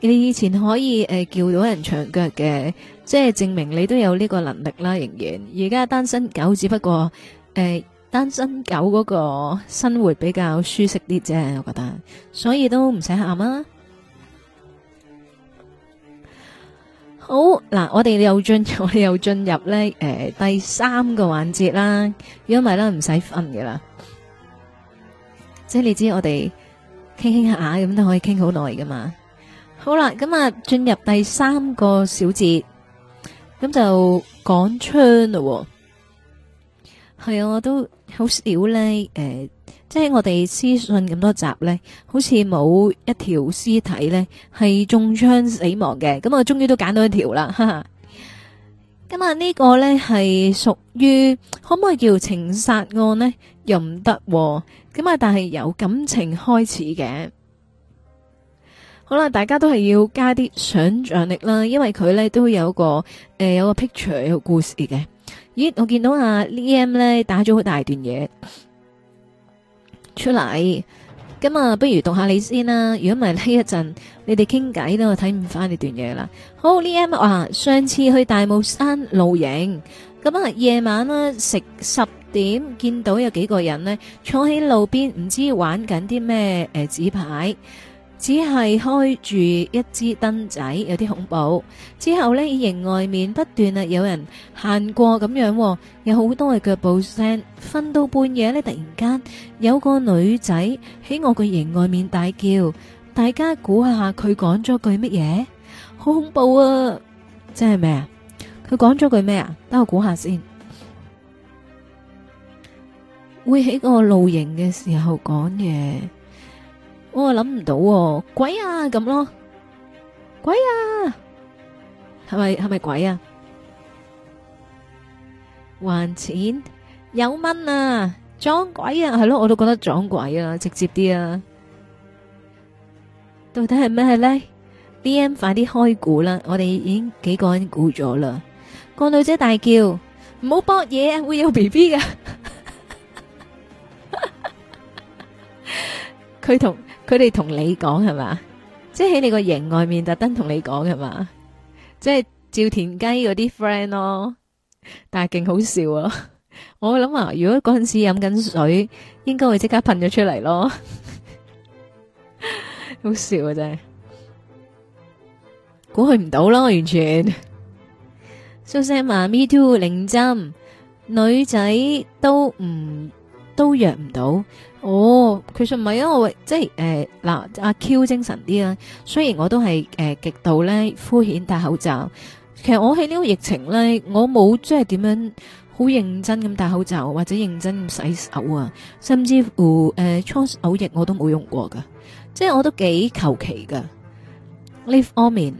你以前可以誒、呃、叫到人長腳嘅，即係證明你都有呢個能力啦。仍然而家單身狗只不過誒、呃、單身狗嗰個生活比較舒適啲啫，我覺得，所以都唔使喊啊。好嗱，我哋又進我哋又進入咧誒第三個環節啦，如果唔係咧唔使瞓嘅啦，即係你知我哋傾傾下咁都可以傾好耐噶嘛。好啦，咁啊進入第三個小節，咁就講槍咯，係啊，我都好少咧誒。即係我哋私信咁多集呢，好似冇一條屍體呢係中槍死亡嘅，咁啊終於都揀到一條啦。哈哈。咁啊呢個呢係屬於可唔可以叫情殺案呢？又唔得，咁啊但係由感情開始嘅。好啦，大家都係要加啲想象力啦，因為佢呢都有個誒、呃、有個 picture 有個故事嘅。咦，我見到阿 Lim 呢打咗好大段嘢。出嚟，咁啊，不如讀下你先啦。如果唔係呢一陣，你哋傾偈都我睇唔翻呢段嘢啦。好，呢 M 啊，上次去大帽山露營，咁啊夜晚咧食十點，見到有幾個人呢坐喺路邊，唔知玩緊啲咩誒紙牌。只係開住一支燈仔，有啲恐怖。之後呢，營外面不斷啊，有人行過咁樣，有好多嘅腳步聲。瞓到半夜呢，突然間有個女仔喺我個營外面大叫，大家估下佢講咗句乜嘢？好恐怖啊！真係咩啊？佢講咗句咩啊？等我估下先。會喺個露營嘅時候講嘢。我啊諗唔到，鬼啊咁咯，鬼啊，係咪係咪鬼啊？還錢有蚊啊，撞鬼啊，係咯，我都覺得撞鬼啊，直接啲啊！到底係咩咧？DM 快啲開估啦！我哋已經幾個人估咗啦。個女仔大叫：唔好博嘢啊，會有 B B 噶。佢同。佢哋同你講係嘛，即係喺你個營外面特登同你講係嘛，即係趙田雞嗰啲 friend 咯，但係勁好笑啊！我諗啊，如果嗰陣時飲緊水，應該會即刻噴咗出嚟咯，好笑啊真係，估佢唔到咯完全。Susie 話：Me too，零針女仔都唔都約唔到。哦，其實唔係，因為即係誒嗱，阿 Q 精神啲啦。雖然我都係誒極度咧敷衍戴口罩，其實我喺呢個疫情咧，我冇即係點樣好認真咁戴口罩，或者認真咁洗手啊，甚至乎誒搓手液我都冇用過噶，即係我都幾求其噶呢方面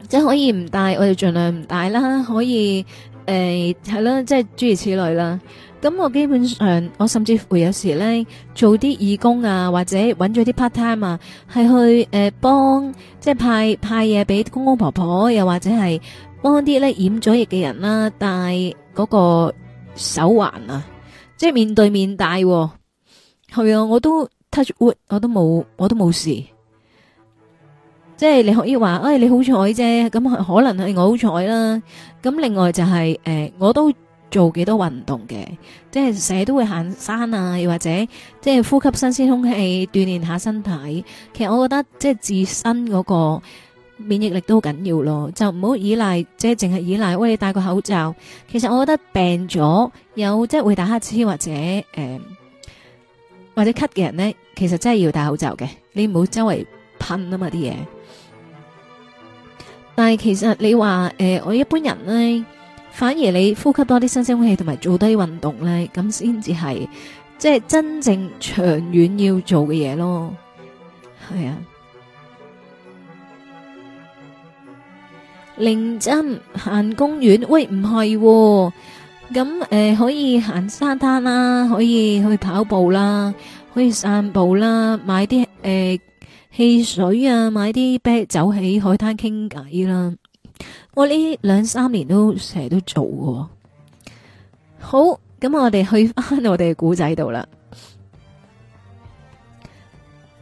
，men，即係可以唔戴，我哋盡量唔戴啦。可以誒係啦，即係諸如此類啦。咁我基本上，我甚至乎有時咧做啲義工啊，或者揾咗啲 part time 啊，係去誒幫、呃，即係派派嘢俾公公婆婆、婆、啊，又或者係幫啲咧染咗疫嘅人啦、啊，戴嗰個手環啊，即係面對面戴、啊，係啊，我都 touch wood，我都冇，我都冇事，即係你可以話，誒、哎，你好彩啫，咁可能係我好彩啦。咁另外就係、是、誒、呃，我都。做幾多運動嘅，即係成日都會行山啊，又或者即係呼吸新鮮空氣，鍛煉下身體。其實我覺得即係自身嗰個免疫力都好緊要咯，就唔好依賴即係淨係依賴喂你戴個口罩。其實我覺得病咗有即係會打乞嗤或者誒、呃、或者咳嘅人咧，其實真係要戴口罩嘅，你唔好周圍噴啊嘛啲嘢。但係其實你話誒、呃，我一般人咧。反而你呼吸多啲新鮮空氣，同埋做多啲運動咧，咁先至係即係真正長遠要做嘅嘢咯。係啊，零針行公園，喂唔係喎，咁誒可以行沙灘啦，可以去跑步啦，可以散步啦，買啲誒汽水啊，買啲啤酒喺海灘傾偈啦。我呢兩三年都成日都做嘅，好，咁我哋去翻我哋嘅古仔度啦。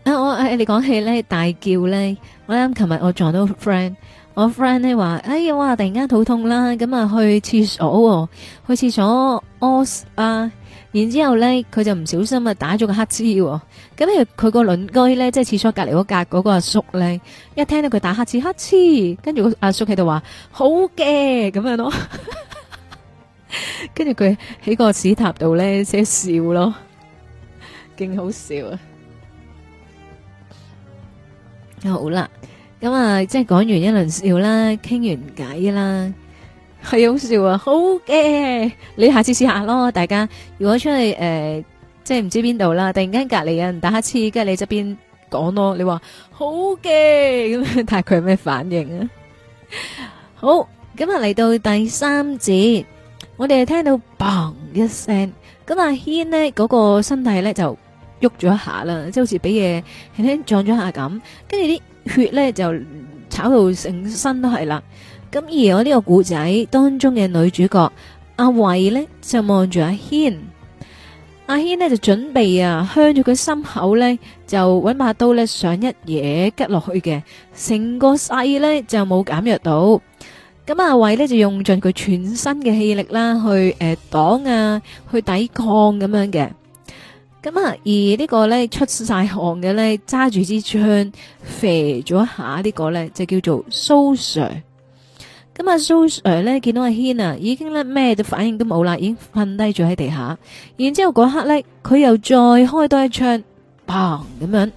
啊，我誒你講起咧大叫咧，我諗琴日我撞到 friend，我 friend 咧話哎呀哇，突然間肚痛啦，咁啊去廁所，去廁所屙啊。然之後咧，佢就唔小心啊打咗個乞嗤、哦，咁咧佢個鄰居咧，即係廁所隔籬嗰格嗰個阿叔咧，一聽到佢打乞嗤乞嗤，跟住個阿叔喺度話好嘅咁樣咯，跟住佢喺個屎塔度咧即係笑咯，勁好笑啊！好啦，咁啊即係講完一輪笑啦，傾完偈啦。係好笑啊！好嘅，你下次試下咯，大家如果出去誒，即係唔知邊度啦，突然間隔籬有人打乞嗤，跟住你側邊講咯，你話好嘅，咁睇下佢有咩反應啊？好，今日嚟到第三節，我哋聽到砰一聲，咁阿軒咧嗰個身體咧就喐咗一下啦，即係好似俾嘢輕輕撞咗下咁，跟住啲血咧就炒到成身都係啦。咁而我呢個故仔當中嘅女主角阿慧咧，就望住阿軒，阿軒咧就準備啊，向住佢心口咧就揾把刀咧上一嘢吉落去嘅，成個勢咧就冇減弱到。咁阿慧咧就用盡佢全身嘅氣力啦，去誒擋啊，去抵抗咁樣嘅。咁啊，而呢個咧出晒汗嘅咧，揸住支槍射咗下呢個咧，就叫做蘇 Sir。咁阿蘇 sir 咧見到阿軒啊，已經咧咩反應都冇啦，已經瞓低咗喺地下。然之後嗰刻咧，佢又再開多一槍，砰咁樣。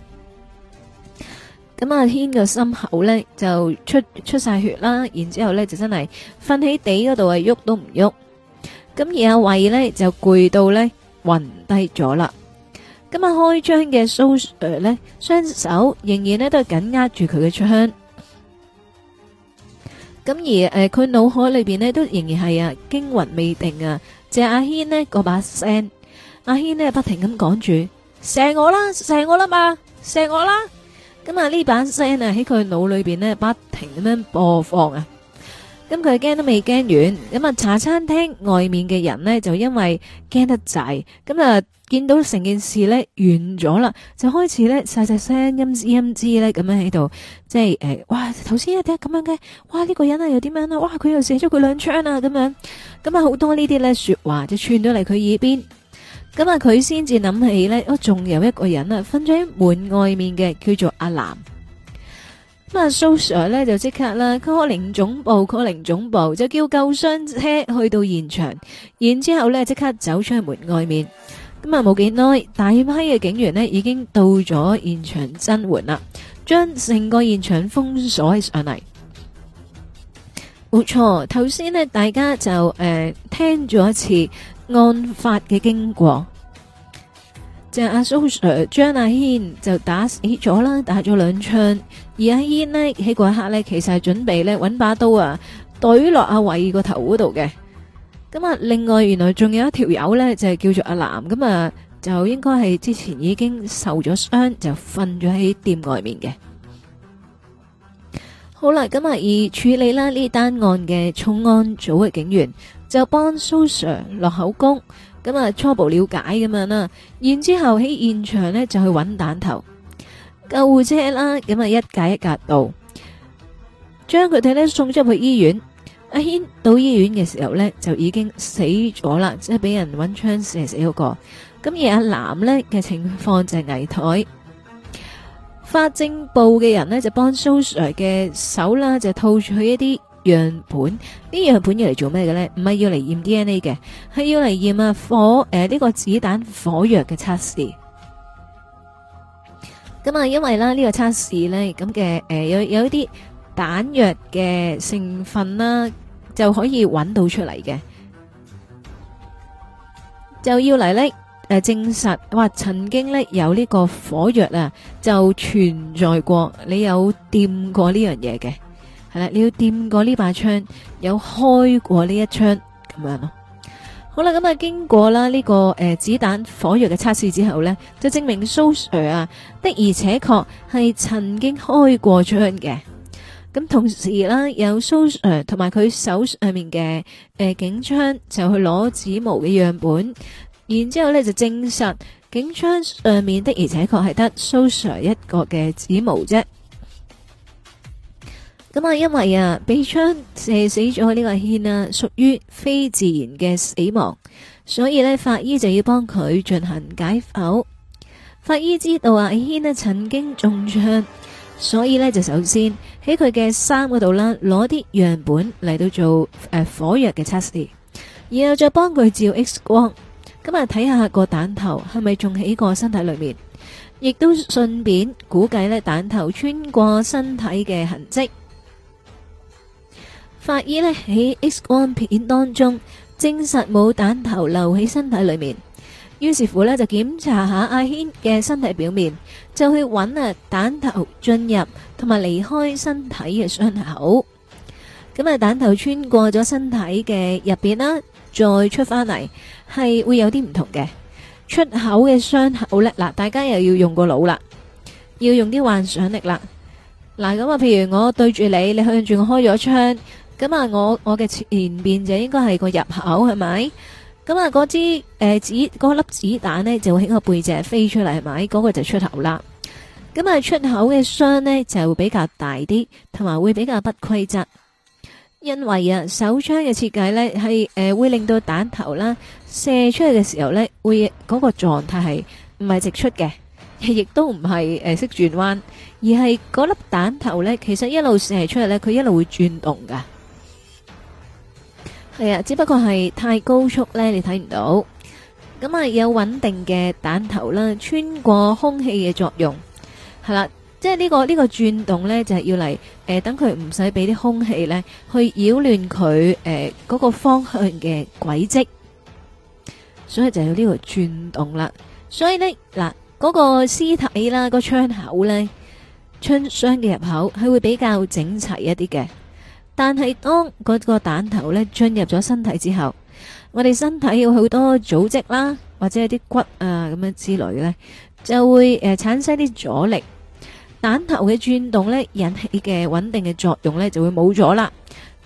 咁阿軒個心口咧就出出晒血啦，然之後咧就真係瞓喺地嗰度啊，喐都唔喐。咁而阿慧呢，就攰到咧暈低咗啦。咁啊開槍嘅蘇 sir 咧，雙手仍然咧都係緊握住佢嘅槍。咁而誒，佢腦海裏邊咧都仍然係啊驚魂未定啊，借阿軒咧嗰把聲，阿軒咧不停咁講住射我啦，射我啦嘛，射我啦！咁啊呢把聲啊喺佢腦裏邊咧不停咁樣播放啊，咁佢驚都未驚完，咁啊茶餐廳外面嘅人咧就因為驚得滯，咁啊。見到成件事咧完咗啦，就開始咧細細聲，啥啥音知音知咧咁樣喺度，即係誒、欸，哇！頭先一啲咁樣嘅，哇！呢、這個人啊又點樣啊？哇！佢又射咗佢兩槍啊！咁樣咁啊，好多呢啲咧說話就串咗嚟佢耳邊，咁啊，佢先至諗起咧，我仲有一個人啊，瞓咗喺門外面嘅，叫做阿藍咁啊。蘇 Sir 咧就即刻啦，科靈總部，科靈總部就叫救傷車去到現場，然之後咧即刻走出去門外面。今日冇幾耐，大批嘅警員呢已經到咗現場增援啦，將成個現場封鎖起上嚟。冇錯，頭先呢大家就誒、呃、聽咗一次案發嘅經過，就係、阿蘇 Sir 將阿軒就打死咗啦，打咗兩槍，而阿軒呢喺嗰一刻呢其實係準備呢揾把刀啊懟落阿偉個頭嗰度嘅。咁啊！另外，原來仲有一條友呢，就係、是、叫做阿南，咁啊就應該係之前已經受咗傷，就瞓咗喺店外面嘅。好啦，咁啊，以處理啦呢單案嘅重案組嘅警員就幫蘇 sir 落口供，咁啊初步了解咁樣啦，然之後喺現場呢，就去揾彈頭，救護車啦，咁啊一架一架到，將佢哋呢送咗入去醫院。阿軒到醫院嘅時候咧，就已經死咗啦，即係俾人揾槍射死嗰個。咁而阿男咧嘅情況就係危殆。法證部嘅人呢，就幫蘇 Sir 嘅手啦，就套取一啲樣本。呢樣本要嚟做咩嘅咧？唔係要嚟驗 D N A 嘅，係要嚟驗啊火誒呢、呃這個子彈火藥嘅測試。咁啊，因為啦、這個、測試呢個測試咧咁嘅誒有有一啲。彈藥嘅成分啦、啊，就可以揾到出嚟嘅，就要嚟呢，誒、呃，證實哇、呃，曾經呢，有呢個火藥啊，就存在過。你有掂過呢樣嘢嘅係啦，你要掂過呢把槍，有開過呢一槍咁樣咯。好啦，咁、嗯、啊，經過啦呢、這個誒、呃、子彈火藥嘅測試之後呢，就證明蘇 Sir 啊的而且確係曾經開過槍嘅。咁同時啦，有蘇 Sir 同埋佢手上面嘅誒警槍就去攞指模嘅樣本，然之後呢就證實警槍上面的而且確係得蘇 Sir 一個嘅指模啫。咁啊，因為啊，被槍射死咗呢個阿軒啊，屬於非自然嘅死亡，所以呢，法醫就要幫佢進行解剖。法醫知道阿軒呢曾經中槍。所以呢就首先喺佢嘅衫嗰度啦，攞啲樣本嚟到做誒火藥嘅測試，然後再幫佢照 X 光，咁啊睇下個彈頭係咪仲喺個身體裏面，亦都順便估計呢彈頭穿過身體嘅痕跡。法醫呢喺 X 光片當中證實冇彈頭留喺身體裏面，於是乎呢就檢查下阿軒嘅身體表面。就去揾啊彈頭進入同埋離開身體嘅傷口，咁啊彈頭穿過咗身體嘅入邊啦，再出返嚟係會有啲唔同嘅出口嘅傷口咧。嗱，大家又要用個腦啦，要用啲幻想力啦。嗱，咁啊，譬如我對住你，你向住我開咗槍，咁啊，我我嘅前邊就應該係個入口係咪？咁啊，嗰支誒、呃、子嗰粒子彈呢，就喺我背脊飛出嚟係咪？嗰、嗰個就出口啦。咁啊，出口嘅傷呢就會比較大啲，同埋會比較不規則。因為啊，手槍嘅設計呢，係誒、呃、會令到彈頭啦射出去嘅時候呢，會嗰、那個狀態係唔係直出嘅，亦都唔係誒識轉彎，而係嗰粒彈頭呢，其實一路射出嚟咧，佢一路會轉動噶。係啊，只不過係太高速呢，你睇唔到。咁啊，有穩定嘅彈頭啦，穿過空氣嘅作用。係啦，即係呢、這個呢、這個轉動呢就係、是、要嚟誒、呃，等佢唔使俾啲空氣呢去擾亂佢誒嗰個方向嘅軌跡，所以就要呢個轉動啦。所以呢嗱，嗰、那個屍體啦、那個窗口呢，槍傷嘅入口係會比較整齊一啲嘅。但係當嗰個彈頭呢進入咗身體之後，我哋身體有好多組織啦，或者係啲骨啊咁樣之類嘅呢，就會誒、呃、產生啲阻力。彈頭嘅轉動咧，引起嘅穩定嘅作用咧，就會冇咗啦。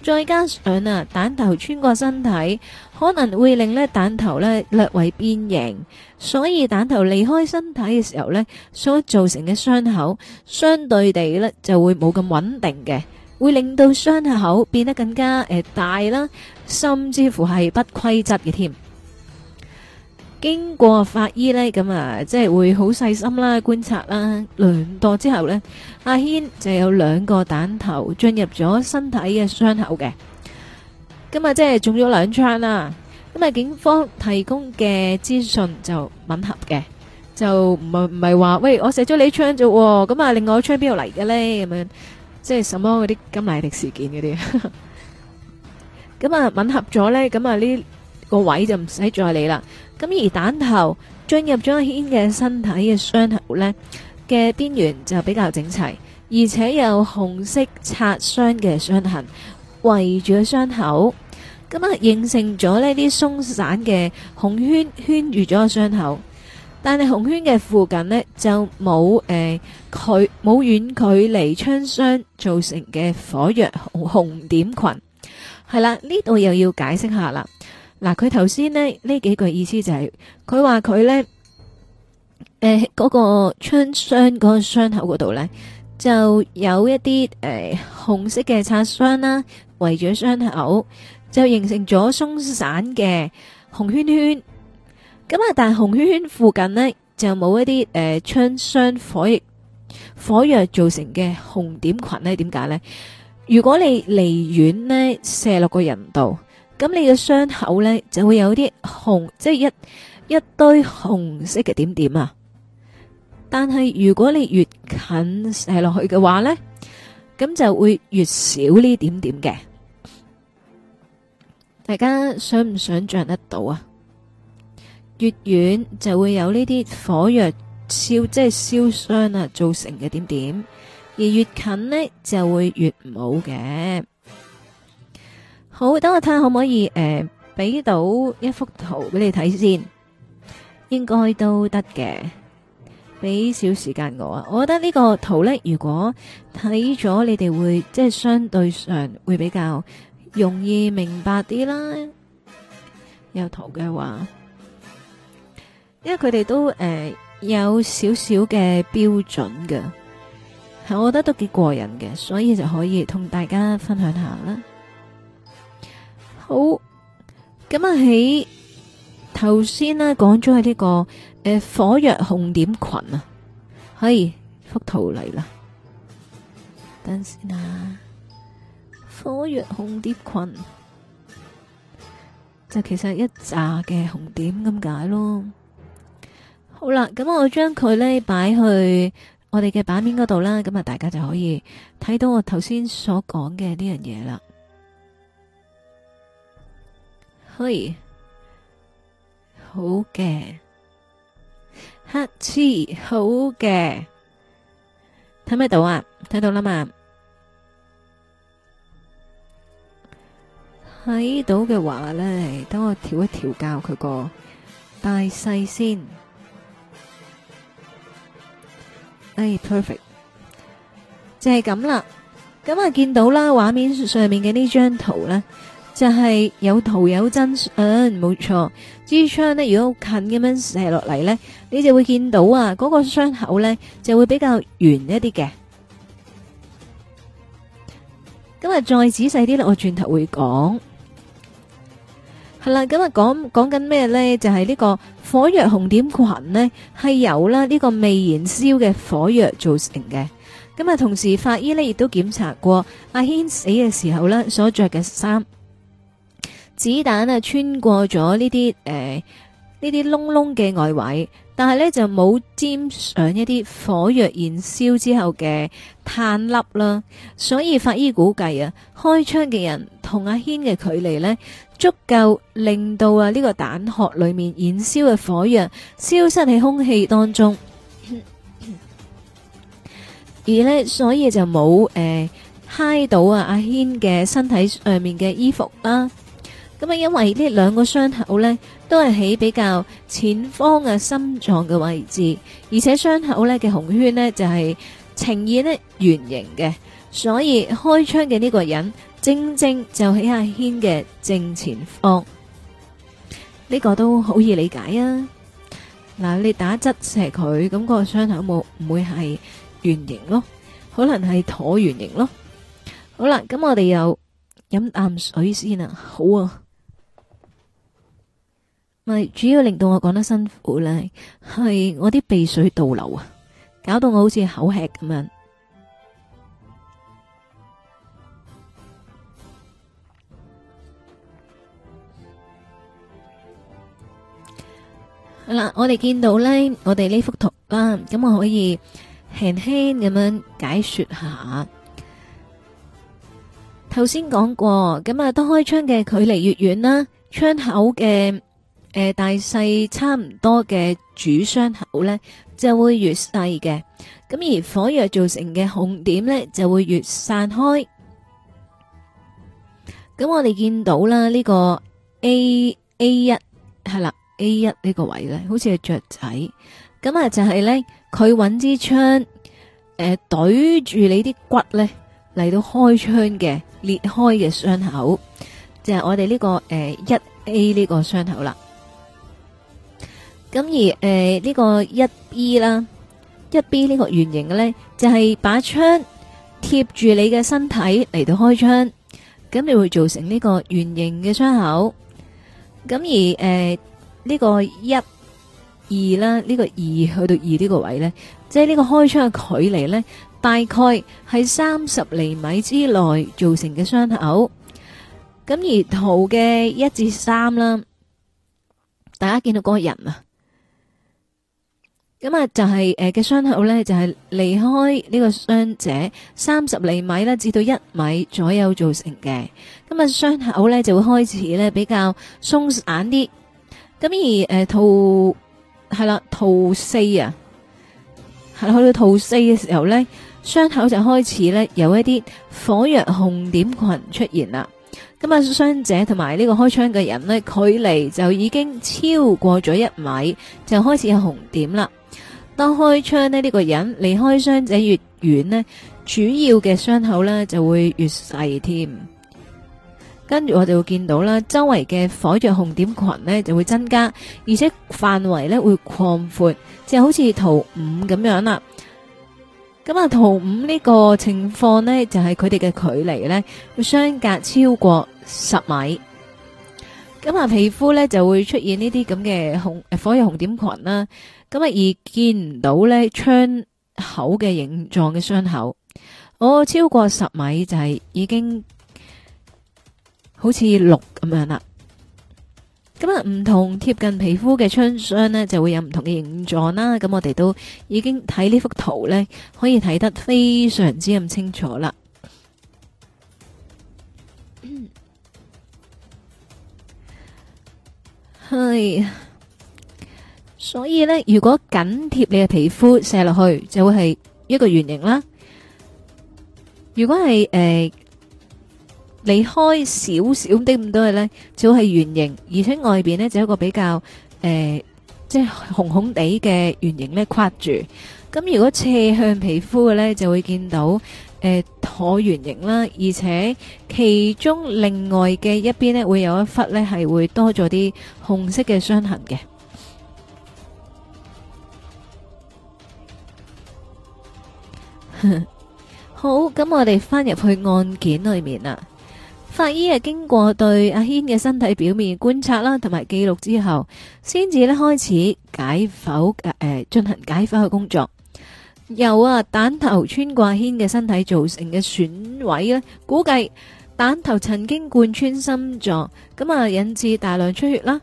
再加上啊，彈頭穿過身體，可能會令咧彈頭咧略為變形，所以彈頭離開身體嘅時候咧，所造成嘅傷口相對地咧就會冇咁穩定嘅，會令到傷口變得更加誒大啦，甚至乎係不規則嘅添。經過法醫咧，咁啊，即係會好細心啦，觀察啦，量度之後咧，阿軒就有兩個彈頭進入咗身體嘅傷口嘅，咁啊，即係中咗兩槍啦。咁啊，警方提供嘅資訊就吻合嘅，就唔係唔係話，喂，我射咗你一槍啫，咁啊，另外一槍邊度嚟嘅咧，咁樣，即係什麼嗰啲甘迺迪事件嗰啲，咁啊，吻合咗咧，咁啊呢。個位就唔使再理啦。咁而彈頭進入咗軒嘅身體嘅傷口呢，嘅邊緣就比較整齊，而且有紅色擦傷嘅傷痕圍住個傷口。咁啊，形成咗呢啲鬆散嘅紅圈圈，圈住咗個傷口。但係紅圈嘅附近呢，就冇誒，冇、呃、佢遠距離槍傷造成嘅火藥紅點群。係啦，呢度又要解釋下啦。嗱，佢頭先呢呢幾句意思就係、是，佢話佢呢誒嗰、呃那個槍傷嗰個傷口嗰度呢，就有一啲誒、呃、紅色嘅擦傷啦，圍住傷口就形成咗鬆散嘅紅圈圈。咁啊，但係紅圈圈附近呢，就冇一啲誒槍傷火藥火藥造成嘅紅點群，呢點解呢？如果你離遠呢，射落個人度。咁你嘅傷口呢，就會有啲紅，即係一一堆紅色嘅點點啊。但係如果你越近睇落去嘅話呢，咁就會越少呢點點嘅。大家想唔想象得到啊？越遠就會有呢啲火藥燒，即係燒傷啊造成嘅點點，而越近呢，就會越唔好嘅。好，等我睇下可唔可以誒，俾、呃、到一幅圖俾你睇先，應該都得嘅。俾少時間我，我覺得呢個圖咧，如果睇咗，你哋會即係相對上會比較容易明白啲啦。有圖嘅話，因為佢哋都誒、呃、有少少嘅標準嘅，係我覺得都幾過癮嘅，所以就可以同大家分享下啦。好，咁啊喺頭先呢講咗係呢個誒火藥紅點群啊，係幅圖嚟啦。等陣先啊，火藥紅點群就其實一紮嘅紅點咁解咯。好啦，咁我將佢呢擺去我哋嘅版面嗰度啦，咁啊大家就可以睇到我頭先所講嘅呢樣嘢啦。可以，好嘅，黑字好嘅，睇唔睇到啊？睇到啦嘛？睇到嘅話呢，等我調一調教佢個大細先。哎，perfect，就係咁啦。咁啊，見到啦，畫面上面嘅呢張圖呢。就係有圖有真相，嗯，冇錯。支槍呢，如果好近咁樣射落嚟呢，你就會見到啊，嗰個傷口呢就會比較圓一啲嘅。咁啊再仔細啲啦，我轉頭會講。係啦，咁啊講講緊咩呢？就係呢個火藥紅點群呢，係由啦呢個未燃燒嘅火藥造成嘅。咁啊，同時法醫呢亦都檢查過阿軒死嘅時候呢所着嘅衫。子彈啊，穿過咗呢啲誒呢啲窿窿嘅外圍，但係呢就冇沾上一啲火藥燃燒之後嘅碳粒啦。所以法醫估計啊，開槍嘅人同阿軒嘅距離呢，足夠令到啊呢個彈殼裏面燃燒嘅火藥消失喺空氣當中， 而呢，所以就冇誒揩到啊阿軒嘅身體上面嘅衣服啦。咁啊，因為呢兩個傷口呢都係喺比較前方嘅心臟嘅位置，而且傷口呢嘅紅圈呢就係、是、呈現呢圓形嘅，所以開槍嘅呢個人正正就喺阿軒嘅正前方，呢、這個都好易理解啊！嗱，你打側射佢，咁個傷口冇唔會係圓形咯，可能係橢圓形咯。好啦，咁我哋又飲啖水先啦、啊，好啊。唔係，主要令到我講得辛苦咧，係我啲鼻水倒流啊，搞到我好似口吃咁樣。嗱，我哋見到咧，我哋呢幅圖啦，咁我可以輕輕咁樣解說下。頭先講過，咁啊，當開槍嘅距離越遠啦，槍口嘅。誒、呃，大細差唔多嘅主傷口咧，就會越細嘅，咁而火藥造成嘅紅點咧，就會越散開。咁我哋見到啦，呢個 A A 一係啦，A 一呢個位咧，好似係雀仔，咁啊就係咧，佢搵支槍誒懟住你啲骨咧嚟到開槍嘅裂開嘅傷口，就係、是、我哋呢、這個誒一、呃、A 呢個傷口啦。咁而誒呢、呃這個一 B 啦，一 B 個圓呢個圓形嘅咧，就係、是、把槍貼住你嘅身體嚟到開槍，咁你會造成呢個圓形嘅傷口。咁而誒呢、呃這個一二啦，呢、這個二去到二呢個位咧，即係呢個開槍嘅距離咧，大概係三十厘米之內造成嘅傷口。咁而圖嘅一至三啦，大家見到嗰個人啊。咁啊、就是呃，就係誒嘅傷口咧，就係離開呢個傷者三十厘米啦，至到一米左右造成嘅。咁啊，傷口咧就會開始咧比較鬆散啲。咁而誒，套、呃、係啦，套四啊，係去到套四嘅時候咧，傷口就開始咧有一啲火藥紅點群出現啦。咁啊，傷者同埋呢個開槍嘅人呢，距離就已經超過咗一米，就開始有紅點啦。當開槍呢，呢、呢個人離開傷者越遠呢，主要嘅傷口呢就會越細添。跟住我哋會見到啦，周圍嘅火藥紅點群呢就會增加，而且範圍呢會擴闊，就好似圖五咁樣啦。咁啊，圖五呢個情況呢，就係佢哋嘅距離呢會相隔超過十米。咁啊，皮膚呢就會出現呢啲咁嘅紅火藥紅點群啦。咁啊，而見唔到咧，槍口嘅形狀嘅傷口，我超過十米就係、是、已經好似六咁樣啦。咁啊，唔同貼近皮膚嘅槍傷呢，就會有唔同嘅形狀啦。咁我哋都已經睇呢幅圖呢，可以睇得非常之咁清楚啦。唉。所以咧，如果緊貼你嘅皮膚射落去，就會係一個圓形啦。如果係誒離開少少的咁多嘅咧，就會係圓形，而且外邊咧就一個比較誒即係紅紅地嘅圓形咧框住。咁如果斜向皮膚嘅咧，就會見到誒橢圓形啦，而且其中另外嘅一邊咧會有一忽咧係會多咗啲紅色嘅傷痕嘅。 好咁，我哋翻入去案件裏面啦。法醫啊，經過對阿軒嘅身體表面觀察啦，同埋記錄之後，先至呢開始解剖誒進行解剖嘅工作。由啊彈頭穿過軒嘅身體造成嘅損毀呢估計彈頭曾經貫穿心臟，咁啊引致大量出血啦。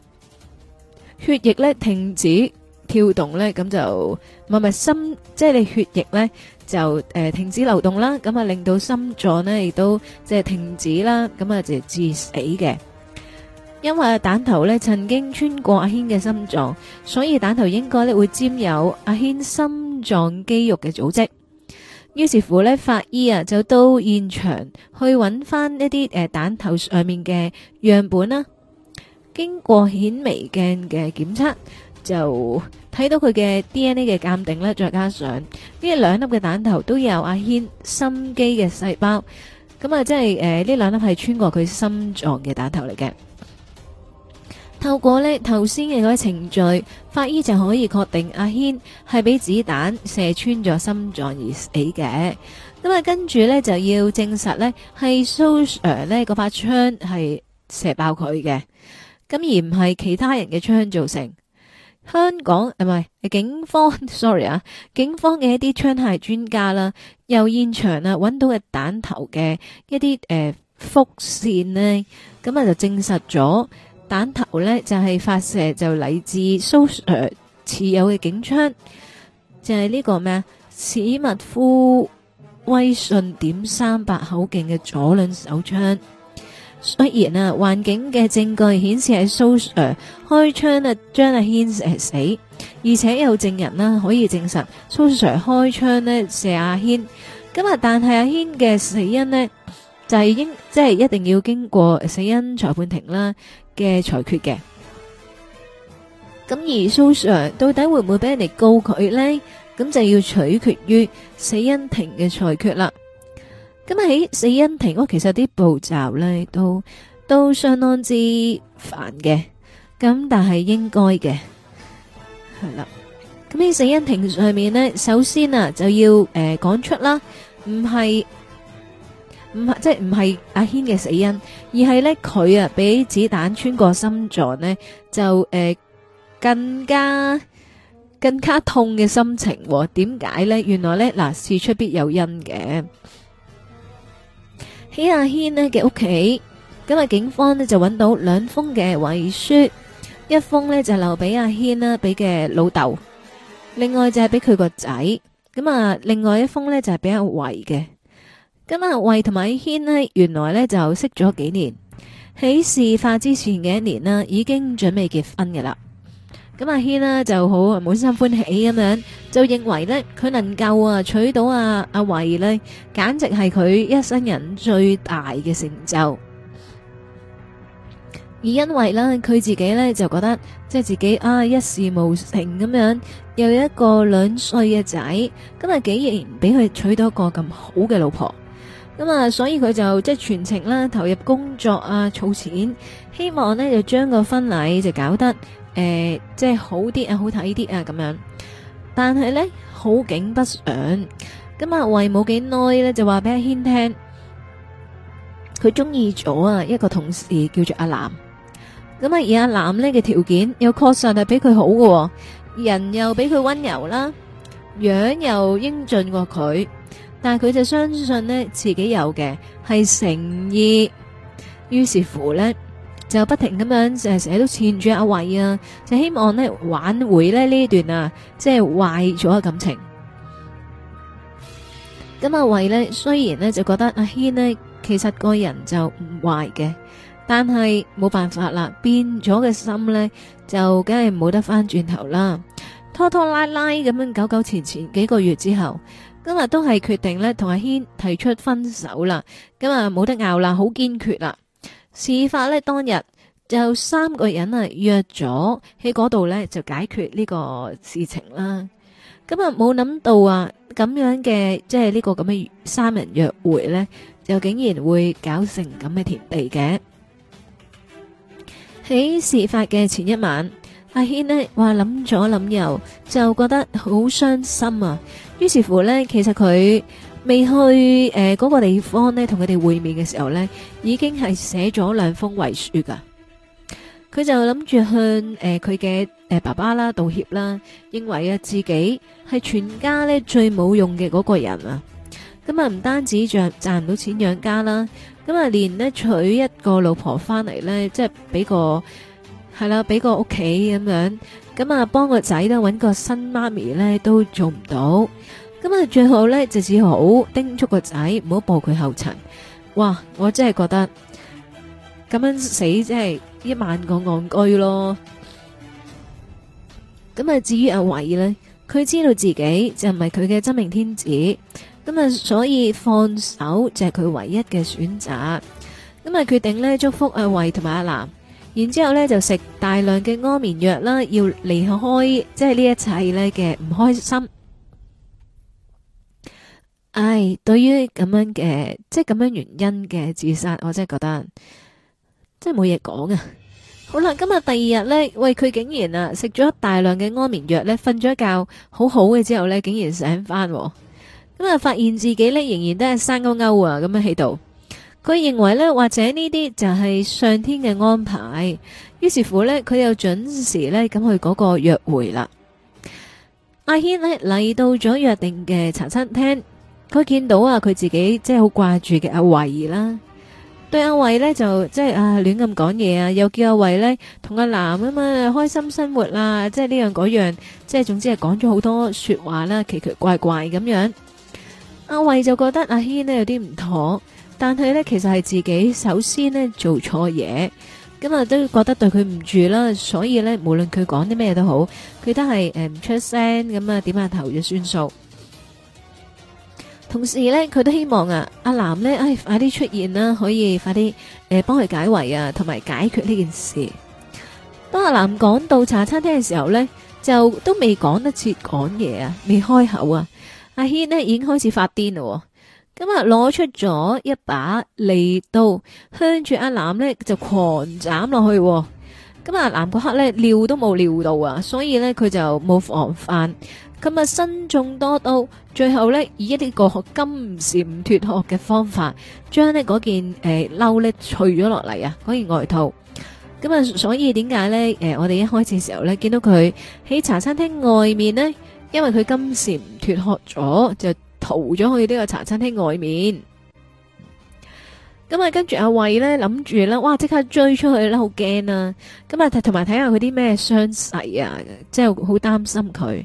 血液呢停止跳動呢咁就咪咪心即係、就是、你血液呢。就誒停止流動啦，咁啊令到心臟咧亦都即係停止啦，咁啊就致死嘅。因為彈頭咧曾經穿過阿軒嘅心臟，所以彈頭應該咧會沾有阿軒心臟肌肉嘅組織。於是乎咧，法醫啊就到現場去揾翻一啲誒彈頭上面嘅樣本啦。經過顯微鏡嘅檢測，就。睇到佢嘅 DNA 嘅鑑定呢，再加上呢兩粒嘅彈頭都有阿軒心肌嘅細胞，咁啊、就是，即係呢兩粒係穿過佢心臟嘅彈頭嚟嘅。透過呢頭先嘅嗰個程序，法醫就可以確定阿軒係俾子彈射穿咗心臟而死嘅。咁啊，跟住呢，就要證實呢係蘇 Sir 呢嗰把槍係射爆佢嘅，咁而唔係其他人嘅槍造成。香港誒，唔係警方，sorry 啊，警方嘅一啲槍械專家啦，又現場啊揾到嘅彈頭嘅一啲誒複線呢，咁啊就證實咗彈頭咧就係、是、發射就嚟自蘇誒持有嘅警槍，就係、是、呢個咩史密夫威信點三八口徑嘅左輪手槍。雖然啊，環境嘅證據顯示係蘇 Sir 開槍啊，將阿軒射死，而且有證人啦，啊、可以證實蘇 Sir 開槍呢射阿軒。咁啊但係阿軒嘅死因呢就已經即係、就是、一定要經過死因裁判庭啦嘅裁決嘅。咁而蘇 Sir 到底會唔會俾人哋告佢呢？咁就要取決於死因庭嘅裁決啦。咁喺死因庭，我其實啲步驟咧都都相當之煩嘅。咁但係應該嘅係啦。咁喺死因庭上面咧，首先啊就要誒講出啦，唔係唔係即係唔係阿軒嘅死因，而係咧佢啊俾子彈穿過心臟咧，就誒更加更加痛嘅心情喎。點解咧？原來咧嗱，事出必有因嘅。喺阿軒呢嘅屋企，咁啊警方呢就搵到兩封嘅遺書，一封呢就留俾阿軒啦，俾嘅老豆，另外就係俾佢個仔。咁啊，另外一封呢就係俾阿維嘅。咁阿維同埋軒呢，原來呢就識咗幾年，喺事發之前嘅一年啦，已經準備結婚嘅啦。咁阿軒呢就好啊，滿心歡喜咁樣，就認為呢，佢能夠啊娶到阿阿維呢，簡直係佢一生人最大嘅成就。而因為呢，佢自己呢，就覺得即係自己啊一事無成咁樣，又有一個兩歲嘅仔，咁啊竟然俾佢娶到一個咁好嘅老婆，咁啊所以佢就即係全程啦投入工作啊，儲錢，希望呢就將個婚禮就搞得。誒，即係好啲啊，好睇啲啊，咁樣。但係咧，好景不常，咁，阿慧冇幾耐咧，就話俾阿軒聽，佢中意咗啊一個同事，叫做阿南。咁啊，而阿南咧嘅條件又確實係比佢好嘅，人又比佢溫柔啦，樣又英俊過佢。但係佢就相信咧，自己有嘅係誠意。於是乎咧。就不停咁樣，就成日都纏住阿慧啊，就希望呢挽回呢呢段啊，即係壞咗嘅感情。咁、嗯、阿、啊、慧呢，雖然呢，就覺得阿軒呢其實個人就唔壞嘅，但係冇辦法啦，變咗嘅心呢，就梗係冇得返轉頭啦。拖拖拉拉咁樣，糾糾纏纏幾個月之後，今日都係決定呢，同阿軒提出分手啦。今日冇得拗啦，好堅決啦。事發呢當日就三個人啊約咗喺嗰度呢，就解決呢個事情啦。咁啊冇諗到啊咁樣嘅即係呢個咁嘅三人約會呢，就竟然會搞成咁嘅田地嘅。喺事發嘅前一晚，阿軒呢話諗咗諗又就覺得好傷心啊。於是乎呢，其實佢。未去誒嗰個地方咧，同佢哋會面嘅時候咧，已經係寫咗兩封遺書噶。佢就諗住向誒佢嘅誒爸爸啦道歉啦，認為啊自己係全家咧最冇用嘅嗰個人啊。咁啊唔單止賺賺唔到錢養家啦，咁啊連呢娶一個老婆翻嚟咧，即係俾個係啦，俾個屋企咁樣，咁啊幫個仔咧搵個新媽咪咧都做唔到。咁啊，最後呢，就只好叮囑個仔唔好步佢後塵。哇，我真係覺得咁樣死即係一萬個戇居咯。咁啊，至於阿偉呢，佢知道自己就唔係佢嘅真命天子，咁啊，所以放手就係佢唯一嘅選擇。咁啊，決定呢祝福阿偉同埋阿南，然之後呢就食大量嘅安眠藥啦，要離開即係呢一切呢嘅唔開心。唉，對於咁樣嘅即係咁樣原因嘅自殺，我真係覺得真係冇嘢講啊！好啦，今日第二日咧，喂，佢竟然啊，食咗大量嘅安眠藥咧，瞓咗一覺好好嘅之後咧，竟然醒翻，咁啊發現自己咧仍然都係生勾勾啊咁樣喺度。佢認為咧或者呢啲就係上天嘅安排，於是乎咧佢又準時咧咁去嗰個約會啦。阿軒咧嚟到咗約定嘅茶餐廳。佢見到啊，佢自己即係好掛住嘅阿慧啦，對阿慧咧就即係啊亂咁講嘢啊，又叫阿慧咧同阿男吖嘛開心生活啦，即係呢樣嗰樣，即係總之係講咗好多說話啦，奇奇怪怪咁樣。阿慧就覺得阿軒咧有啲唔妥，但係咧其實係自己首先咧做錯嘢，咁啊都覺得對佢唔住啦，所以咧無論佢講啲咩都好，佢都係誒唔出聲咁啊點下頭就算數。同時呢，佢都希望啊，阿南呢，哎，快啲出現啦，可以快啲誒幫佢解圍啊，同埋解決呢件事。當阿南趕到茶餐廳嘅時候呢，就都未講得切講嘢啊，未開口啊，阿軒呢已經開始發癲喎。咁、嗯、啊，攞出咗一把利刀，向住阿南呢就狂斬落去。咁、嗯嗯、阿南嗰刻呢，料都冇料到啊，所以呢，佢就冇防範。咁啊，身中多刀，最後呢以一啲個金蟬脫殼嘅方法，將呢嗰件誒褸呢除咗落嚟，啊，嗰件外套。咁啊，所以點解呢？誒，我哋一開始時候呢見到佢喺茶餐廳外面呢，因爲佢金蟬脫殼咗，就逃咗去呢個茶餐廳外面。咁啊，跟住阿慧呢諗住呢，哇！即刻追出去啦，好驚啊。咁啊，同埋睇下佢啲咩傷勢啊，即係好擔心佢。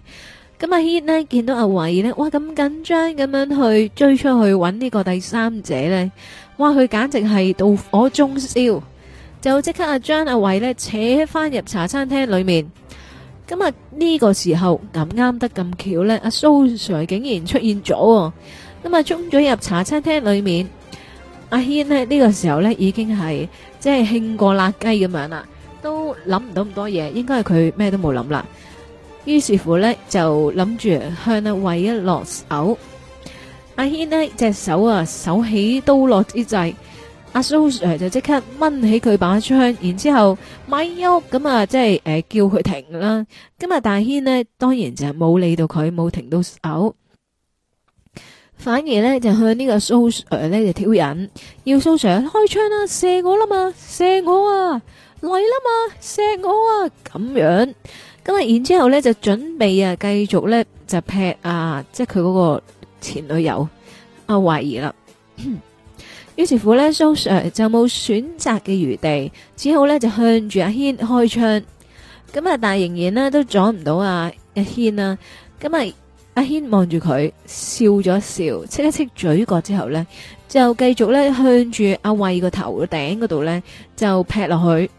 咁阿軒咧見到阿偉咧，哇咁緊張咁樣去追出去揾呢個第三者咧，哇佢簡直係到火中燒，就即刻啊將阿偉咧扯翻入茶餐廳裏面。咁啊呢個時候咁啱得咁巧咧，阿蘇 Sir 竟然出現咗，咁啊衝咗入茶餐廳裏面。阿軒咧呢個時候咧已經係即係興過辣雞咁樣啦，都諗唔到咁多嘢，應該係佢咩都冇諗啦。於是乎呢，就諗住向阿偉一落手。阿軒呢隻手啊，手起刀落之際，阿蘇 Sir 就即刻掹起佢把槍，然之後咪喐咁啊，即係誒、呃、叫佢停啦。咁啊，大軒呢，當然就冇理到佢，冇停到手，反而呢，就向個蘇 Sir 呢個蘇 Sir 呢就挑釁，要蘇 Sir 開槍啦，啊，射我啦嘛，射我啊，嚟啦嘛，射我啊，咁樣。咁啊，然之後咧就準備啊，繼續咧就劈啊，即係佢嗰個前女友阿慧啦。於是乎咧，so Sir 就冇選擇嘅餘地，只好咧就向住阿軒開槍。咁啊，但係仍然呢都阻唔到啊阿軒啦。咁啊，阿軒望住佢笑咗一笑，戚一戚嘴角之後咧，就繼續咧向住阿慧個頭頂嗰度咧就劈落去。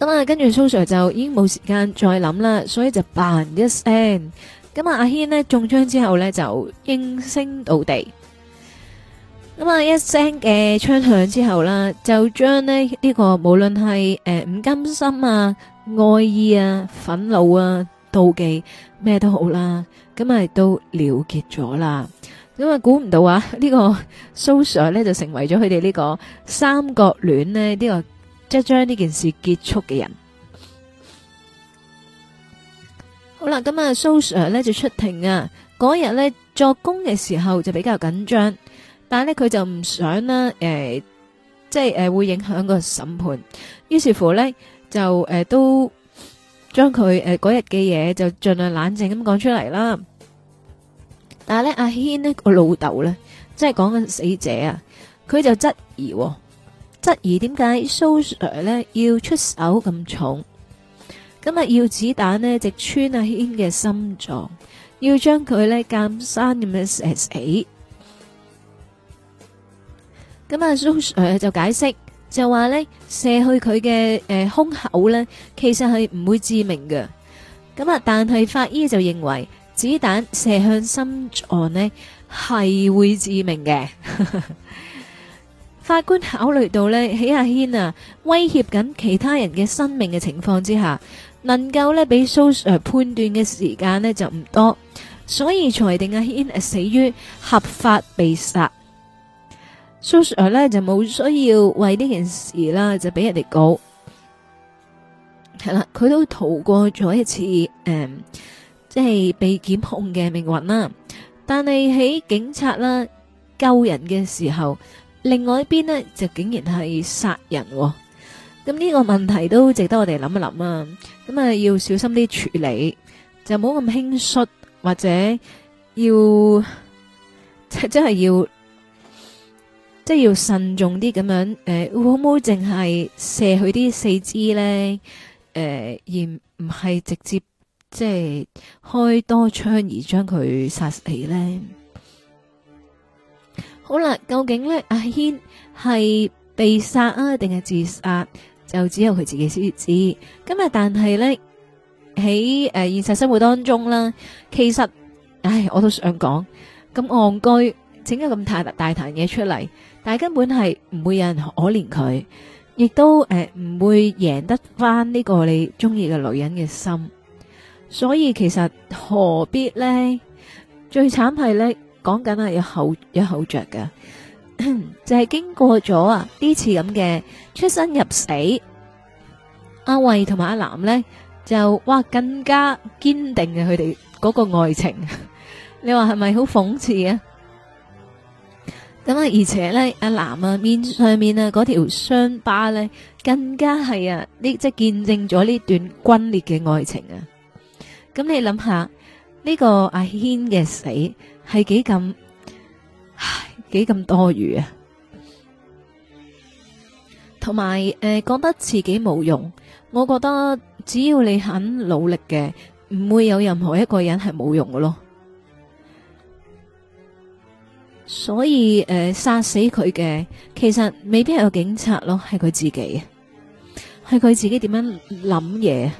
咁啊，跟住蘇 Sir 就已經冇時間再諗啦，所以就扮一聲。咁啊，阿軒呢中槍之後呢就應聲倒地。咁啊，一聲嘅槍響之後啦，就將呢呢個無論係誒唔甘心啊、愛意啊、憤怒啊、妒忌咩都好啦，咁係都了結咗啦。咁啊，估唔到啊，呢個蘇 Sir 呢就成為咗佢哋呢個三角戀呢呢個。即係將呢件事結束嘅人，好啦，咁啊，蘇 Sir 咧就出庭啊。嗰日咧作供嘅時候就比較緊張，但係咧佢就唔想啦，誒、呃，即係誒、呃、會影響個審判，於是乎咧就誒、呃、都將佢誒嗰日嘅嘢就盡量冷靜咁講出嚟啦。但係咧阿軒呢、個老豆咧，即係講緊死者啊，佢就質疑。質疑點解蘇 Sir 咧要出手咁重？咁啊，要子彈咧直穿阿軒嘅心臟，要將佢咧咁生咁樣射死。咁啊，蘇 Sir 就解釋，就話咧射去佢嘅誒胸口咧，其實係唔會致命嘅。咁啊，但係法醫就認為子彈射向心臟咧係會致命嘅。法官考慮到呢，喺阿軒啊威脅緊其他人嘅生命嘅情況之下，能夠咧俾蘇 Sir 判斷嘅時間呢就唔多，所以裁定阿軒死於合法被殺。蘇 Sir 咧就冇需要為呢件事啦、嗯，就俾人哋告。係啦，佢都逃過咗一次誒，即係被檢控嘅命運啦。但係喺警察啦救人嘅時候。另外一邊呢，就竟然係殺人，哦，咁呢個問題都值得我哋諗一諗啊！咁啊，要小心啲處理，就唔好咁輕率，或者要即係真係要，即、就、係、是、要慎重啲咁樣。誒、呃，會唔會淨係射佢啲四肢咧？誒、呃，而唔係直接即係、就是、開多槍而將佢殺死咧？好啦，究竟咧阿軒係被殺啊，定係自殺？就只有佢自己先知。今日但係咧，喺誒現實生活當中啦，其實，唉，我都想講，咁戇居整咗咁大大壇嘢出嚟，但係根本係唔會有人可憐佢，亦都誒唔會贏得翻呢個你中意嘅女人嘅心。所以其實何必咧？最慘係咧。講緊啊，有後有後着嘅，就係經過咗啊呢次咁嘅出生入死，阿慧同埋阿南咧就，哇更加堅定嘅，佢哋嗰個愛情。你話係咪好諷刺啊？咁啊，而且咧阿南啊面上面啊嗰條傷疤咧，更加係啊呢即係見證咗呢段轟烈嘅愛情啊。咁你諗下呢個阿軒嘅死，係幾咁，唉，幾咁多餘啊！同埋誒，覺、呃、得自己冇用，我覺得只要你肯努力嘅，唔會有任何一個人係冇用嘅咯。所以誒，殺、呃、死佢嘅其實未必係個警察咯，係佢自己啊，係佢自己點樣諗嘢。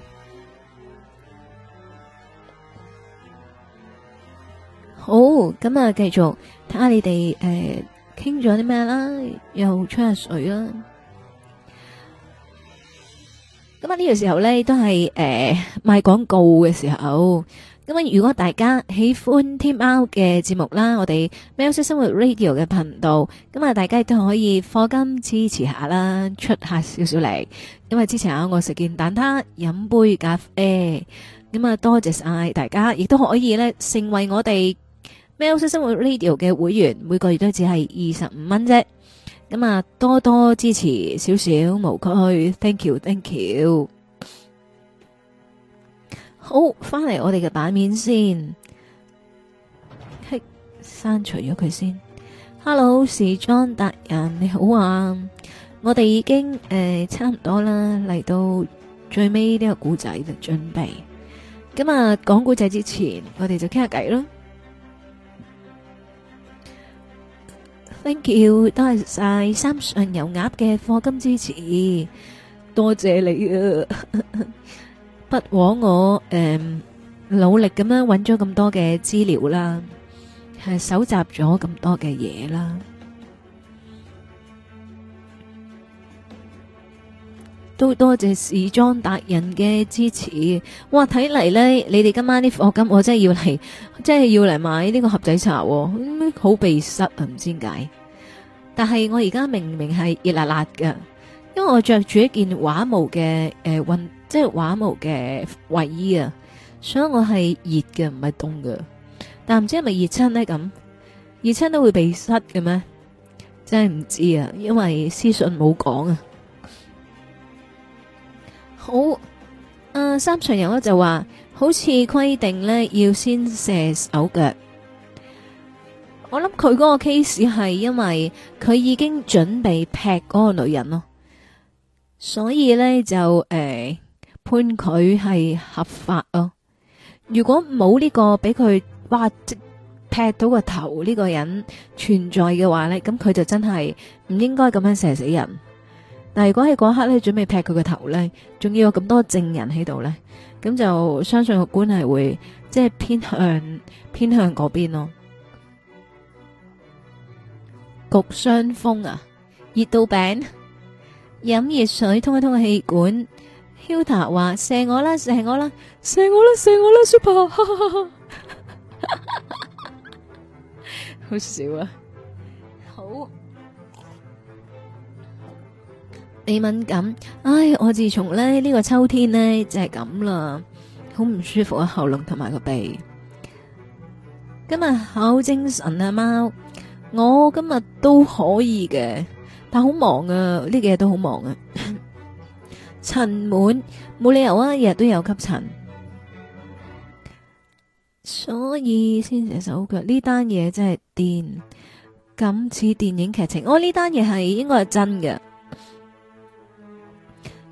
好，咁、嗯、啊，繼續睇下你哋誒傾咗啲咩啦，又吹下水啦。咁、嗯、啊，呢、這個時候呢，都係誒賣廣告嘅時候。咁、嗯、啊，如果大家喜歡天喵嘅節目啦，我哋 m 喵式生活 Radio 嘅頻道，咁、嗯、啊、嗯，大家亦都可以課金支持下啦，出下少少嚟。咁、嗯、啊之前啊，我食件蛋撻、飲杯咖啡，咁、嗯、啊，多謝晒大家，亦都可以呢，成為我哋。喵式生活 radio 嘅會員每個月都只係二十五蚊啫，咁啊多多支持少少無拘，thank you thank you。好，翻嚟我哋嘅版面先，嘿，刪除咗佢先。Hello 時裝達人你好啊，我哋已經誒、呃、差唔多啦，嚟到最尾呢個故仔嘅準備。咁啊，講故仔之前，我哋就傾下偈囉。thank you，多謝晒三上油鴨嘅課金支持，多謝你啊！ 不枉我誒、嗯、努力咁樣揾咗咁多嘅資料啦，係搜集咗咁多嘅嘢啦。都多謝時裝達人嘅支持，哇！睇嚟呢，你哋今晚啲貨金，我真係要嚟，真係要嚟買呢個盒仔茶。啊嗯，好鼻塞啊！唔知點解，但係我而家明明係熱辣辣嘅，因為我着住一件畫毛嘅誒運，即係畫毛嘅衛衣啊，所以我係熱嘅，唔係凍嘅，但唔知係咪熱親呢？咁，熱親都會鼻塞嘅咩？真係唔知道啊，因為私信冇講啊。好、哦啊，三巡友咧就話好似規定呢要先射手腳，我諗佢嗰個 case 係因為佢已經準備劈嗰個女人咯，所以呢就誒、呃、判佢係合法咯。如果冇呢個俾佢哇即劈到個頭呢個人存在嘅話呢咁佢就真係唔應該咁樣射死人。但如果喺嗰刻咧準備劈佢個頭咧，仲要有咁多證人喺度咧，咁就相信個官係會即係偏向偏向嗰邊咯。焗傷風啊，熱到餅，飲熱水通一通個氣管。Huta 話射我啦，射我啦，射我啦，射我啦，射我啦，Super，哈哈哈哈 好笑啊，好。鼻敏感，唉！我自從咧呢、這個秋天呢，就係咁啦，好唔舒服啊喉嚨同埋個鼻。今日好精神啊貓，我今日都可以嘅，但好忙啊呢幾日都好忙啊。塵蟎冇理由啊，日日都有吸塵，所以先只手腳。呢單嘢真係癲，咁似電影劇情。我呢單嘢係應該係真嘅。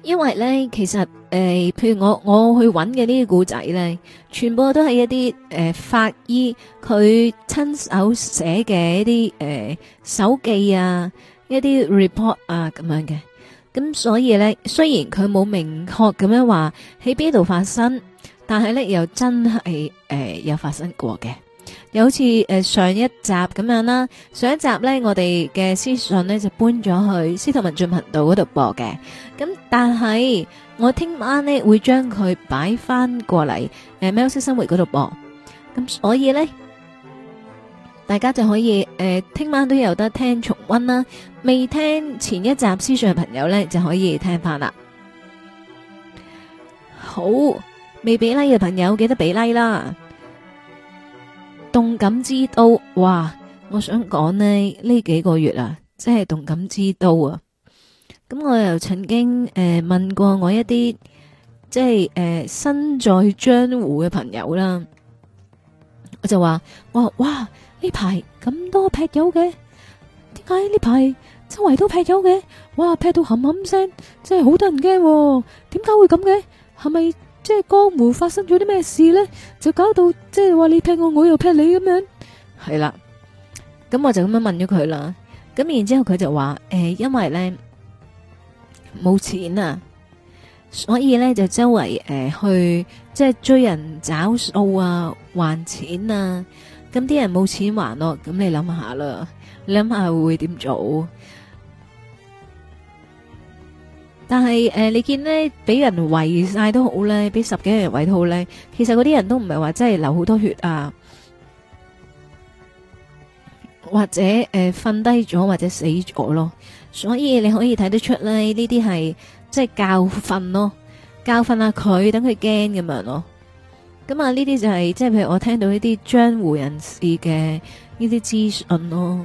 因為咧，其實誒、呃，譬如我我去揾嘅呢啲故仔咧，全部都係一啲誒、呃、法醫佢親手寫嘅一啲誒、呃、手記啊，一啲 report 啊咁樣嘅。咁所以咧，雖然佢冇明確咁樣話喺邊度發生，但係咧又真係誒、呃、有發生過嘅。有好似誒上一集咁樣啦，上一集呢，我哋嘅屍訊呢就搬咗去司徒文進頻道嗰度播嘅，咁但係我聽晚呢會將佢擺翻過嚟誒喵式生活嗰度播，咁所以呢，大家就可以誒聽、呃、晚都有得聽重温啦，未聽前一集屍訊嘅朋友呢，就可以聽翻、like like、啦，好未俾 like 嘅朋友記得俾 like 啦。動感之都，哇！我想講咧呢幾個月啊，即係動感之都啊。咁我又曾經誒問過我一啲即係誒身在江湖嘅朋友啦，我就話，我哇呢排咁多劈友嘅，點解呢排周圍都劈友嘅？哇劈到冚冚聲，真係好得人驚，點解會咁嘅？係咪？即係江湖發生咗啲咩事咧，就搞到即係話你劈我，我又劈你咁樣，係啦。咁我就咁樣問咗佢啦。咁然之後佢就話誒、欸，因為咧冇錢啊，所以咧就周圍誒、呃、去即係追人找數啊，還錢啊。咁啲人冇錢還咯、啊，咁你諗下啦，你諗下會點做？但係誒、呃，你見咧俾人圍晒都好咧，俾十幾人圍套咧，其實嗰啲人都唔係話真係流好多血啊，或者誒瞓低咗或者死咗咯，所以你可以睇得出咧，呢啲係即係教訓咯，教訓下佢，等佢驚咁樣咯。咁啊，呢啲就係、是、即係譬如我聽到呢啲江湖人士嘅呢啲資訊咯。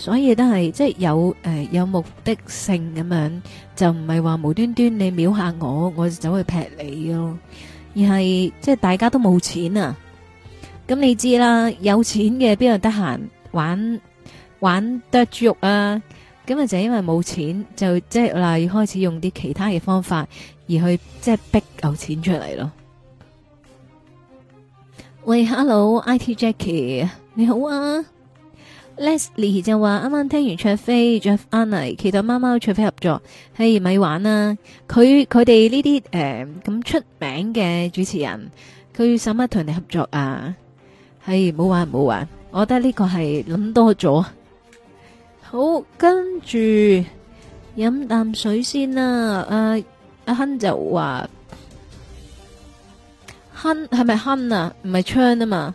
所以都係即係有誒、呃、有目的性咁樣，就唔係話無端端你瞄下我，我就走去劈你咯。而係即係大家都冇錢啊，咁你知啦。有錢嘅邊度得閒玩玩剁豬肉啊？咁啊就因為冇錢，就即係嗱要開始用啲其他嘅方法，而去即係逼有錢出嚟咯。喂，Hello，IT Jackie，你好啊。Leslie 就話啱啱聽完卓飛，卓安嚟，期待貓貓卓飛合作，係咪玩啊？佢佢哋呢啲誒咁出名嘅主持人，佢使乜同人哋合作啊？係唔好玩，唔好玩，我覺得呢個係諗多咗。好，跟住飲啖水先啦。阿、呃、阿亨就話，亨係咪亨啊？唔係槍啊嘛。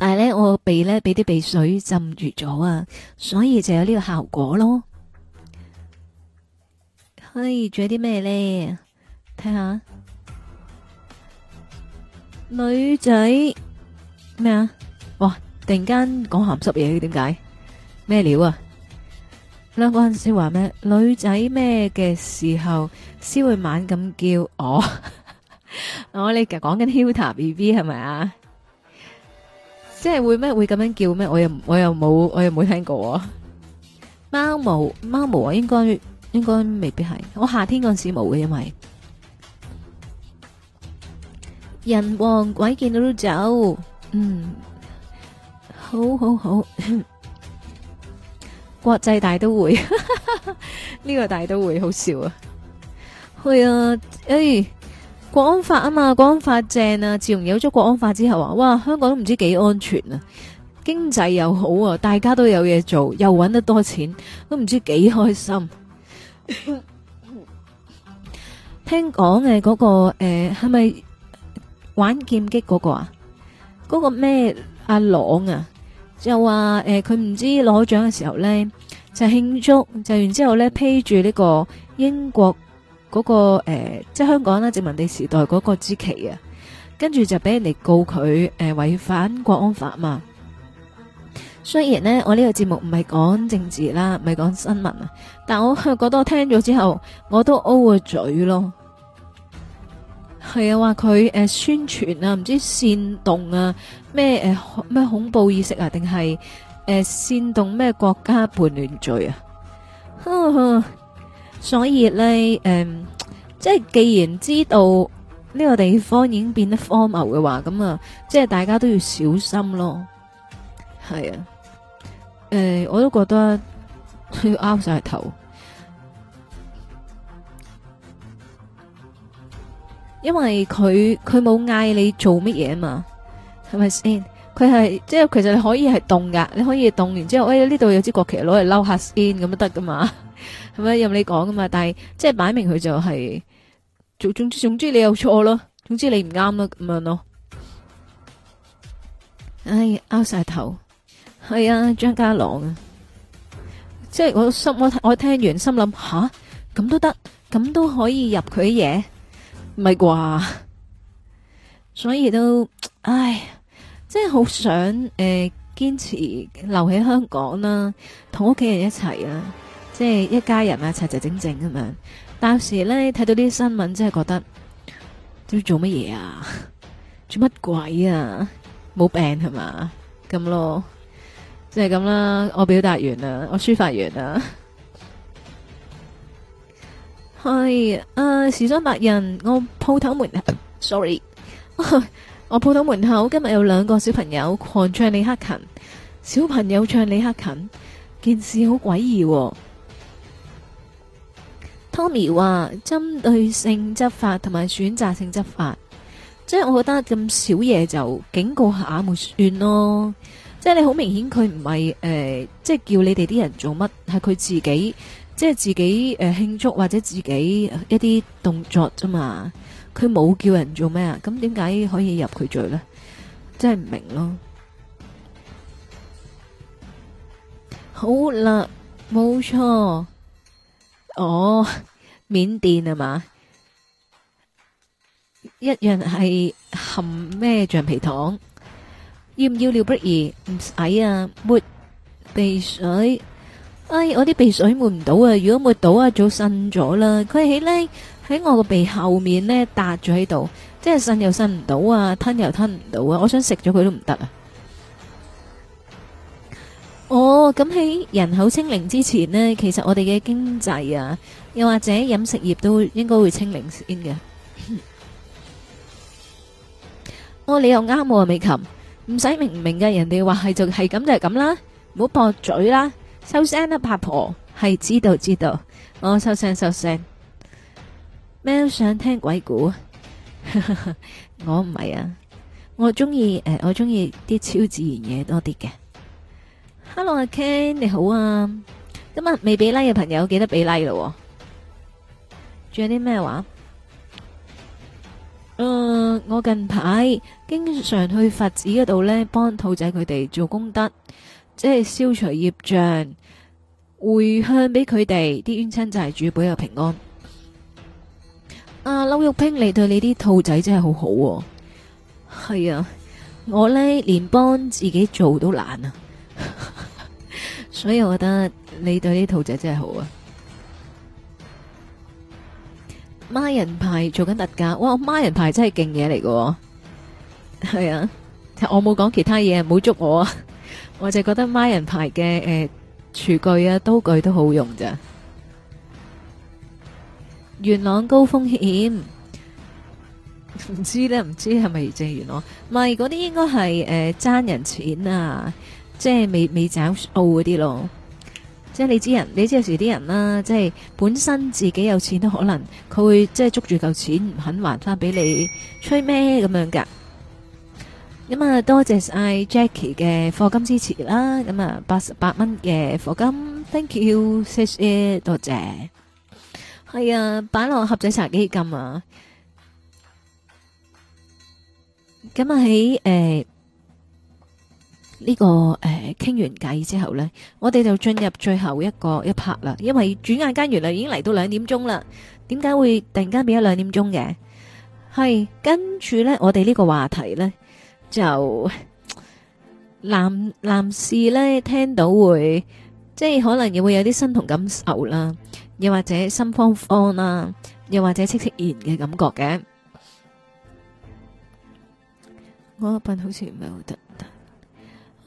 但係咧，我鼻咧俾啲鼻水浸住咗啊，所以就有呢個效果咯。仲有啲咩咧？睇下女仔咩啊？哇！突然間講鹹濕嘢，點解？咩料啊？嗰陣時話咩？女仔咩嘅時候先會猛咁叫我？我你講緊 Hilta B B 係咪啊？即係會咩會咁樣叫咩？我又我又冇我又冇聽過。貓毛貓毛啊，毛毛應該應該未必係。我夏天嗰時冇嘅，因為人王鬼見到都走。嗯，好好好， 國際大都會呢 個大都會好笑啊！ 去啊，誒、哎。國安法啊嘛，國安法正啊！自從有咗國安法之後啊，哇，香港都唔知幾安全啊！經濟又好啊，大家都有嘢做，又搵得多錢，都唔知幾開心啊。 聽講嘅嗰個誒係咪玩劍擊嗰個啊？嗰、嗰個咩阿朗啊？又話誒佢唔知攞獎嘅時候呢，就慶祝，就完之後呢，披住呢個英國。嗰、那個誒、呃，即係香港啦，殖民地時代嗰個時期啊，跟住就俾人嚟告佢誒違反國安法嘛。雖然呢，我呢個節目唔係講政治啦，唔係講新聞啊，但我覺得我聽咗之後，我都 O 個嘴咯。係啊，話佢誒宣傳啊，唔知煽動啊，咩誒咩恐怖意識啊，定係誒煽動咩國家叛亂罪啊？呵呵所以咧，誒、嗯，即係既然知道呢個地方已經變得荒謬嘅話，咁啊，即係大家都要小心咯。係啊，誒、嗯，我都覺得佢要拗晒頭，因為佢佢冇嗌你做乜嘢啊嘛，係咪先？佢係即係其實你可以係凍噶，你可以凍完之後，誒、欸，呢度有支國旗攞嚟嬲下先咁都得噶嘛。係咪任你講噶嘛？但係即係擺明佢就係總、總之總之你有錯咯，總之你唔啱囉，咁樣咯。唉拗晒頭，係啊，張家朗啊，即係我心我我聽完心諗吓，咁都得，咁都可以入佢嘅嘢，唔係啩？所以都唉，即係好想誒堅持留喺香港啦、啊，同屋企人一齊啦、啊。即係一家人啊，齊齊整整啊嘛！當時咧睇到啲新聞，真係覺得要做做乜嘢啊？做乜鬼啊？冇病係嘛？咁咯，即係咁啦。我表達完啦，我抒發完啦。係 啊，時裝達人，我鋪頭門 s o r r y，啊，我鋪頭門口今日有兩個小朋友狂唱李克勤，小朋友唱李克勤，件事好詭異喎。Tommy 話針對性執法同埋選擇性執法，即係我覺得咁少嘢就警告下咪算咯，即係你好明顯佢唔係誒，即係叫你哋啲人做乜，係佢自己即係自己誒慶祝或者自己一啲動作啫嘛，佢冇叫人做咩啊，咁點解可以入佢罪呢？真係唔明咯。好啦，冇錯，哦。緬甸吖嘛？一樣係含咩橡皮糖？要唔要尿？不二唔使啊！抹鼻水，哎，我啲鼻水抹唔到啊！如果抹到啊，早擤咗啦。佢喺咧喺我個鼻後面咧，搭住喺度，即係擤又擤唔到啊，吞又吞唔到啊！我想食咗佢都唔得啊！哦，咁喺人口清零之前咧，其實我哋嘅經濟啊～又或者飲食業都應該會清零先嘅。我、 哦、你又啱我喎，美琴，唔使明唔明嘅，人哋話係就係咁就係咁啦，唔好駁嘴啦，收聲啦、啊，八婆，係知道知道，我收聲收聲。咩都想聽鬼故？ 我唔係啊，我中意誒，我中意啲超自然嘢多啲嘅。Hello，阿 Ken 你好啊，今日未俾 like 嘅朋友記得俾 like 咯。仲有啲咩話？嗯，我近排經常去佛寺嗰度呢，幫兔仔佢哋做功德，即係消除業障，回向俾佢哋啲冤親債主，保佑平安。啊，劉玉冰，你對你啲兔仔真係好好啊。係啊，我呢連幫自己做都懶啊， 所以我覺得你對啲兔仔真係好啊。孖人牌做緊特價，哇！孖人牌真係勁嘢嚟嘅，係啊！我冇講其他嘢，唔好捉我啊！ 我就覺得孖人牌嘅誒廚具啊、刀具都好用咋。元朗高風險，唔知咧，唔知係咪正元朗？唔係，嗰啲應該係誒爭人錢啊，即係未未找澳嗰啲咯。即係你知人，你知有時啲人啦，即係本身自己有錢都可能他，佢會即係捉住嚿錢唔肯還翻俾你，吹咩咁樣噶。咁啊，多謝晒 Jackie 嘅課金支持啦，咁啊八十八蚊嘅課金，Thank you，謝謝多謝。係啊，擺落盒仔茶基金啊。咁啊，喺……誒、呃。呢個誒傾完偈之後咧，我哋就進入最後一個一 part 啦。因為轉眼間原來已經嚟到兩點鐘啦。點解會突然間變咗兩點鐘嘅？係跟住咧，我哋呢個話題咧就男男士咧聽到會即係可能又會有啲身同感受啦，又或者心慌慌啦，又或者戚戚然嘅感覺嘅。我個笨好似唔係好得。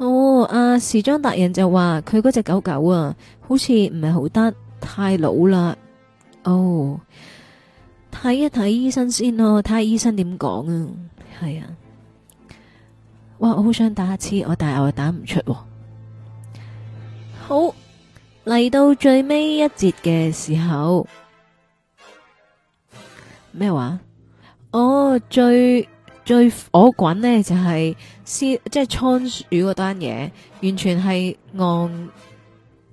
哦，啊，時裝達人就話佢嗰隻狗狗啊，好似唔係好得，太老啦。哦，睇一睇醫生先咯，睇醫生點講啊。係啊，哇，我好想打一次，我但係我又打唔出喎。好，嚟到最尾一節嘅時候，咩話？哦，最。最火滾呢就係即係倉鼠嗰單嘢，完全係戇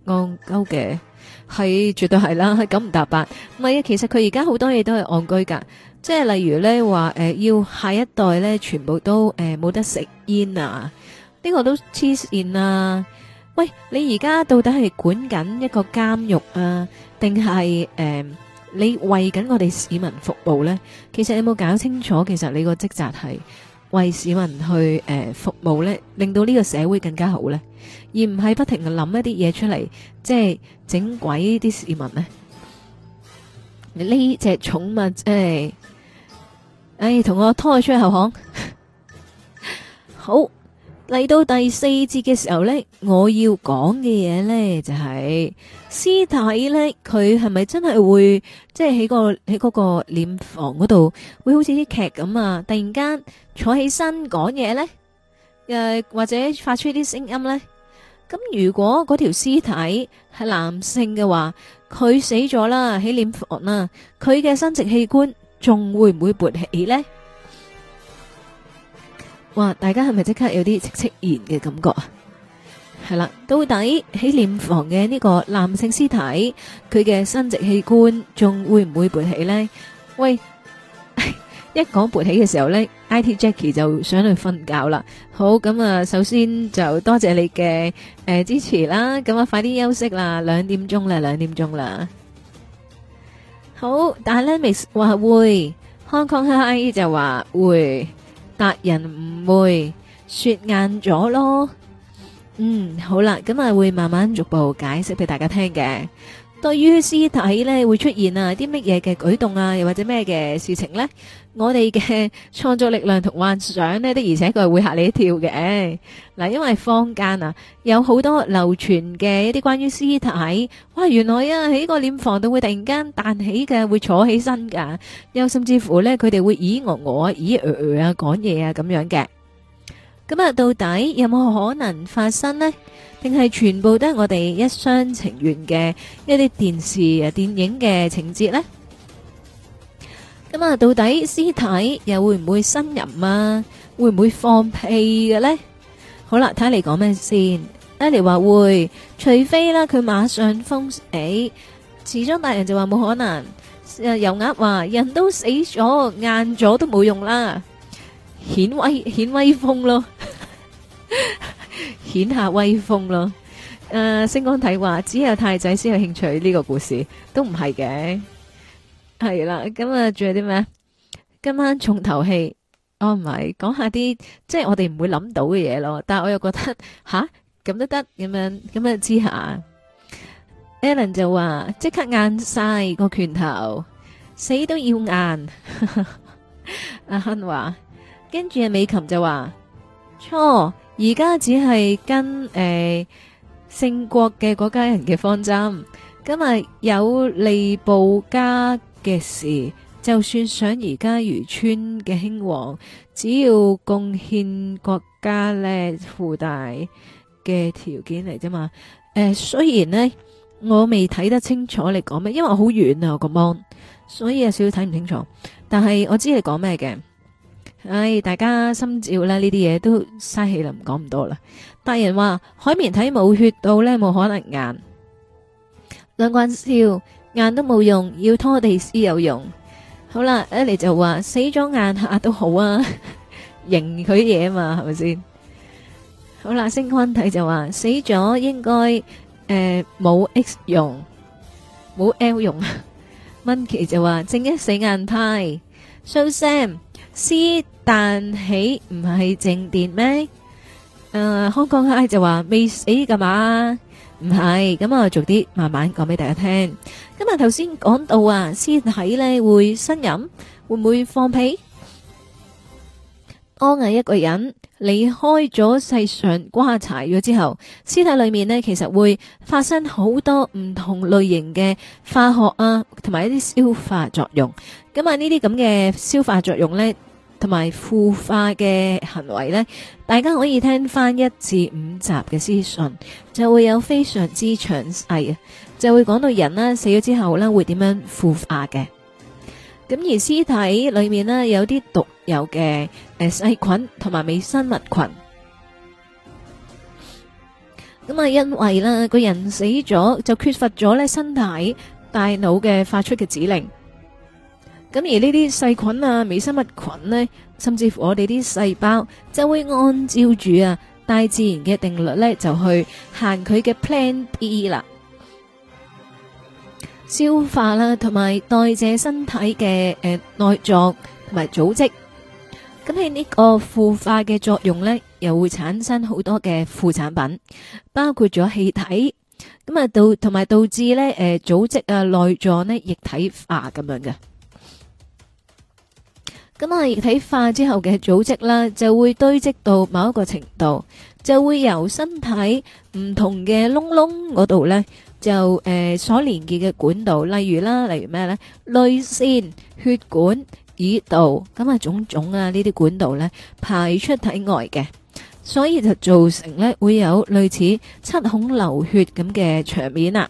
戇鳩嘅，係絕對係啦，咁唔搭八。唔係啊，其實佢而家好多嘢都係戇居噶，即係例如咧話誒要下一代咧全部都誒冇、呃、得食煙啊，呢、這個都黐線啊！喂，你而家到底係管緊一個監獄啊，定係誒？呃你為緊我哋市民服務呢，其實有冇搞清楚？其實你個職責係為市民去誒服務呢，令到呢個社會更加好呢，而唔係不停諗一啲嘢出嚟，即係整鬼啲市民呢。呢隻寵物真係，誒，同我拖出去後巷，好。嚟到第四節嘅時候呢，我要講嘅嘢呢就係屍體呢，佢係咪真係會即係喺個喺嗰個殮房嗰度，會好似啲劇咁啊，突然間坐起身講嘢呢，誒或者發出一啲聲音呢。咁如果嗰條屍體係男性嘅話，佢死咗啦，喺殮房啦，佢嘅生殖器官仲會唔會勃起呢？哇！大家係咪即刻有啲戚戚然嘅感覺啊？係啦，到底喺殮房嘅呢個男性屍體，佢嘅生殖器官仲會唔會勃起呢？喂，一講勃起嘅時候呢，IT Jackie 就想去瞓覺啦。好，咁啊，首先就多謝你嘅誒支持啦。咁啊，快啲休息啦，兩點鐘啦，兩點鐘啦。好，但係呢 Miss 話會，Hong KongHigh 就話會。達人唔會雪硬咗咯，嗯，好啦，咁啊會慢慢逐步解釋俾大家聽嘅。對於屍體咧，會出現啊啲乜嘢嘅舉動啊，又或者咩嘅事情呢？我哋嘅創作力量同幻想呢，的而且確係會嚇你一跳嘅。嗱，因為坊間啊有好多流傳嘅一啲關於屍體，哇，原來啊喺個殮房度會突然間彈起嘅，會坐起身噶，又甚至乎呢，佢哋會咦我、呃、我、呃、咦我、呃呃、啊講嘢啊咁樣嘅。咁啊，到底有冇可能發生呢？定係全部都係我哋一廂情願嘅一啲電視啊、電影嘅情節咧？咁啊，到底屍體又會唔會呻吟啊？會唔會放屁嘅咧？好啦，睇嚟講咩先？睇嚟話會，除非啦佢馬上封死，始終大人就話冇可能。油鴨話人都死咗，硬咗都冇用啦，顯威顯威風咯。顯下威風咯，誒，uh，星光睇話只有太仔先有興趣呢個故事，都唔係嘅，係啦，咁啊，仲有啲咩？今晚重頭戲，哦唔係，講下啲即係我哋唔會諗到嘅嘢咯，但係我又覺得吓咁都得，咁樣咁樣之下 Alan 就話即刻硬晒個拳頭，死都要硬。 阿亨話，跟住阿美琴就話錯。錯而家只係跟誒聖、呃、國嘅嗰家人嘅方針，今日有利布家嘅事，就算想而家漁村嘅興旺，只要貢獻國家咧附帶嘅條件嚟啫嘛。誒、呃，雖然呢，我未睇得清楚你講咩，因為我好遠啊，我個 mon，所以有少少睇唔清楚。但係我知你講咩嘅。唉，大家心照啦，呢啲嘢都嘥氣啦，唔講咁多啦。大人話海綿體冇血到咧，冇可能硬。兩個人笑硬都冇用，要拖地先有用。好啦，一嚟就話死咗硬下都好啊，贏佢嘢啊嘛，係咪先？好啦，星君體就話死咗應該誒冇 X 用，冇 L 用。monkey 就話正一死硬派，so sam。屍彈起唔係靜電咩？誒，香港阿 I 就話未死噶嘛？唔係，咁啊，做啲慢慢講俾大家聽。今日頭先講到啊，屍體呢會呻吟，會唔會放屁？安危一個人離開咗世上瓜柴咗之後，屍體裏面呢其實會發生好多唔同類型嘅化學啊，同埋一啲消化作用。咁啊，呢啲咁嘅消化作用呢，同埋腐化嘅行為呢，大家可以聽翻一至五集嘅資訊，就會有非常之詳細，就會講到人呢死咗之後咧，會點樣腐化嘅。咁而屍體裏面呢有啲獨有嘅誒細菌同埋微生物群。咁啊，因為呢個人死咗就缺乏咗呢身體大腦嘅發出嘅指令。咁而呢啲細菌啊、微生物菌呢，甚至乎我哋啲細胞，就會按照住啊大自然嘅定律呢，就去行佢嘅 Plan B 啦。消化啦，同埋代謝身體嘅誒內臟同埋組織。咁喺呢個腐化嘅作用呢，又會產生好多嘅副產品，包括咗氣體，咁啊導同埋導致呢誒、呃、組織啊內臟呢，液體化咁樣嘅。咁啊，液體化之後嘅組織啦，就會堆積到某一個程度，就會由身體唔同嘅窿窿嗰度呢，就誒、呃、所連結嘅管道，例如啦，例如咩呢？淚腺、血管、耳道，咁啊，種種啊呢啲管道呢，排出體外嘅，所以就造成呢，會有類似七孔流血咁嘅場面啦。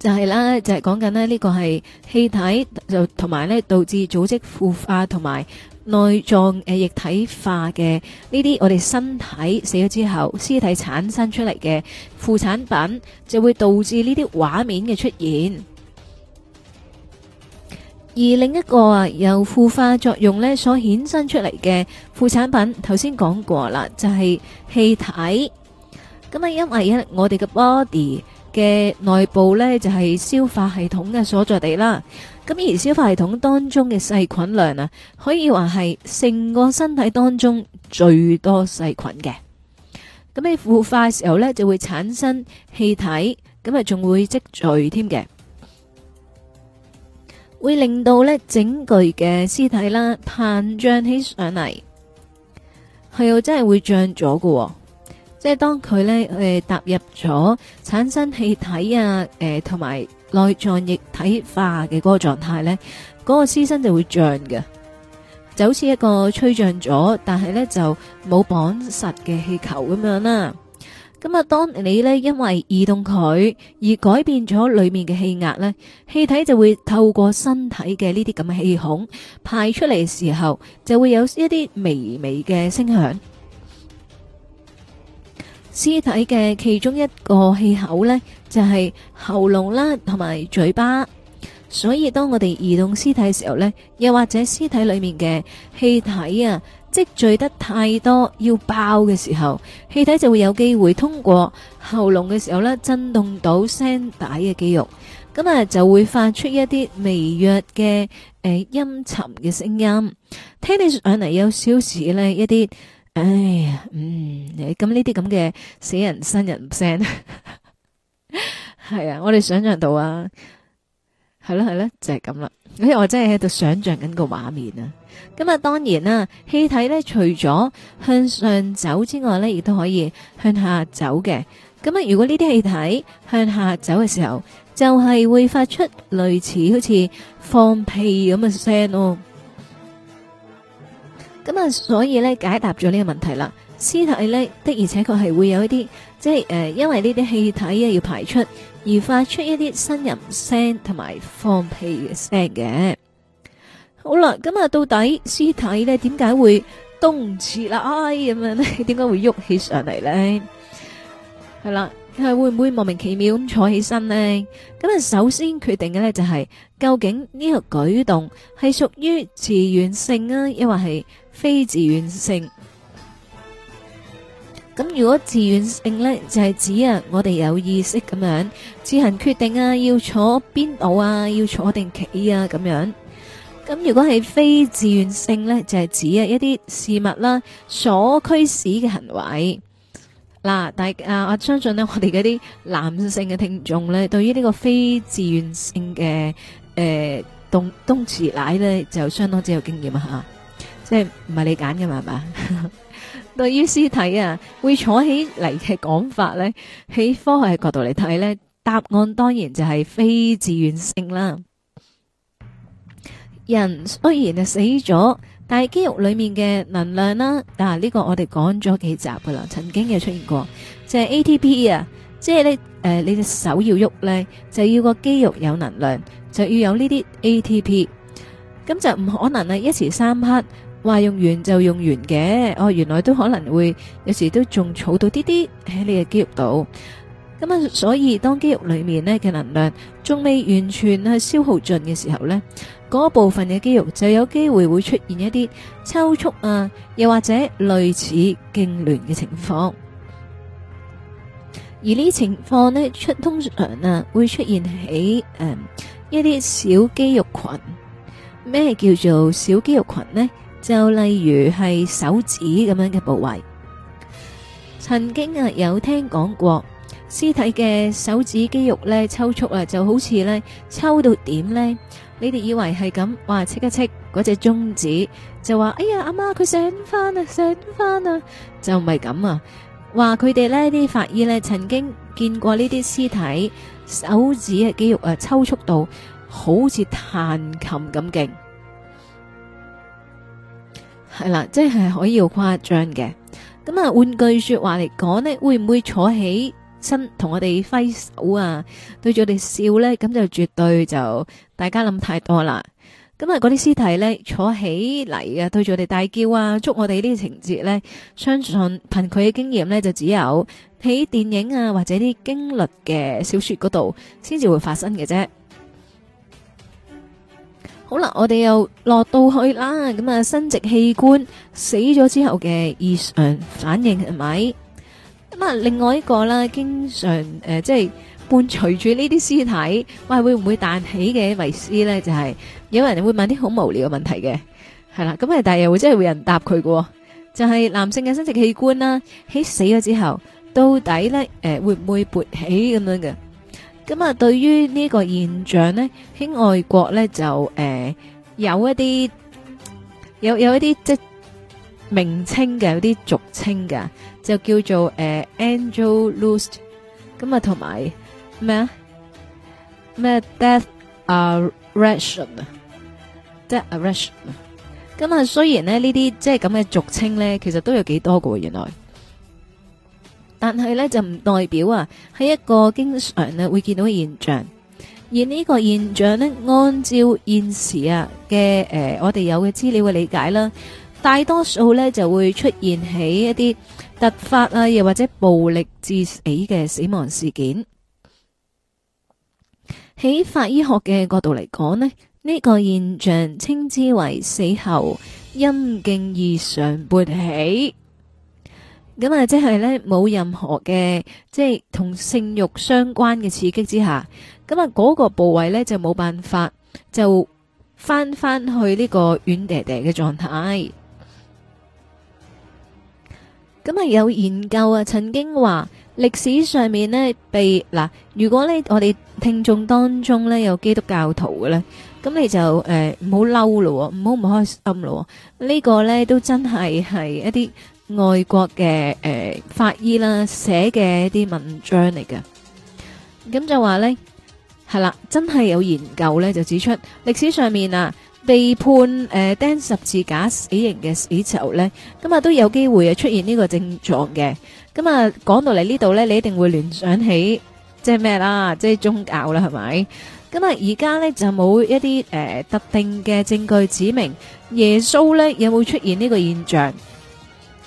就係啦，就係講緊呢，呢個係氣體，就同埋呢導致組織腐化，同埋內臟誒液體化嘅呢啲我哋身體死咗之後，屍體產生出嚟嘅副產品，就會導致呢啲畫面嘅出現。而另一個啊，由腐化作用呢所衍生出嚟嘅副產品，頭先講過啦，就係氣體。咁啊，因為呢我哋嘅 body，嘅內部呢，就係消化系統嘅所在地啦，咁而消化系統當中嘅細菌量啊，可以話係成個身體當中最多細菌嘅。咁你腐化時候呢，就會產生氣體，咁啊仲會積聚添嘅，會令到呢整具嘅屍體啦膨脹起上嚟，佢又係真係會脹咗喎。即係當佢呢誒，踏入咗產生氣體啊誒，同埋內臟液體化嘅嗰個狀態呢，嗰個屍身就會脹嘅，就好似一個吹脹咗但係呢就冇綁實嘅氣球咁樣啦。咁啊，當你呢因為移動佢而改變咗裏面嘅氣壓呢，氣體就會透過身體嘅呢啲咁嘅氣孔排出嚟嘅時候，就會有一啲微微嘅聲響。屍體嘅其中一個氣口呢，就係喉嚨啦，同埋嘴巴。所以當我哋移動屍體嘅時候呢，又或者屍體裏面嘅氣體啊，積聚得太多要爆嘅時候，氣體就會有機會通過喉嚨嘅時候呢，震動到聲帶嘅肌肉，咁啊就會發出一啲微弱嘅誒陰沉嘅聲音。聽起上嚟有少少呢，一啲。哎呀，嗯，咁呢啲咁嘅死人呻吟聲，係 啊，我哋想象到啊，係啦係啦就係咁啦。我真係喺度想象緊個畫面啊。咁啊，當然啦，氣體咧除咗向上走之外咧，亦都可以向下走嘅。咁啊，如果呢啲氣體向下走嘅時候，就係會發出類似好似放屁咁嘅聲咯。咁啊，所以咧，解答咗呢個問題啦。屍體咧的而且確係會有一啲，即係誒，因為呢啲氣體啊要排出，而發出一啲呻吟聲同埋放屁嘅聲嘅。好啦，咁啊，到底屍體咧點解會東跌啦，唉咁樣咧？點解會喐起上嚟咧？係啦，係會唔會莫名其妙咁坐起身咧？咁啊，首先決定嘅咧就係究竟呢個舉動係屬於自願性啊，抑或係？非自願性，咁如果自願性呢，就係指啊，我哋有意識咁樣自行決定啊，要坐邊度啊，要坐定企啊，咁樣。咁如果係非自願性呢，就係指啊一啲事物啦所驅使嘅行為。嗱，大啊，我相信呢，我哋嗰啲男性嘅聽眾呢，對於呢個非自願性嘅誒東東池奶呢，就相當之有經驗啊。即係唔係你揀嘅嘛，係嘛？對， 對於屍體啊，會坐起嚟嘅講法咧，喺科學嘅角度嚟睇咧，答案當然就係非自願性啦。人雖然係死咗，但係肌肉裏面嘅能量啦、啊，但啊呢、呢個我哋講咗幾集噶啦，曾經有出現過，就係、是、ATP 啊，即係你誒、呃，你隻手要喐咧，就要個肌肉有能量，就要有呢啲 ATP，咁就唔可能啊一時三刻。話用完就用完嘅。哦，原來都可能會有時都仲儲到啲啲喺你嘅肌肉度。咁啊，所以當肌肉裏面呢嘅能量仲未完全係消耗盡嘅時候呢，嗰、那個、部分嘅肌肉就有機會會出現一啲抽搐啊，又或者類似痙攣嘅情況。而呢情況呢，出通常啊會出現喺誒、嗯、一啲小肌肉群。咩叫做小肌肉群呢？就例如係手指咁樣嘅部位，曾經啊有聽講過屍體嘅手指肌肉咧抽搐啊，就好似咧抽到點呢？你哋以為係咁，哇，戚一戚嗰隻中指就話，哎呀，阿媽佢醒翻啦，醒翻啦，就唔係咁啊，話佢哋呢啲法醫呢曾經見過呢啲屍體手指嘅肌肉啊抽搐到好似彈琴咁勁。係啦，即係可以要誇張嘅。咁啊，換句說話嚟講呢，會唔會坐起身同我哋揮手啊，對住我哋笑呢，咁就絕對就大家諗太多啦。咁啊，嗰啲屍體呢，坐起嚟啊，對住我哋大叫啊，捉我哋呢啲情節呢，相信憑佢嘅經驗呢，就只有喺電影啊或者啲驚慄嘅小說嗰度先至會發生嘅啫。好啦，我哋又落到去啦，咁啊，生殖器官死咗之後嘅異常反應係咪？咁啊，另外一個啦經常誒，即、呃、係、就是、伴隨住呢啲屍體，哇，會唔會彈起嘅迷思咧？就係、是、有人會問啲好無聊嘅問題嘅，係啦，咁啊，但係又會真係有人答佢喎，就係、是、男性嘅生殖器官啦，喺死咗之後，到底咧誒、呃，會唔會勃起咁樣嘅？咁啊，對於呢個現象咧，喺外國咧就誒有一啲有有一啲即名稱嘅，有啲俗稱嘅，就叫做誒 Angel Lust。咁啊，同埋咩啊咩 Death 啊 Ration 啊，Death 啊 Ration 啊。咁啊，雖然咧呢啲即係咁嘅俗稱咧，其實都有幾多個，原來。但係呢，就唔代表啊，係一個經常呢會見到嘅現象。而呢個現象呢，按照現時啊嘅誒，我哋有嘅資料嘅理解啦，大多數呢就會出現喺一啲突發啊，又或者暴力致死嘅死亡事件。喺法醫學嘅角度嚟講呢，呢、呢個現象稱之為死後陰莖異常勃起。咁啊，即係咧冇任何嘅，即係同性欲相關嘅刺激之下，咁啊嗰個部位咧就冇辦法就翻翻去呢個軟嗲嗲嘅狀態。咁啊有研究啊，曾經話歷史上面咧被嗱，如果咧我哋聽眾當中咧有基督教徒嘅咧，咁你就誒唔好嬲咯，唔好唔開心咯。呢個咧都真係係一啲。外國嘅，誒、呃、法醫啦寫嘅一啲文章嚟嘅，咁就話呢，係啦，真係有研究呢就指出歷史上面啊被判，誒釘十字架死刑嘅死囚呢，今、嗯、日都有機會啊出現呢個症狀嘅。咁、嗯、啊，講到嚟呢度呢，你一定會聯想起即係咩啦？即係宗教啦，係咪？咁、嗯、啊，而家呢就冇一啲誒、呃、特定嘅證據指明耶穌呢有冇出現呢個現象。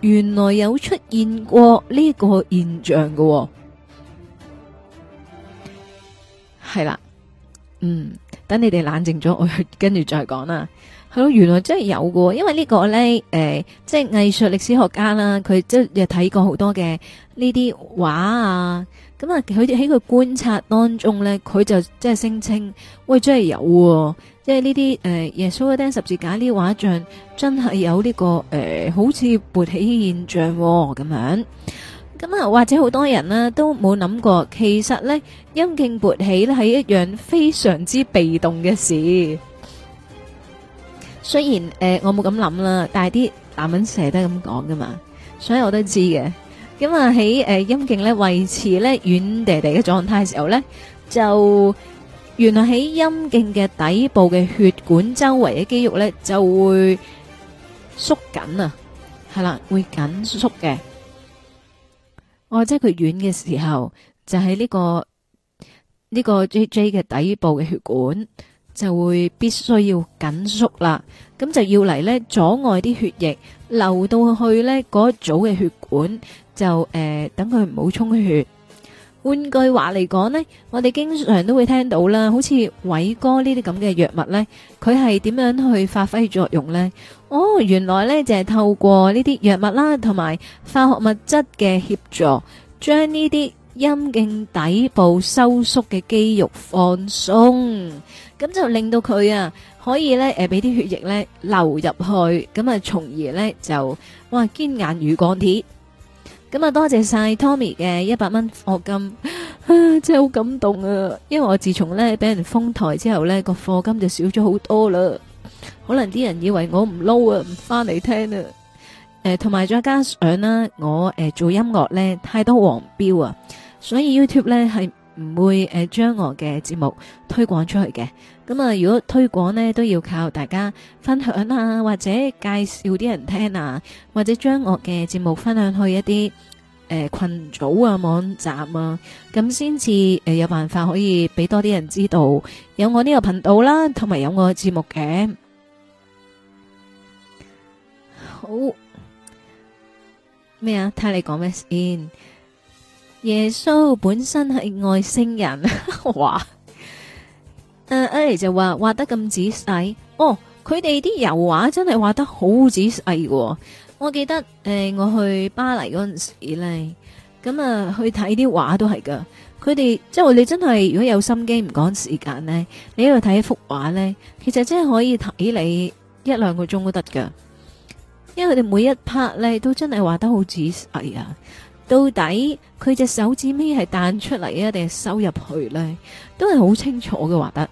原來有出現過呢個現象㗎、哦，係啦，嗯，等你哋冷靜咗，我跟住再講啦。係咯，原來真係有㗎，因為這個呢個咧，誒、呃，即係藝術歷史學家啦，佢即係又睇過好多嘅呢啲畫啊。咁啊，佢哋喺佢觀察當中咧，佢就即係聲稱，喂，真係有、啊，即係呢啲誒，耶穌釘十字架呢啲畫像，真係有呢、這個誒、呃，好似勃起現象咁、哦、樣。咁啊，或者好多人呢都冇諗過，其實咧陰莖勃起咧係一樣非常之被動嘅事。雖然誒、呃，我冇咁諗啦，但係啲男人成日都係咁講噶嘛，所以我都知嘅。咁啊喺誒陰莖咧維持咧軟地地嘅狀態嘅時候咧，就原來喺陰莖嘅底部嘅血管周圍嘅肌肉咧就會縮緊啊，係啦，會緊縮嘅。我即係佢軟嘅時候，就喺呢個呢個 JJ 嘅底部嘅血管就會必須要緊縮啦，咁就要嚟咧阻礙啲血液流到去咧嗰組嘅血管。就誒，等佢唔好充血。換句話嚟講咧，我哋經常都會聽到啦，好似偉哥呢啲咁嘅藥物咧，佢係點樣去發揮作用咧？哦，原來咧就係透過呢啲藥物啦，同埋化學物質嘅協助，將呢啲陰莖底部收縮嘅肌肉放鬆，咁就令到佢啊可以咧誒，俾啲血液咧流入去，咁啊，從而咧就哇堅硬如鋼鐵。咁啊，多謝晒 Tommy 嘅一百蚊課金，真係好感動啊！因為我自從咧俾人封台之後咧，個課金就少咗好多啦。可能啲人以為我唔撈啊，唔返嚟聽啊。誒、呃，同埋再加上啦，我誒、呃、做音樂咧太多黃標啊，所以 YouTube 咧係唔會誒將我嘅節目推廣出去嘅。咁啊！如果推廣呢，都要靠大家分享啊，或者介紹啲人聽啊，或者將我嘅節目分享去一啲誒群組啊、網站啊，咁先至誒有辦法可以俾多啲人知道有我呢個頻道啦，同埋有我嘅節目嘅。好咩啊？睇下你講咩先？耶穌本身係外星人？哇！誒，阿麗、uh, 就話畫得咁仔細，oh, 仔細哦，佢哋啲油畫真係畫得好仔細喎。我記得誒、呃，我去巴黎嗰陣時呢咁啊，呃、去睇啲畫都係噶。佢哋即係我哋真係如果有心機唔趕時間呢，你喺度睇一幅畫呢，其實真係可以睇你一兩個鐘都得噶。因為佢哋每一 part 呢都真係畫得好仔細啊，到底佢隻手指尾係彈出嚟啊，定係收入去呢？都係好清楚嘅畫得。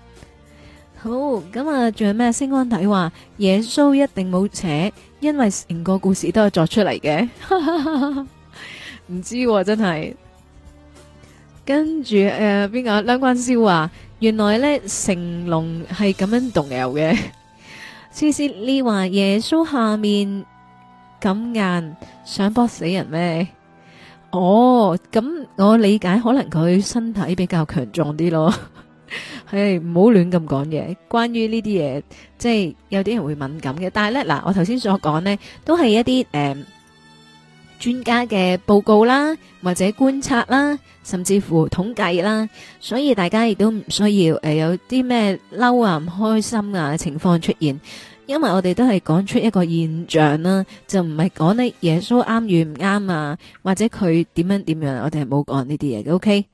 好咁啊！仲有咩？星光體話耶穌一定冇扯，因為成個故事都係作出嚟嘅，唔知真係。跟住誒，邊個？梁關超話原來咧，成龍係咁樣動搖嘅。黐線，你話耶穌下面咁硬，想搏死人咩？哦，咁我理解可能佢身體比較強壯啲咯。係唔好亂咁講嘢，關於呢啲嘢，即、就、係、是、有啲人會敏感嘅。但係咧，嗱，我頭先所講呢，都係一啲誒專家嘅報告啦，或者觀察啦，甚至乎統計啦。所以大家亦都唔需要誒、呃、有啲咩嬲啊、唔開心啊嘅情況出現，因為我哋都係講出一個現象啦、啊，就唔係講你耶穌啱與唔啱啊，或者佢點樣點樣，我哋係冇講呢啲嘢嘅。OK。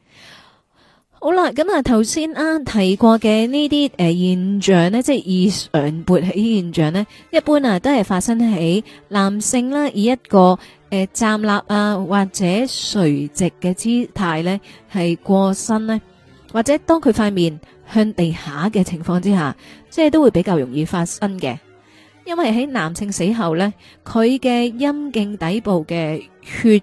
好啦，咁啊，頭先啱提過嘅呢啲誒現象呢，即係異常勃起現象呢，一般啊都係發生喺男性啦，以一個誒、呃、站立啊或者垂直嘅姿態呢，係過身呢，或者當佢塊面向地下嘅情況之下，即係都會比較容易發生嘅，因為喺男性死後呢，佢嘅陰莖底部嘅血。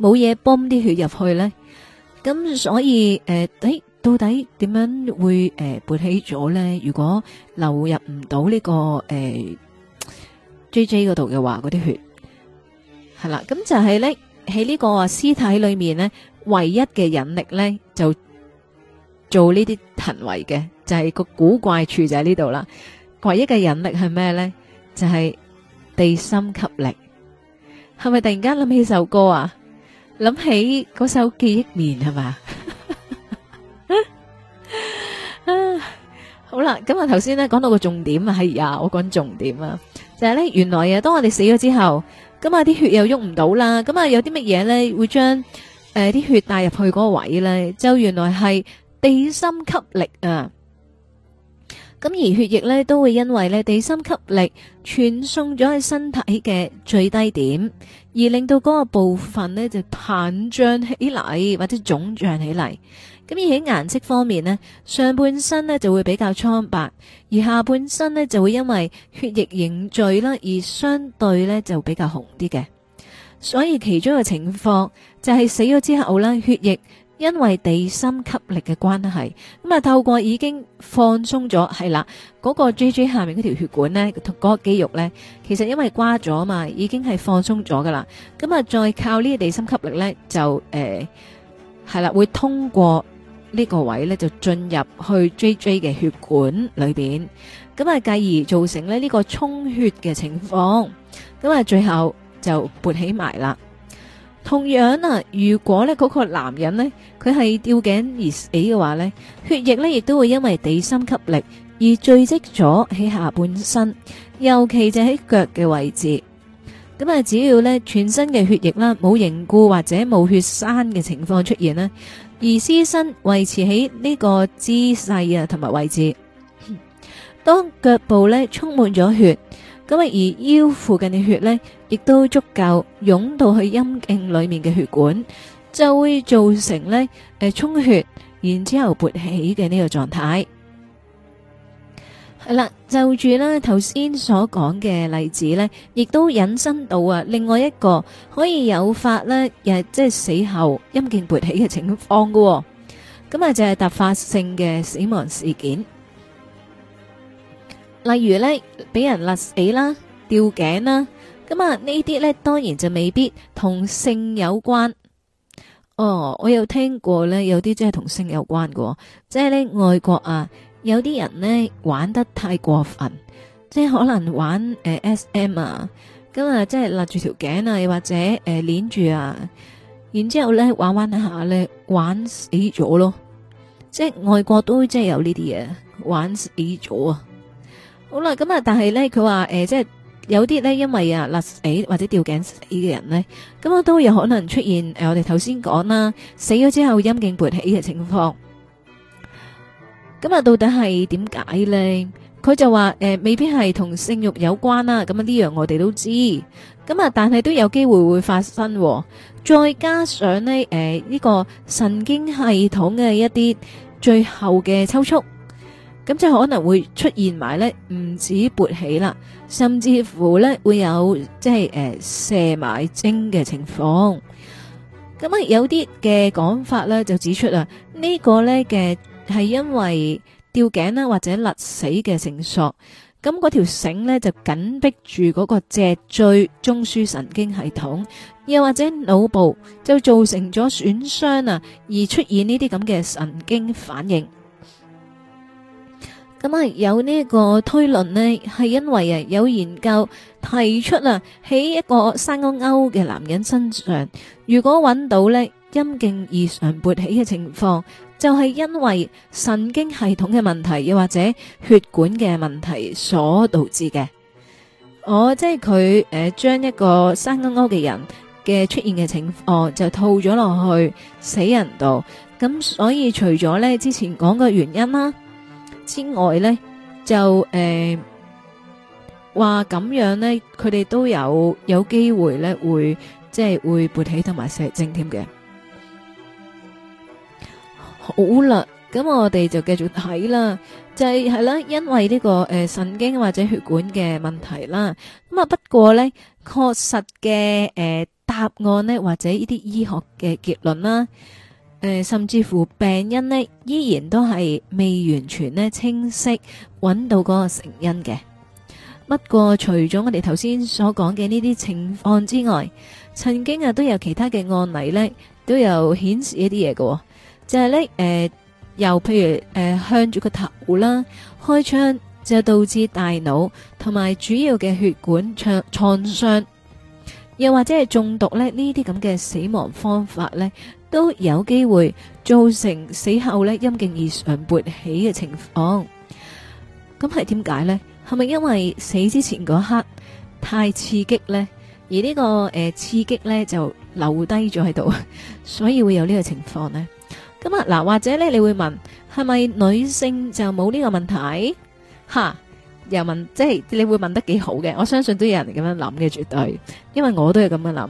冇嘢泵啲血入去咧，咁所以誒，誒到底點樣會誒勃起咗咧？如果流入唔到呢個誒 J J 嗰度嘅話，嗰啲血係啦，咁就係咧喺呢個屍體裏面咧，唯一嘅引力咧就做呢啲行為嘅，就係個古怪處就喺呢度啦。唯一嘅引力係咩咧？就係地心吸力，係咪突然間諗起首歌啊？諗起嗰首記憶面係嘛？啊好啦，咁啊頭先咧講到個重點啊，係呀，我講重點啊，就係咧原來啊，當我哋死咗之後，咁啊啲血又喐唔到啦，咁啊有啲乜嘢咧會將誒啲血帶入去嗰個位咧，就原來係地心吸力啊，咁而血液咧都會因為咧地心吸力傳送咗去身體嘅最低點。而令到嗰個部分呢，就膨脹起嚟，或者腫脹起嚟。咁而喺顏色方面呢，上半身呢就會比較蒼白，而下半身呢就會因為血液凝聚啦，而相對呢就比較紅啲嘅。所以其中嘅情況就係、是、死咗之後啦，血液。因為地心吸力嘅關係，咁啊透過已經放鬆咗，係啦嗰個 J J 下面嗰條血管咧，同、嗰個肌肉咧，其實因為瓜咗嘛，已經係放鬆咗噶啦。咁啊再靠呢個地心吸力咧，就誒係啦，會通過呢個位咧，就進入去 J J 嘅血管裏邊，咁啊繼而造成咧呢個充血嘅情況，咁啊最後就勃起埋啦。同樣啊，如果咧嗰個男人咧，佢係吊頸而死嘅話咧，血液咧亦都會因為地心吸力而聚積咗喺下半身，尤其就喺腳嘅位置。咁啊，只要咧全身嘅血液啦，冇凝固或者冇血栓嘅情況出現咧，而屍身維持喺呢個姿勢啊，同埋位置，當腳部咧充滿咗血，咁啊，而腰附近嘅血咧。亦都足夠湧到去陰莖裏面嘅血管，就會造成咧，誒充血，然之後勃起嘅呢個狀態係啦。就住咧頭先所講嘅例子咧，亦都引申到啊，另外一個可以誘發咧，誒，即係死後陰莖勃起嘅情況噶。咁啊，就係突發性嘅死亡事件，例如咧俾人勒死啦、吊頸啦。咁啊，呢啲咧當然就未必同性有關。哦，我有聽過咧，有啲即係同性有關嘅，即係咧外國啊，有啲人咧玩得太過分，即係可能玩誒 SM 啊，咁啊即係勒住條頸啊，又或者誒鏈住啊，然之後咧玩玩下咧玩死咗咯。即係外國都即係有呢啲嘢玩死咗啊。好啦，咁啊，但係咧佢話誒即係。有啲呢，因為啊勒死或者吊頸死嘅人呢，咁啊都有可能出現誒，我哋頭先講啦，死咗之後陰莖勃起嘅情況。咁啊，到底係點解呢？佢就話誒、呃，未必係同性欲有關啦。咁啊，呢樣我哋都知。咁啊，但係都有機會會發生。再加上呢，誒、呃、呢個神經系統嘅一啲最後嘅抽搐。咁即係可能會出現埋咧唔止勃起啦，甚至乎咧會有即係誒射埋精嘅情況。咁啊，有啲嘅講法咧就指出啦，這個、呢個咧嘅係因為吊頸啦或者勒死嘅繩索，咁嗰條繩呢就緊逼住嗰個脊椎中樞神經系統，又或者腦部就造成咗損傷啊，而出現呢啲咁嘅神經反應。咁啊、嗯，有呢一個推論呢係因為啊有研究提出啦、啊，喺一個生勾勾嘅男人身上，如果揾到呢陰莖異常勃起嘅情況，就係、是、因為神經系統嘅問題，又或者血管嘅問題所導致嘅。我即係佢誒，將、呃、一個生勾勾嘅人嘅出現嘅情況就套咗落去死人度，咁所以除咗呢之前講嘅原因啦。之外咧，就誒話咁樣咧，佢哋都有有機會咧，會即係會勃起同埋射精添嘅。好啦，咁我哋就繼續睇啦，就係係啦，因為呢個誒神經或者血管嘅問題啦。咁啊，不過咧，確實嘅誒答案呢，或者呢啲醫學嘅結論啦。誒、呃，甚至乎病因呢，依然都係未完全呢清晰揾到嗰個成因嘅。不過除咗我哋頭先所講嘅呢啲情況之外，曾經啊都有其他嘅案例呢，都有顯示一啲嘢嘅。就係、是、呢，誒、呃，又譬如誒、呃、向住個頭啦開槍，就導致大腦同埋主要嘅血管創創傷，又或者係中毒呢啲咁嘅死亡方法呢都有機會造成死後呢陰莖異常勃起嘅情況，咁係點解呢？係咪因為死之前嗰刻太刺激呢？而呢、呢個誒、呃、刺激呢，就留低咗喺度，所以會有呢個情況呢？咁啊嗱，或者呢，你會問係咪女性就冇呢個問題？吓又問，即係你會問得幾好嘅？我相信都有人咁樣諗嘅，絕對，因為我都係咁樣諗。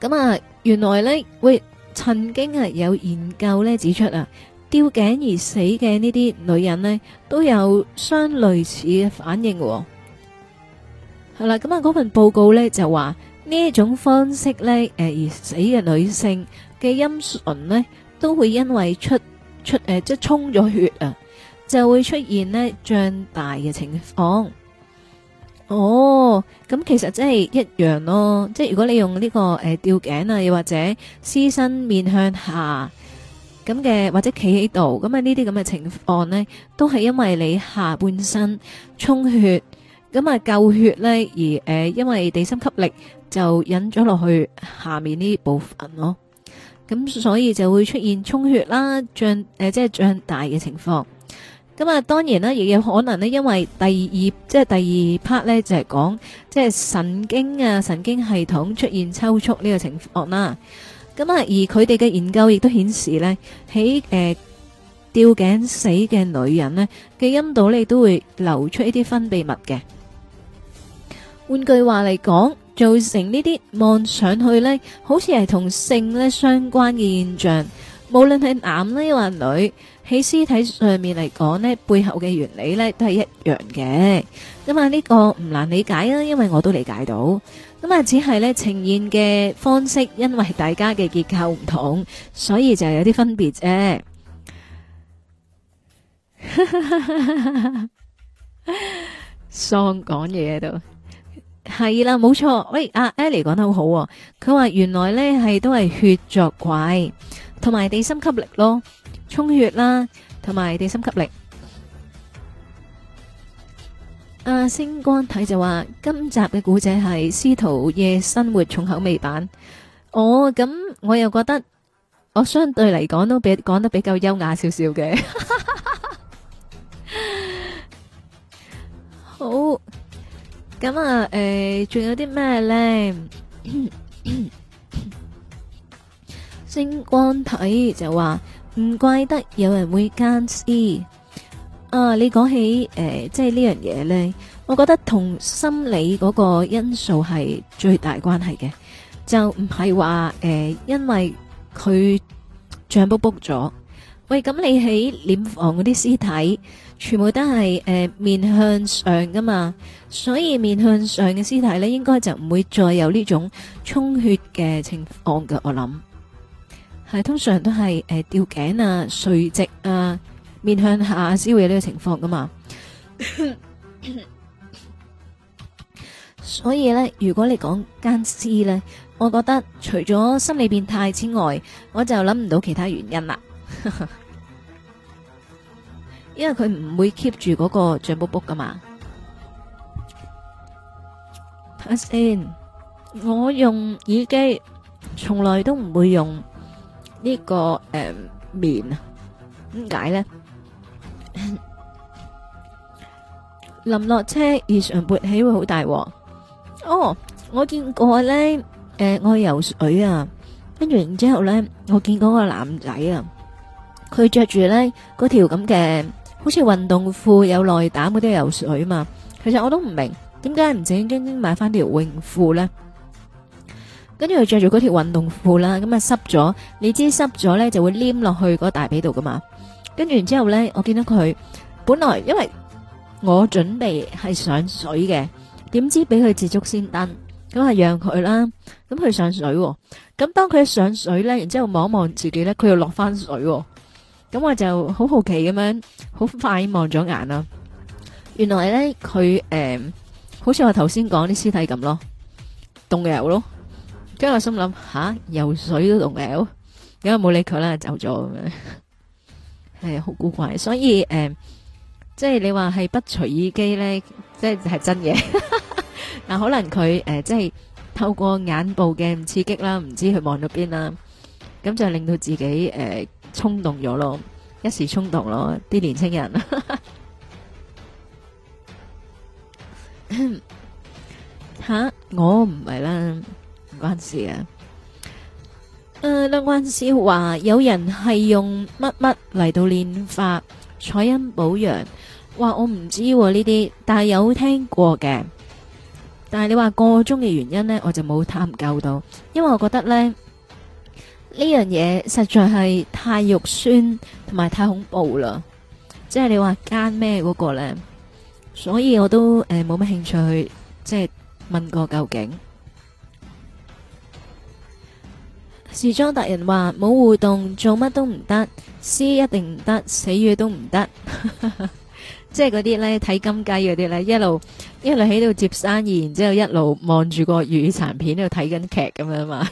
咁啊，原來咧會曾經係有研究咧指出啊，吊頸而死嘅呢啲女人咧都有相類似嘅反應、哦。係啦，咁啊嗰份報告咧就話呢一種方式咧，誒、呃、而死嘅女性嘅陰唇咧都會因為出出誒、呃、即係冲咗血啊，就會出現咧脹大嘅情況。哦，咁其實即係一樣咯，即係如果你用呢、這個誒、呃、吊頸啊，又或者屍身面向下咁嘅，或者企喺度咁啊，呢啲咁嘅情況呢，都係因為你下半身充血，咁、嗯、舊血呢。而誒、呃，因為地心吸力就引咗落去下面呢部分咯，咁、嗯、所以就會出現充血啦，脹誒、呃，即係脹大嘅情況。咁啊，當然啦，亦有可能呢，因為第二即係第二 part 呢，就係講即係神經啊，神經系統出現抽搐呢個情況啦。咁啊，而佢哋嘅研究亦都顯示呢，喺誒、呃、吊頸死嘅女人呢，嘅陰道咧都會流出一啲分泌物嘅。換句話嚟講，造成呢啲望上去呢，好似係同性呢相關嘅現象，無論係男呢，或女。喺屍體上面嚟講咧，背後嘅原理咧都係一樣嘅，咁啊呢個唔難理解啊，因為我都理解到，咁啊只係咧呈現嘅方式，因為大家嘅結構唔同，所以就係有啲分別啫。喪講嘢喺度。係啦，冇錯。喂，阿 Ellie 講得好好喎，佢話原來呢係都係血作怪，同埋地心吸力咯，充血啦，同埋地心吸力。阿星光睇就話今集嘅古仔係《司徒夜生活重口味版》。哦，咁我又覺得我相對嚟講都比講得比較優雅少少嘅。好。咁啊，誒，仲有啲咩咧？星光體就話唔怪得有人會奸屍。啊，你講起誒，即係呢樣嘢咧，我覺得同心理嗰個因素係最大關係嘅，就唔係話，誒，因為佢脹卜卜咗。喂，咁你喺殮房嗰啲屍體？全部都係誒、呃、面向上噶嘛，所以面向上嘅屍體咧，應該就唔會再有呢種充血嘅情況噶。我諗係通常都係誒、呃、吊頸啊、垂直啊、面向下先會有呢個情況噶嘛。咳咳所以呢，如果你講奸屍呢，我覺得除咗心理變態之外，我就諗唔到其他原因啦。 因為佢唔會 keep 住嗰個脹卜卜噶嘛，睇下先。我用耳機從來都唔會用呢個誒棉，點解咧？臨落車，異常勃起會好大喎。哦，我見過咧，誒，我去游水啊，跟住然之後咧，我見嗰個男仔啊，佢着住咧嗰條咁嘅。好似運動褲有內膽嗰啲游水嘛，其實我都唔明點解唔正正經經買翻條泳褲咧，跟住佢着住嗰條運動褲啦，咁啊濕咗，你知濕咗咧就會黏落去嗰大髀度噶嘛，跟住然之後咧，我見到佢，本來因為我準備係上水嘅，點知俾佢捷足先登，咁係讓佢啦，咁佢上水，咁當佢上水咧，然之後望一望自己咧，佢又落翻水。咁我就好好奇咁樣，好快望咗眼啦。原來咧佢誒，好似我頭先講啲屍體咁咯，凍游，跟住我心諗吓游水都凍游，而家冇理佢啦，走咗咁樣。係 好、哎、古怪，所以誒、嗯，即係你話係不隨意肌咧，即係係真嘢。嗱， 可能佢誒、呃，即係透過眼部嘅刺激啦，唔知佢望到邊啦，咁就令到自己誒。呃衝動咗咯，一時衝動咯，啲年青人。吓，我唔係啦，唔關事啊。誒，梁冠智話有人係用乜乜嚟到煉法彩恩保養，話我唔知呢啲，但係有聽過嘅。但係你話個中嘅原因呢，我就冇探究到，因為我覺得呢。呢樣嘢實在係太肉酸同埋太恐怖啦！即係你話奸咩嗰個呢？所以我都誒冇乜興趣，即係問個究竟。時裝達人話：冇互動，做乜都唔得，詩一定唔得，死語都唔得。 即係嗰啲呢，睇金雞嗰啲呢，一路一路喺度接生意，然之後一路望住個雨殘片喺度睇緊劇咁樣嘛。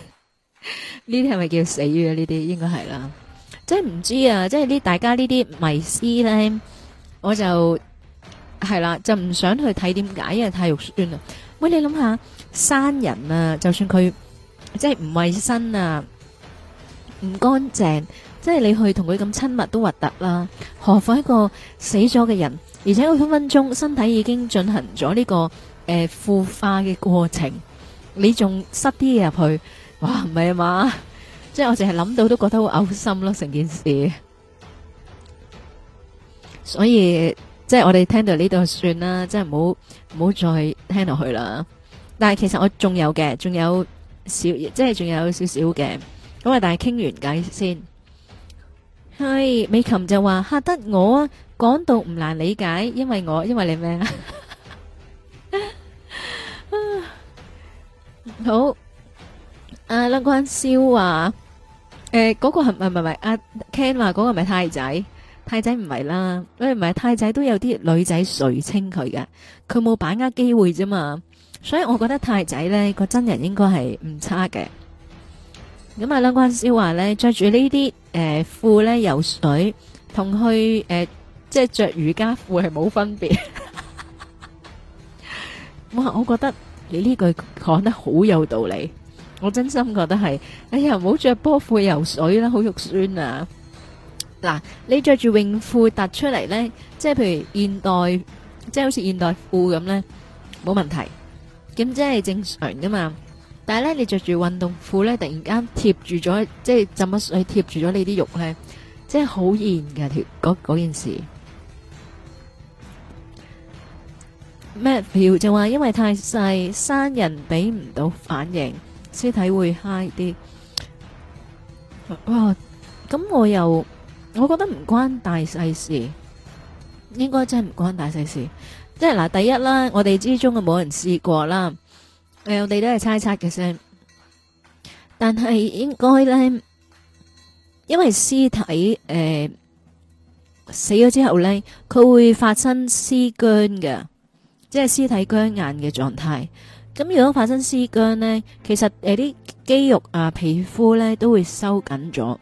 呢啲係咪叫死嘅？啊。呢啲應該係啦，即係唔知啊。即係呢，大家呢啲迷思咧，我就係啦，就唔想去睇，點解？因為太肉酸啦。喂，你諗下，生人啊，就算佢即係唔衛生啊，唔乾淨，即係你去同佢咁親密都核突啦。何況一個死咗嘅人，而且佢分分鐘身體已經進行咗呢、這個誒、呃、腐化嘅過程，你仲塞啲嘢入去。哇，唔係啊嘛，即係我淨係諗到都覺得好嘔心咯，成件事。所以即係我哋聽到呢度算啦，即係唔好唔好再聽落去啦。但係其實我仲有嘅，仲有少，即係仲有少少嘅。咁啊，但係傾完偈先。係美琴就話嚇得我啊，講到唔難理解，因為我因為你咩啊？好。阿冷冠少話：誒、啊，嗰、欸那個係唔係唔係阿 Ken 話嗰個係咪太仔？太仔唔係啦，因為唔係太仔都有啲女仔垂青佢嘅，佢冇把握機會啫嘛。所以我覺得太仔咧個真人應該係唔差嘅。咁阿冷冠少話咧，着住呢啲誒褲咧游水，同去誒即係着瑜伽褲係冇分別。我 我覺得你呢句講得好有道理。我真心覺得係，哎呀，唔好着波褲游水啦，好肉酸啊！嗱，你着住泳褲凸出嚟咧，即係譬如現代，即係好似現代褲咁咧，冇問題，咁即係正常噶嘛。但係咧，你着住運動褲咧，突然間貼住咗，即係浸咗水貼住咗你啲肉咧，即係好現噶條嗰嗰件事。Matt 票就話，因為太細，生人俾唔到反應。屍體會 high 啲，哇！咁我又，我覺得唔關大細事，應該真係唔關大細事。即係嗱，第一啦，我哋之中嘅冇人試過啦，誒，我哋都係猜測嘅先。但係應該咧，因為屍體誒死咗之後咧，佢會發生屍僵嘅，即係屍體僵硬嘅狀態。咁如果發生屍僵咧，其實誒啲肌肉啊、皮膚咧都會收緊咗。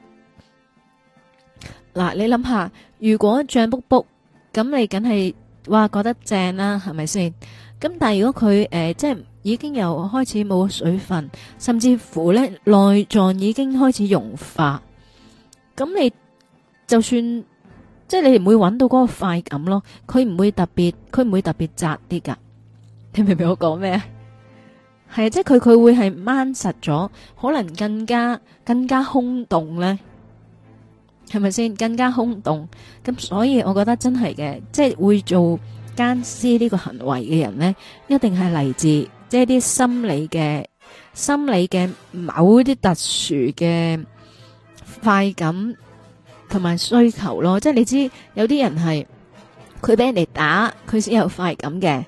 嗱，你諗下，如果脹卜卜，咁你梗係哇覺得正啦，係咪先？咁但係如果佢誒即係已經又開始冇水分，甚至乎咧內臟已經開始融化，咁你就算即係你唔會揾到嗰個快感咯，佢唔會特別，佢唔會特別窄啲噶。聽明唔明我講咩啊？係啊，即係佢佢會係掹實咗，可能更加更加空洞咧，係咪先？更加空洞，咁所以我覺得真係嘅，即係會做奸屍呢個行為嘅人咧，一定係嚟自即係啲心理嘅心理嘅某啲特殊嘅快感同埋需求咯。即係你知有啲人係佢俾人哋打，佢先有快感嘅。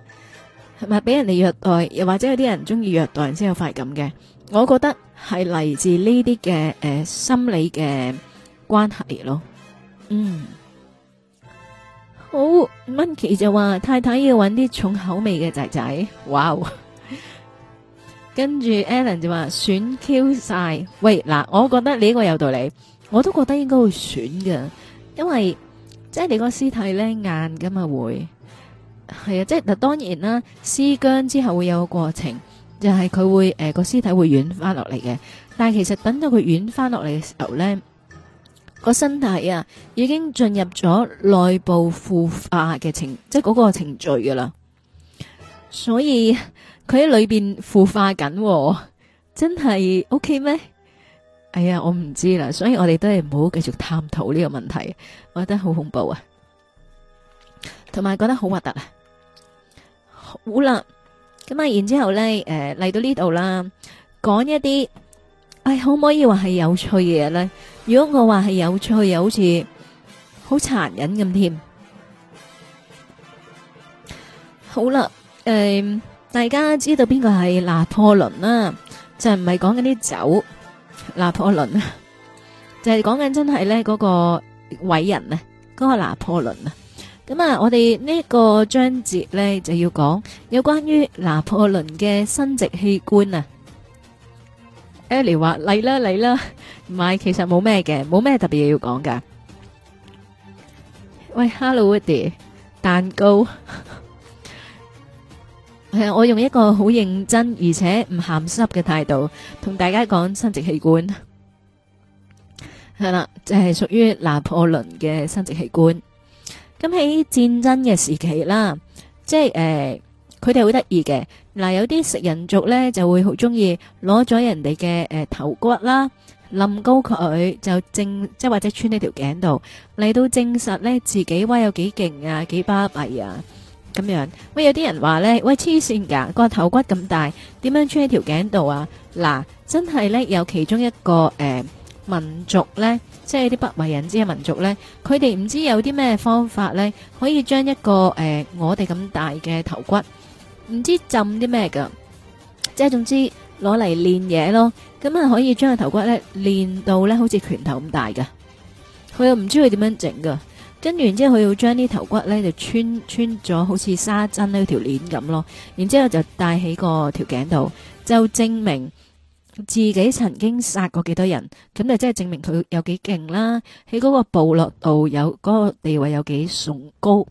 係咪俾人哋虐待，又或者有啲人中意虐待人先有快感嘅？我覺得係嚟自呢啲嘅誒心理嘅關係咯。嗯，好，Monkey 就話太太要揾啲重口味嘅仔仔，哇 跟住 Alan 就話選 Q 晒，喂嗱，我覺得你呢個有道理，我都覺得應該會選嘅，因為即係你個屍體咧硬噶嘛會。係啊，即係嗱，當然啦，屍僵之後會有個過程，就係、是、佢會誒個屍體會軟翻落嚟嘅。但係其實等到佢軟翻落嚟嘅時候咧，個身體啊已經進入咗內部腐化嘅程，即係個程序噶啦。所以佢喺裏邊腐化緊，真係 OK 咩？哎呀，我唔知啦，所以我哋都係唔好繼續探討呢個問題，我覺得好恐怖啊，同埋覺得好核突啊。好啦，咁啊，然之後咧，誒、呃、嚟到呢度啦，講一啲，唉、哎，可唔可以話係有趣嘅嘢咧？如果我話係有趣又好似好殘忍咁添。好啦，誒、呃、大家知道邊個係拿破崙啊？就唔係講緊啲酒，拿破崙啊， 就係講緊真係咧嗰個偉人咧，嗰、那個拿破崙啊。咁啊，我哋呢個章節咧，就要講有關於拿破崙嘅生殖器官啊。Ellie 話，嚟啦嚟啦，唔係，其實冇咩嘅，冇咩特別嘢要講噶。喂，Hello，Woody，蛋糕。係啊，我用一個好認真而且唔咸濕嘅態度同大家講生殖器官。係啦的，就係屬於拿破崙嘅生殖器官。咁喺、嗯、戰爭嘅時期啦，即係誒，佢哋好得意嘅嗱，有啲食人族咧就會好中意攞咗人哋嘅誒頭骨啦，冧高佢就正，即係或者穿呢條頸度嚟到證實咧自己威有幾勁啊，幾巴閉啊咁樣、呃。喂，有啲人話咧，喂，黐線㗎，個頭骨咁大，點樣穿喺條頸度啊？嗱、呃，真係咧有其中一個誒。呃民族呢，即係啲不為人知嘅民族呢，佢哋唔知有啲咩方法呢，可以將一個誒、呃、我哋咁大嘅頭骨，唔知浸啲咩噶，即係總之攞嚟練嘢咯。咁啊可以將個頭骨呢練到呢好似拳頭咁大㗎。佢又唔知佢點樣整噶跟完之後佢要將啲頭骨呢就穿穿咗好似沙針呢條鏈咁咯。然之後就戴起個條頸度，就證明。自己曾經殺過幾多人，咁就，即係證明佢有幾勁啦。喺嗰個部落度有嗰個地位有幾崇高。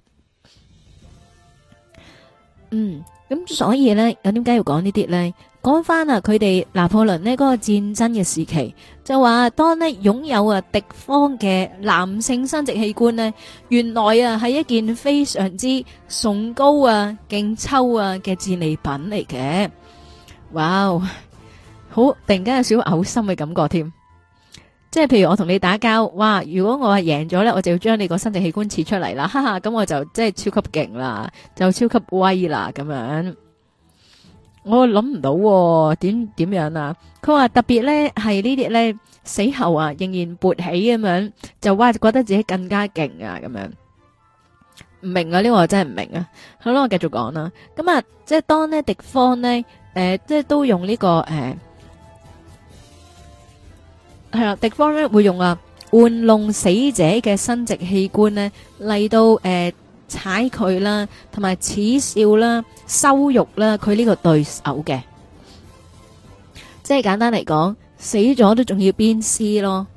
嗯，咁所以呢，咁點解要講呢啲呢？講翻啊，佢哋拿破崙呢個戰爭嘅時期，就話當呢擁有啊敵方嘅男性生殖器官呢，原來啊係一件非常之崇高啊勁抽啊嘅戰利品嚟嘅。哇哦！好突然間有少許嘔心嘅感覺添，即係譬如我同你打交，哇！如果我係贏咗咧，我就要將你個生殖器官切出嚟啦，哈哈！咁我就即係超級勁啦，就超級威啦，咁樣我諗唔到點、啊、點樣，樣啊？佢話特別咧係呢啲咧死後啊，仍然勃起咁樣，就話覺得自己更加勁啊，咁樣唔明啊？呢、這個我真係唔明啊。好啦，我繼續講啦。咁啊，即係當呢敵方呢，誒、呃，即係都用呢、這個誒。呃係啦，敵方咧會用啊，玩弄死者嘅生殖器官咧嚟到誒踩佢啦，同埋恥笑啦、羞辱啦佢呢個對手嘅。即係簡單嚟講，死咗都仲要鞭屍咯。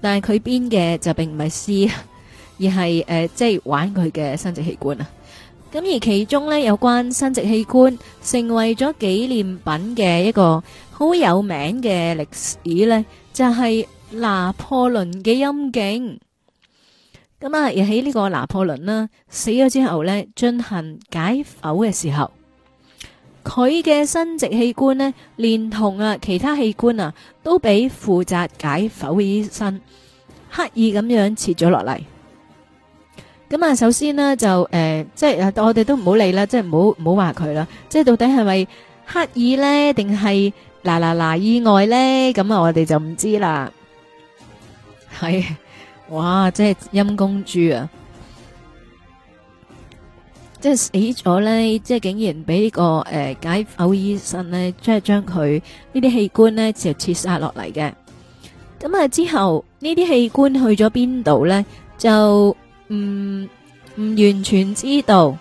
但係佢鞭嘅就並唔係屍，而係誒即係玩佢嘅生殖器官啊。咁而其中咧有關生殖器官成為咗紀念品嘅一個好有名嘅歷史咧。就係拿破崙嘅陰莖，咁啊，而喺呢個拿破崙啦死咗之後咧，進行解剖嘅時候，佢嘅生殖器官咧，連同啊其他器官啊，都俾負責解剖嘅醫生刻意咁樣切咗落嚟。咁啊，首先呢，就誒，即、呃、係、就是、我哋都唔好理啦，即係唔好唔好話佢啦，即係、就是，到底係咪刻意呢？定係？嗱嗱嗱，意外咧，咁啊我哋就唔知啦。係，哇，真係陰公豬啊！即係死咗咧，即係竟然俾呢、這個誒、呃、解剖醫生咧，即係將佢呢啲器官咧就切殺落嚟嘅。咁啊之後呢啲器官去咗邊度咧，就唔唔完全知道。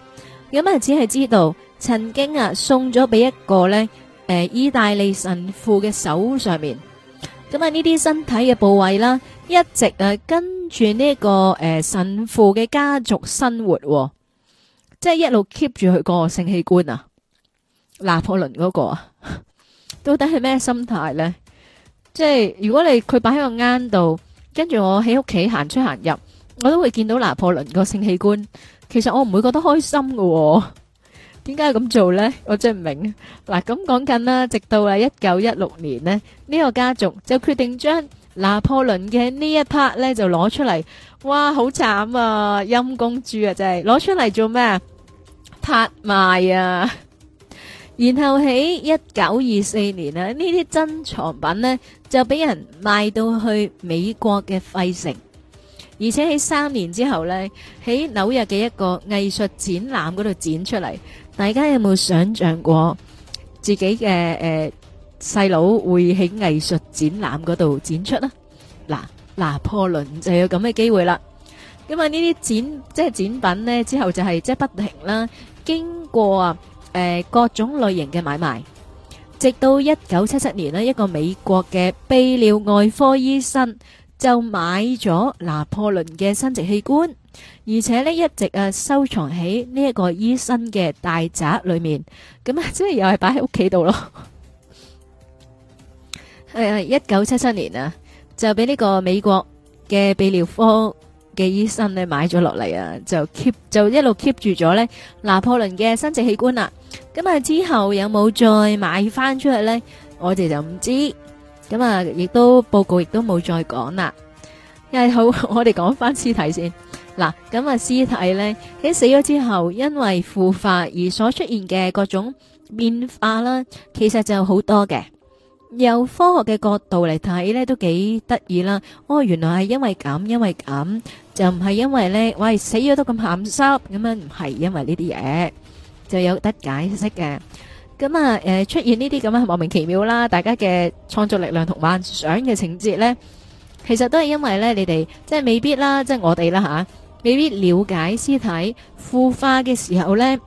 咁啊只係知道曾經啊送咗俾一個咧。誒，意大利神父嘅手上面，咁啊呢啲身體嘅部位啦，一直誒跟住呢個誒神父嘅家族生活，即係一路 keep 住佢個性器官啊。拿破崙嗰個啊，到底係咩心態呢？即係如果你佢擺喺個啱度，跟住我喺屋企行出行入，我都會見到拿破崙個性器官，其實我唔會覺得開心噶喎。點解咁做咧？我真係唔明。嗱，咁講緊啦，直到啊一九一六年咧，呢個家族就決定將拿破崙嘅呢一 part 咧，就攞出嚟。哇，好慘啊，陰公豬啊，真係攞出嚟做咩啊？拍賣啊！然後喺一九二四年啊，呢啲珍藏品咧，就俾人賣到去美國嘅費城，而且喺三年之後咧，喺紐約嘅一個藝術展覽嗰度展出嚟。大家有冇想象過自己嘅誒細佬會喺藝術展覽嗰度展出啦？嗱，拿破崙就有咁嘅機會啦，因為呢啲展即係展品咧之後就係即係不停啦，經過啊誒各種類型嘅買賣，直到一九七七年咧，一個美國嘅泌尿外科醫生就買咗拿破崙嘅生殖器官。而且呢，一直啊收藏喺呢一個醫生嘅大宅裏面，咁啊即係又係擺喺屋企度咯。啊，一九七七年啊，就俾呢個美國嘅泌尿科嘅醫生咧買咗落嚟啊，就 keep 就一路 keep 住咗呢拿破崙嘅生殖器官啦。咁啊之後有冇再買翻出去呢？我哋就唔知。咁啊亦都報告亦都冇再講啦。因、嗯、為好我哋講翻屍體先。嗱，咁啊，屍體咧喺死咗之後，因為腐化而所出現嘅各種變化啦，其實就好多嘅。由科學嘅角度嚟睇咧，都幾得意啦。哦，原來係因為咁，因為咁，就唔係因為咧，喂，死咗都咁鹹濕咁樣，唔係因為呢啲嘢，就有得解釋嘅。咁啊，誒出現呢啲咁樣莫名其妙啦，大家嘅創作力量同幻想嘅情節咧，其實都係因為咧，你哋即係未必啦，即係我哋啦嚇。未必了解屍體腐化嘅時候呢，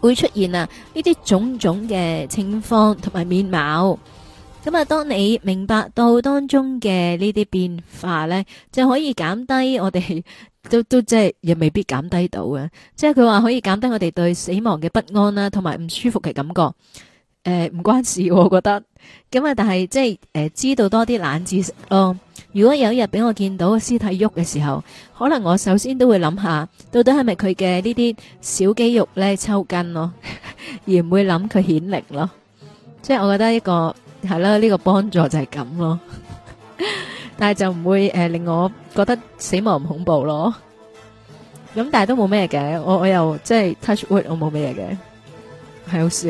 會出現啊呢啲種種嘅情況同埋面貌。咁、嗯、啊，當你明白到當中嘅呢啲變化呢，就可以減低我哋都都即係，亦未必減低到嘅。即係佢話可以減低我哋對死亡嘅不安啦、啊，同埋唔舒服嘅感覺。誒、呃，唔關事、啊，我覺得。咁、嗯、啊，但係即係誒、呃，知道多啲冷知識咯。哦如果有一日俾我見到個屍體喐嘅時候，可能我首先都會諗下，到底係咪佢嘅呢啲小肌肉咧抽筋咯，而唔會諗佢顯靈咯。即係我覺得一個係啦，呢、呢個幫助就係咁咯。 但係就唔會誒、呃、令我覺得死亡唔恐怖咯。咁但係都冇咩嘅，我我又即係 touch wood，我冇咩嘢嘅，係好笑。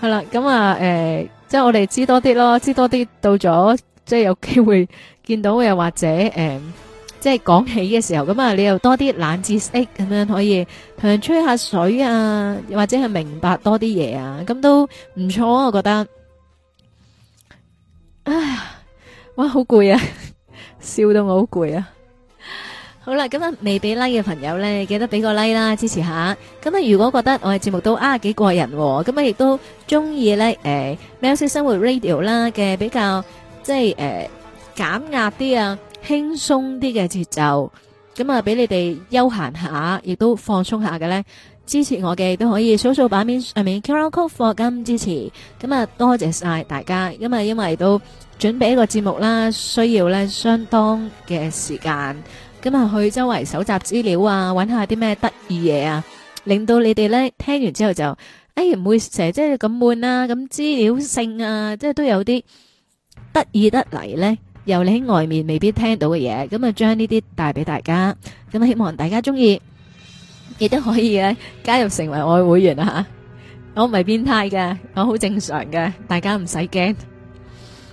係啦，咁啊誒、呃，即係我哋知多啲咯，知多啲到咗，即係有機會。見到又或者誒、嗯，即係講起嘅時候咁啊、嗯，你又多啲冷知識，咁樣可以同人吹下水啊，又或者係明白多啲嘢啊，咁都唔錯，我覺得。啊，哇，好攰啊，笑到我好攰啊！好啦，咁、嗯、啊未俾 like 嘅朋友咧，記得俾個 like 啦，支持下。咁、嗯、啊、嗯，如果覺得我嘅節目都啊幾過癮，咁啊亦都中意咧，誒、呃，喵式生活 radio 啦嘅比較即係誒。呃減壓啲啊，輕鬆啲嘅節奏，咁啊俾你哋休閒下，亦都放鬆下嘅咧。支持我嘅亦都可以，掃掃版面上面 QR code 嚟課金支持。咁啊多謝晒大家，咁啊因為都準備一個節目啦，需要咧相當嘅時間，咁啊去周圍搜集資料啊，揾下啲咩得意嘢啊，令到你哋咧聽完之後就，哎唔會成日即係咁悶呀，咁資料性啊，即係都有啲得意得嚟咧。由你喺外面未必聽到嘅嘢，咁啊將呢啲帶俾大家。咁啊，希望大家中意，亦都可以咧加入成為愛會員啊！吓，我唔係變態嘅，我好正常嘅，大家唔使驚。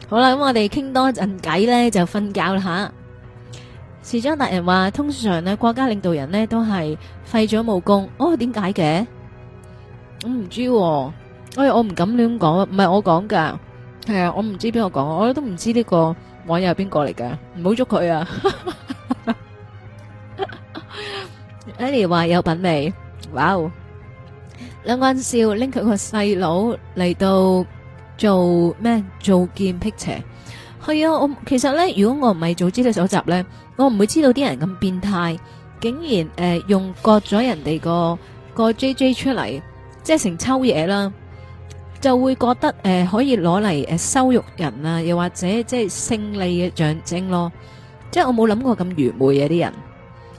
好啦，咁我哋傾多一陣偈咧，就瞓覺啦吓。市長大人話，通常咧國家領導人咧都係廢咗武功哦？點解嘅？我唔知喎，哎，我唔敢亂講，唔係我講噶，係啊，我唔知邊個講，我都唔知呢個。網友係邊個嚟嘅？唔好捉佢啊！Annie 話有品味，哇！兩個人笑拎佢個細佬嚟到做咩？做劍辟邪係啊！我其實咧，如果我唔係做資料搜集咧，我唔會知道啲人咁變態，竟然誒用割咗人哋個個 JJ 出嚟，即係成抽嘢啦。就會覺得誒、呃，可以攞嚟誒羞辱人啊，又或者即係勝利嘅象徵咯。即係我冇諗過咁愚昧嘅啲人，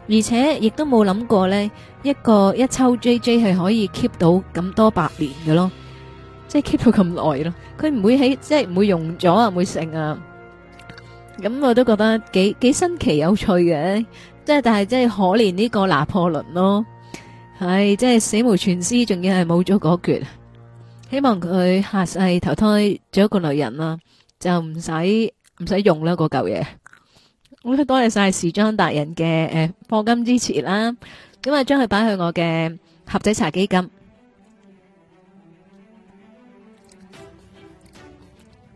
而且亦都冇諗過咧，一個一抽 J J 係可以 keep 到咁多百年嘅咯，即係 keep 到咁耐咯。佢唔會喺即係唔會溶咗啊，唔會剩啊。咁我都覺得幾幾新奇有趣嘅，即係但係即係可憐呢個拿破崙咯，係、哎、即係死無全屍，仲要係冇咗個橛。希望佢下世投胎做一個女人啦，就唔使唔使用啦嗰嚿嘢。我多謝晒時裝達人嘅誒，課金支持啦，咁啊將佢擺去我嘅盒仔茶基金。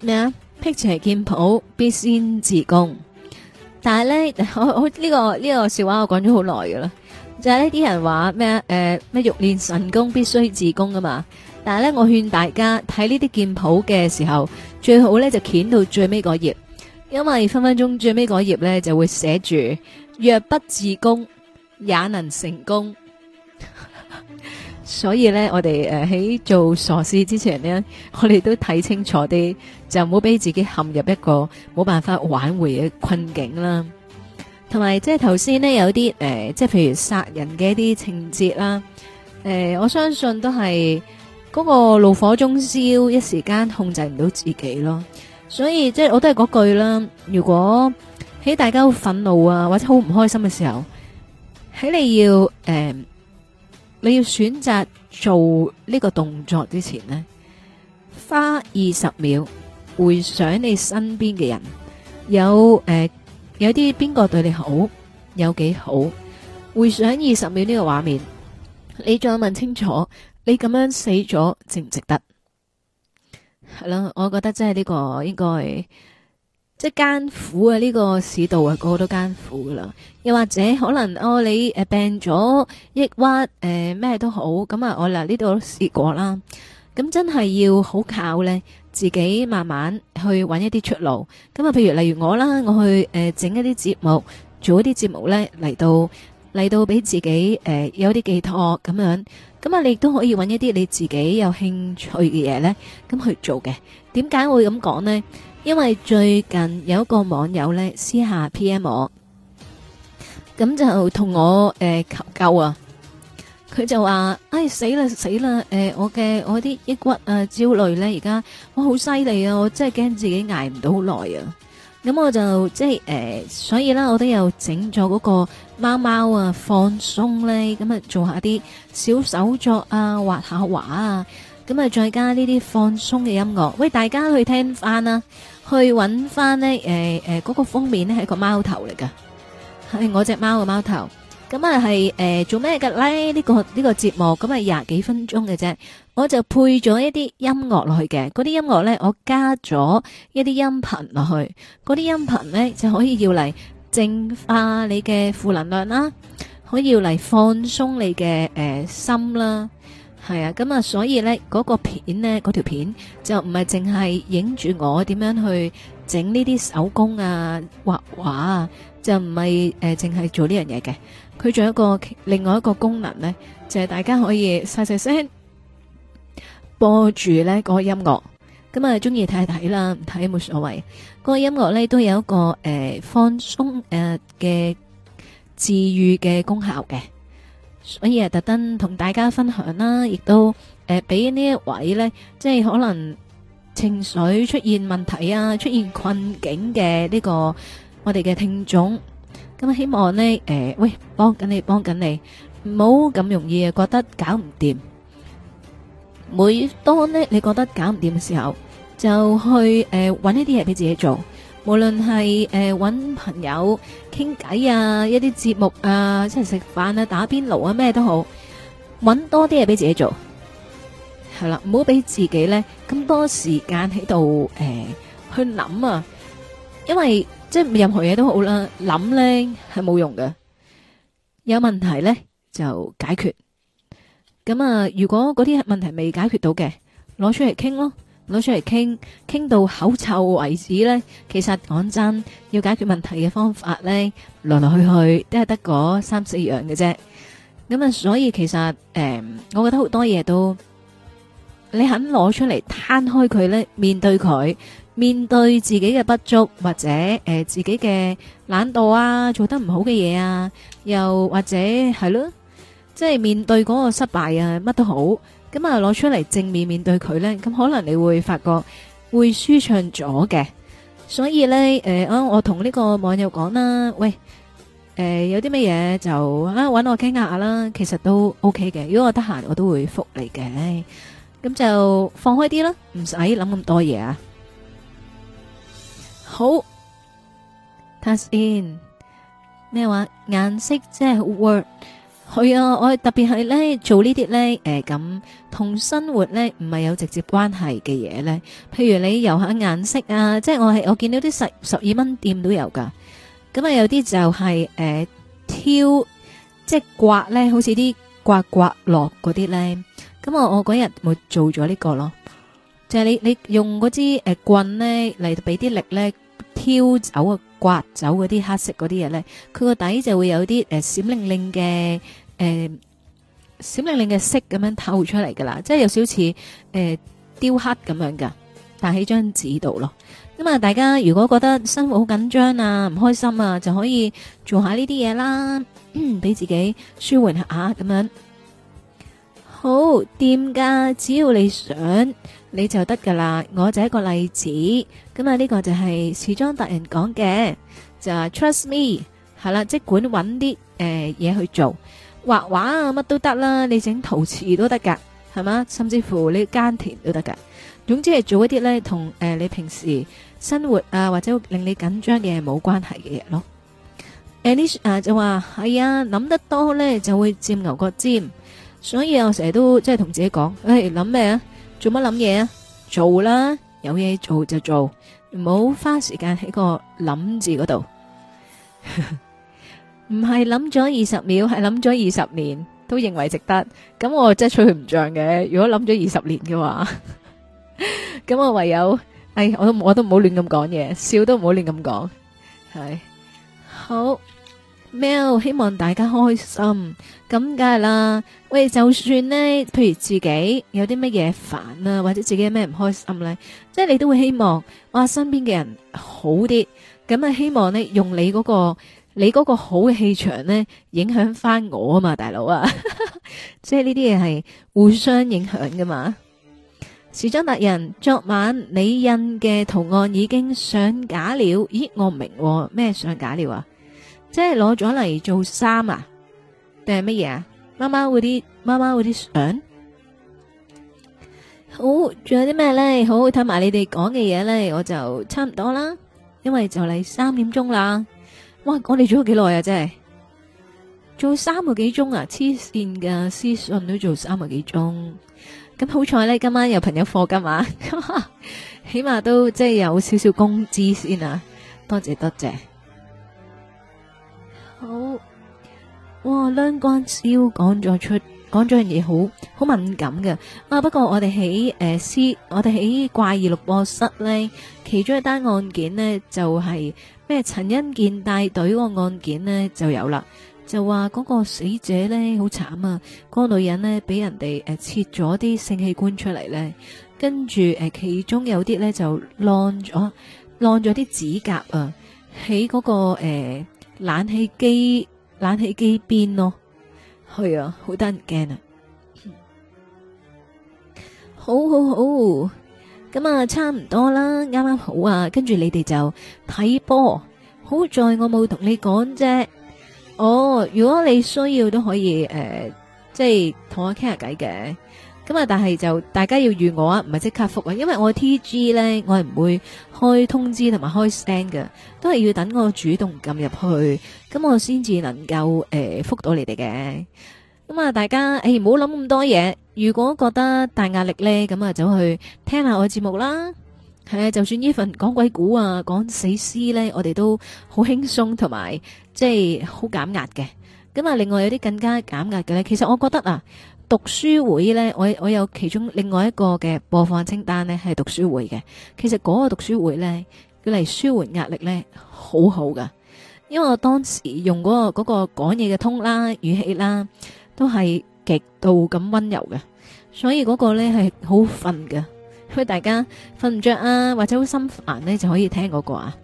咩啊？辟邪劍譜必先自宮，但係咧，我我呢個呢個笑話我講咗好耐噶啦，就係呢啲人話咩誒咩欲練神功，必須自宮噶嘛。但係咧，我勸大家睇呢啲劍譜嘅時候，最好咧就掀到最尾嗰頁，因為分分鐘最尾嗰頁咧就會寫住若不自宮也能成功， 所以咧我哋誒喺做傻事之前呢，我哋都睇清楚啲，就唔好俾自己陷入一個冇辦法挽回嘅困境啦。同埋即係頭先呢，有啲誒、呃，即係譬如殺人嘅一啲情節啦，誒、呃，我相信都係。嗰個怒火中燒，一時間控制唔到自己咯。所以即係我都係嗰句啦。如果喺大家好憤怒啊，或者好唔開心嘅時候，喺你要誒，你要選擇做呢個動作之前呢，花二十秒回想你身邊嘅人，有誒有啲邊個對你好，有幾好。回想二十秒呢個畫面，你再問清楚。你咁樣死咗值唔值得？係咯， yeah, 我覺得真係呢個應該即係艱苦呀。呢、這個市道啊，個個都艱苦噶啦。又或者可能哦，你誒病咗抑鬱誒咩都好咁啊。我嗱呢度試過啦，咁真係要好靠呢，自己慢慢去揾一啲出路。咁啊，譬如例如我啦，我去誒整、呃、一啲節目，做一啲節目呢，嚟到嚟到俾自己誒、呃、有啲寄託咁樣。咁啊，你亦都可以揾一啲你自己有興趣嘅嘢咧，咁去做嘅。點解會咁講呢？因為最近有一個網友咧私下 P.M 我，咁就同我誒、呃、求救啊！佢就話，哎死啦死啦、呃！我嘅我啲抑鬱啊焦慮咧，而家我好犀利啊！我真係驚自己捱唔到好耐啊！咁我就即係誒，所以啦，我都又整咗嗰個貓貓啊放鬆咧，咁啊做下啲小手作啊，畫下畫啊，咁啊再加呢啲放鬆嘅音樂，喂大家去聽翻啦，去搵翻呢誒誒嗰個封面咧係一個貓頭嚟噶係我隻貓嘅貓頭，咁啊係誒做咩噶咧？呢個呢個節目咁啊廿幾分鐘嘅啫。我就配咗一啲音樂落去嘅，嗰啲音樂呢，我加咗一啲音頻落去，嗰啲音頻呢，就可以要嚟淨化你嘅負能量啦，可以要嚟放鬆你嘅誒、呃、心啦，係啊。咁啊，所以呢，嗰、嗰個片呢，嗰條片就唔係淨係影住我點樣去整呢啲手工啊、畫畫啊，就唔係誒淨係做呢樣嘢嘅。佢仲有一個另外一個功能呢，就係、是、大家可以細細聲。播住咧嗰個音樂，咁啊中意睇睇啦，唔睇冇所謂。嗰個音樂咧都有一個誒放鬆誒嘅治愈嘅功效嘅，所以啊特登同大家分享啦，亦都誒俾呢一位咧，即係可能情緒出現問題啊，出現困境嘅呢個我哋嘅聽眾，咁希望咧誒喂幫緊你幫緊你，唔好咁容易啊覺得搞唔掂。每當咧你覺得搞唔掂嘅時候，就去誒搵一啲嘢俾自己做，無論係誒搵朋友傾偈啊，一啲節目啊，即係食飯啊，打邊爐啊，咩都好，搵多啲嘢俾自己做。係啦，唔好俾自己咧咁多時間喺度誒去諗啊，因為即係任何嘢都好啦，諗咧係冇用嘅，有問題咧就解決。咁啊，如果嗰啲問題未解決到嘅，攞出嚟傾咯，攞出嚟傾，傾到口臭為止呢。其實講真，要解決問題嘅方法呢，來來去去都係得嗰三四樣嘅啫。咁啊，所以其實誒，我覺得好多嘢都，你肯攞出嚟攤開佢呢，面對佢，面對自己嘅不足，或者誒自己嘅懶惰啊，做得唔好嘅嘢啊，又或者係咯。即係面對嗰個失敗啊，乜都好，咁啊攞出嚟正面面對佢咧，咁可能你會發覺會舒暢咗嘅。所以咧，誒、呃，我同呢個網友講啦，喂，誒、呃，有啲乜嘢就啊搵我傾下啦，其實都 OK 嘅。如果我得閒，我都會復你嘅。咁就放開啲啦，唔使諗咁多嘢啊。好 Test in 咩話？顏色即係 work。係啊，我特別係咧做呢啲咧，誒咁同生活咧唔係有直接關係嘅嘢咧，譬如你游下眼色啊，即係我係我見到啲十十二蚊店都有噶，咁啊有啲就係誒挑即係刮咧，好似啲刮刮落嗰啲咧，咁啊我嗰日咪做咗呢個咯，就係你你用嗰支誒棍咧嚟俾啲力咧挑走啊刮走嗰啲黑色嗰啲嘢咧，佢個底就會有啲誒閃靈靈嘅。誒，閃令令嘅色咁樣透出嚟噶啦，即係有少少似誒雕刻咁樣噶，戴喺張紙度咯。咁啊，大家如果覺得生活好緊張啊，唔開心啊，就可以做下呢啲嘢啦，俾自己舒緩下咁樣。好掂噶，只要你想你就得噶啦。我就一個例子咁啊，呢個就係時裝達人講嘅，就係「trust me」係啦。即管搵啲誒嘢去做。畫畫啊乜都得啦，你整陶瓷都得噶，係嘛？甚至乎你耕田都得噶。總之係做一啲咧，同誒、呃、你平時生活啊或者令你緊張嘅冇關係嘅嘢咯。Anish 啊就話係啊，諗、哎、得多咧就會佔牛角尖，所以我成日都即係同自己講，誒諗咩啊？做乜諗嘢啊？做啦，有嘢做就做，唔好花時間喺個諗字嗰度。 唔係諗咗二十秒，係諗咗二十年，都認為值得。咁我真係吹佢唔脹嘅。如果諗咗二十年嘅話，咁我唯有，哎，我都我都唔好亂咁講嘢，笑都唔好亂咁講。係好，Mel，希望大家開心。咁梗係啦。喂，就算咧，譬如自己有啲乜嘢煩啦，或者自己有咩唔開心咧，即係你都會希望，哇，身邊嘅人好啲。咁啊，希望咧用你嗰個。你嗰個好嘅氣場咧，影響翻我啊嘛，大佬啊，即係呢啲嘢係互相影響噶嘛。市長達人，昨晚你印嘅圖案已經上架了，咦？我唔明咩、哦、上架了，了啊，即係攞咗嚟做衫啊，定係乜嘢？媽媽嗰啲，媽媽嗰啲相。好，仲有啲咩咧？好，好睇埋你哋講嘅嘢咧，我就差唔多啦，因為就嚟三點鐘啦。哇！我哋做咗幾耐啊，真係做三個幾鐘啊，黐線㗎，屍訊都做三個幾鐘。咁好彩咧，今晚有朋友課㗎嘛， 起碼都即係有少少工資先啊！多謝多謝。好，哇！梁關超講咗出，講咗樣嘢好好敏感嘅。啊，不過我哋喺誒我哋喺怪異錄播室咧，其中一單案件呢，就係、是。咩陳恩健帶隊嗰個案件呢就有啦，就話嗰個死者咧好慘啊，嗰、那個女人呢俾人哋誒、呃、切咗啲性器官出嚟咧，跟住誒、呃、其中有啲咧就晾咗晾咗啲指甲啊喺嗰、那個誒、呃、冷氣機冷氣機邊咯，係啊好得人驚啊，好好好。咁啊，差唔多啦，啱啱好啊，跟住你哋就睇波。好在我冇同你講啫。哦，如果你需要都可以誒、呃，即係同我傾下偈嘅。咁啊，但係就大家要預我啊，唔係即刻覆啊，因為我 TG 咧，我係唔會開通知同埋開 stand 嘅，都係要等我主動撳入去，咁我先至能夠誒、呃、覆到你哋嘅。咁啊，大家誒，唔好諗咁多嘢。如果覺得大壓力呢，咁啊，走去聽下我嘅節目啦。係啊，就算呢份講鬼故啊，講死屍呢，我哋都好輕鬆，同埋即係好減壓嘅。咁啊，另外有啲更加減壓嘅呢，其實我覺得啊，讀書會呢，我我有其中另外一個嘅播放清單呢，係讀書會嘅。其實嗰個讀書會呢，佢嚟舒緩壓力呢，好好噶。因為我當時用嗰個嗰個講嘢嘅通啦語氣啦，都係極度咁溫柔嘅。所以嗰個咧係好瞓噶，喂大家瞓唔着啊，或者好心煩咧，就可以聽嗰個啊。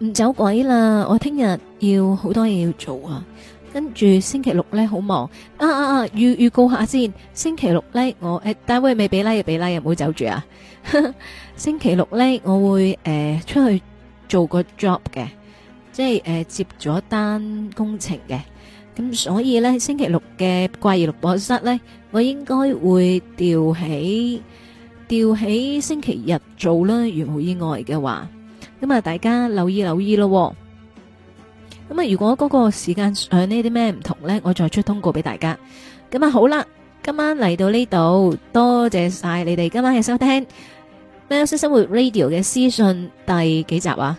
唔走鬼啦，我聽日要好多嘢要做啊，跟住星期六咧好忙啊，啊啊啊，預預告一下先。星期六咧，我誒大衛未俾啦，又俾啦，又唔好走住啊。Like, 有有啊 星期六咧，我會誒、呃、出去做個 job 嘅，即係誒、呃、接咗單工程嘅。咁所以咧，星期六嘅怪異錄播室咧，我應該會調起調起星期日做啦，如無意外嘅話。咁啊，大家留意留意咯。咁啊，如果嗰個時間上呢啲咩唔同咧，我再出通告俾大家。咁啊，好啦，今晚嚟到呢度，多謝晒你哋今晚嘅收聽《喵式生活 Radio》嘅屍訊第幾集啊？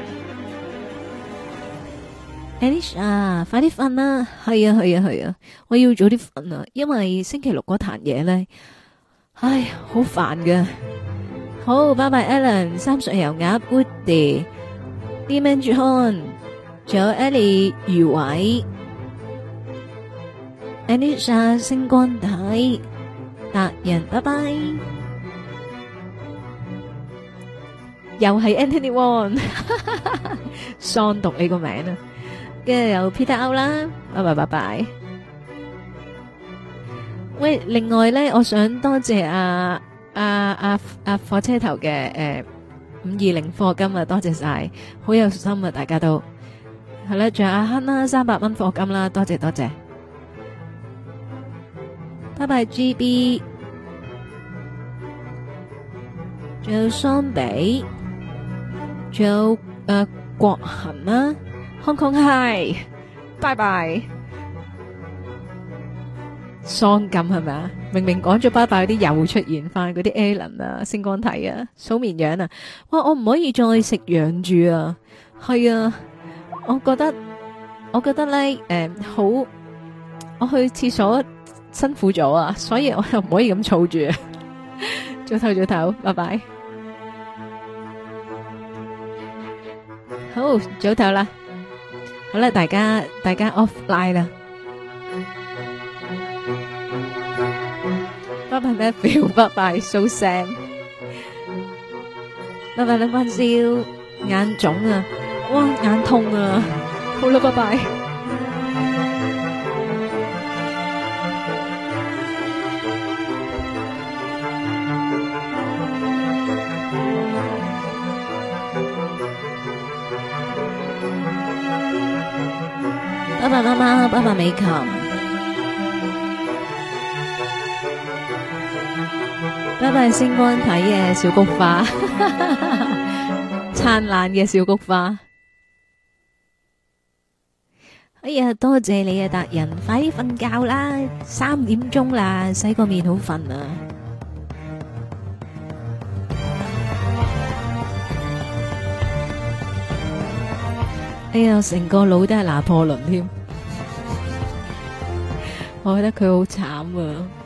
Anisha，快啲瞓啦！係啊，係啊，係啊！我要早啲瞓啊，因為星期六嗰壇嘢咧，唉，好煩噶。好，拜拜，Alan，三水油鴨，Goodie，Dimitri，仲有 Ellie，余偉，Anisha，星光體，達人，拜拜。又係 Anthony，One，喪讀你個名啊！跟住有 Peter Ou 啦，拜拜拜拜。喂，另外咧，我想多謝阿阿阿阿火車頭嘅誒五二零課金啊，多謝晒，好有心啊，大家都係啦，仲有阿亨啦，三百蚊課金啦，多謝多謝，拜拜 GB，仲有桑比，仲有誒國恒啊。Hong Kong Hi，bye bye。桑金係咪啊？明明講咗 bye bye 嗰啲又出現翻嗰啲 Alan 啊，星光體啊，數綿羊啊。哇，我唔可以再食養住啊。係啊，我覺得我覺得咧，誒，好，我去廁所辛苦咗啊，所以我又唔可以咁嘈住。早唞早唞，bye bye。好，早唞啦。好啦，大家大家 offline 啦。拜拜咩 Bill，拜拜蘇 Sam。拜拜你發燒眼腫啊，哇，眼痛啊，好啦，拜拜。拜拜，媽媽！拜拜，美琴！拜拜，星光體嘅小菊花，燦爛嘅小菊花。哎呀，多謝你啊，達人！快啲瞓覺啦，三點鐘啦，洗個面好瞓啊！哎呀，成個腦都係拿破崙添。我覺得佢好慘啊！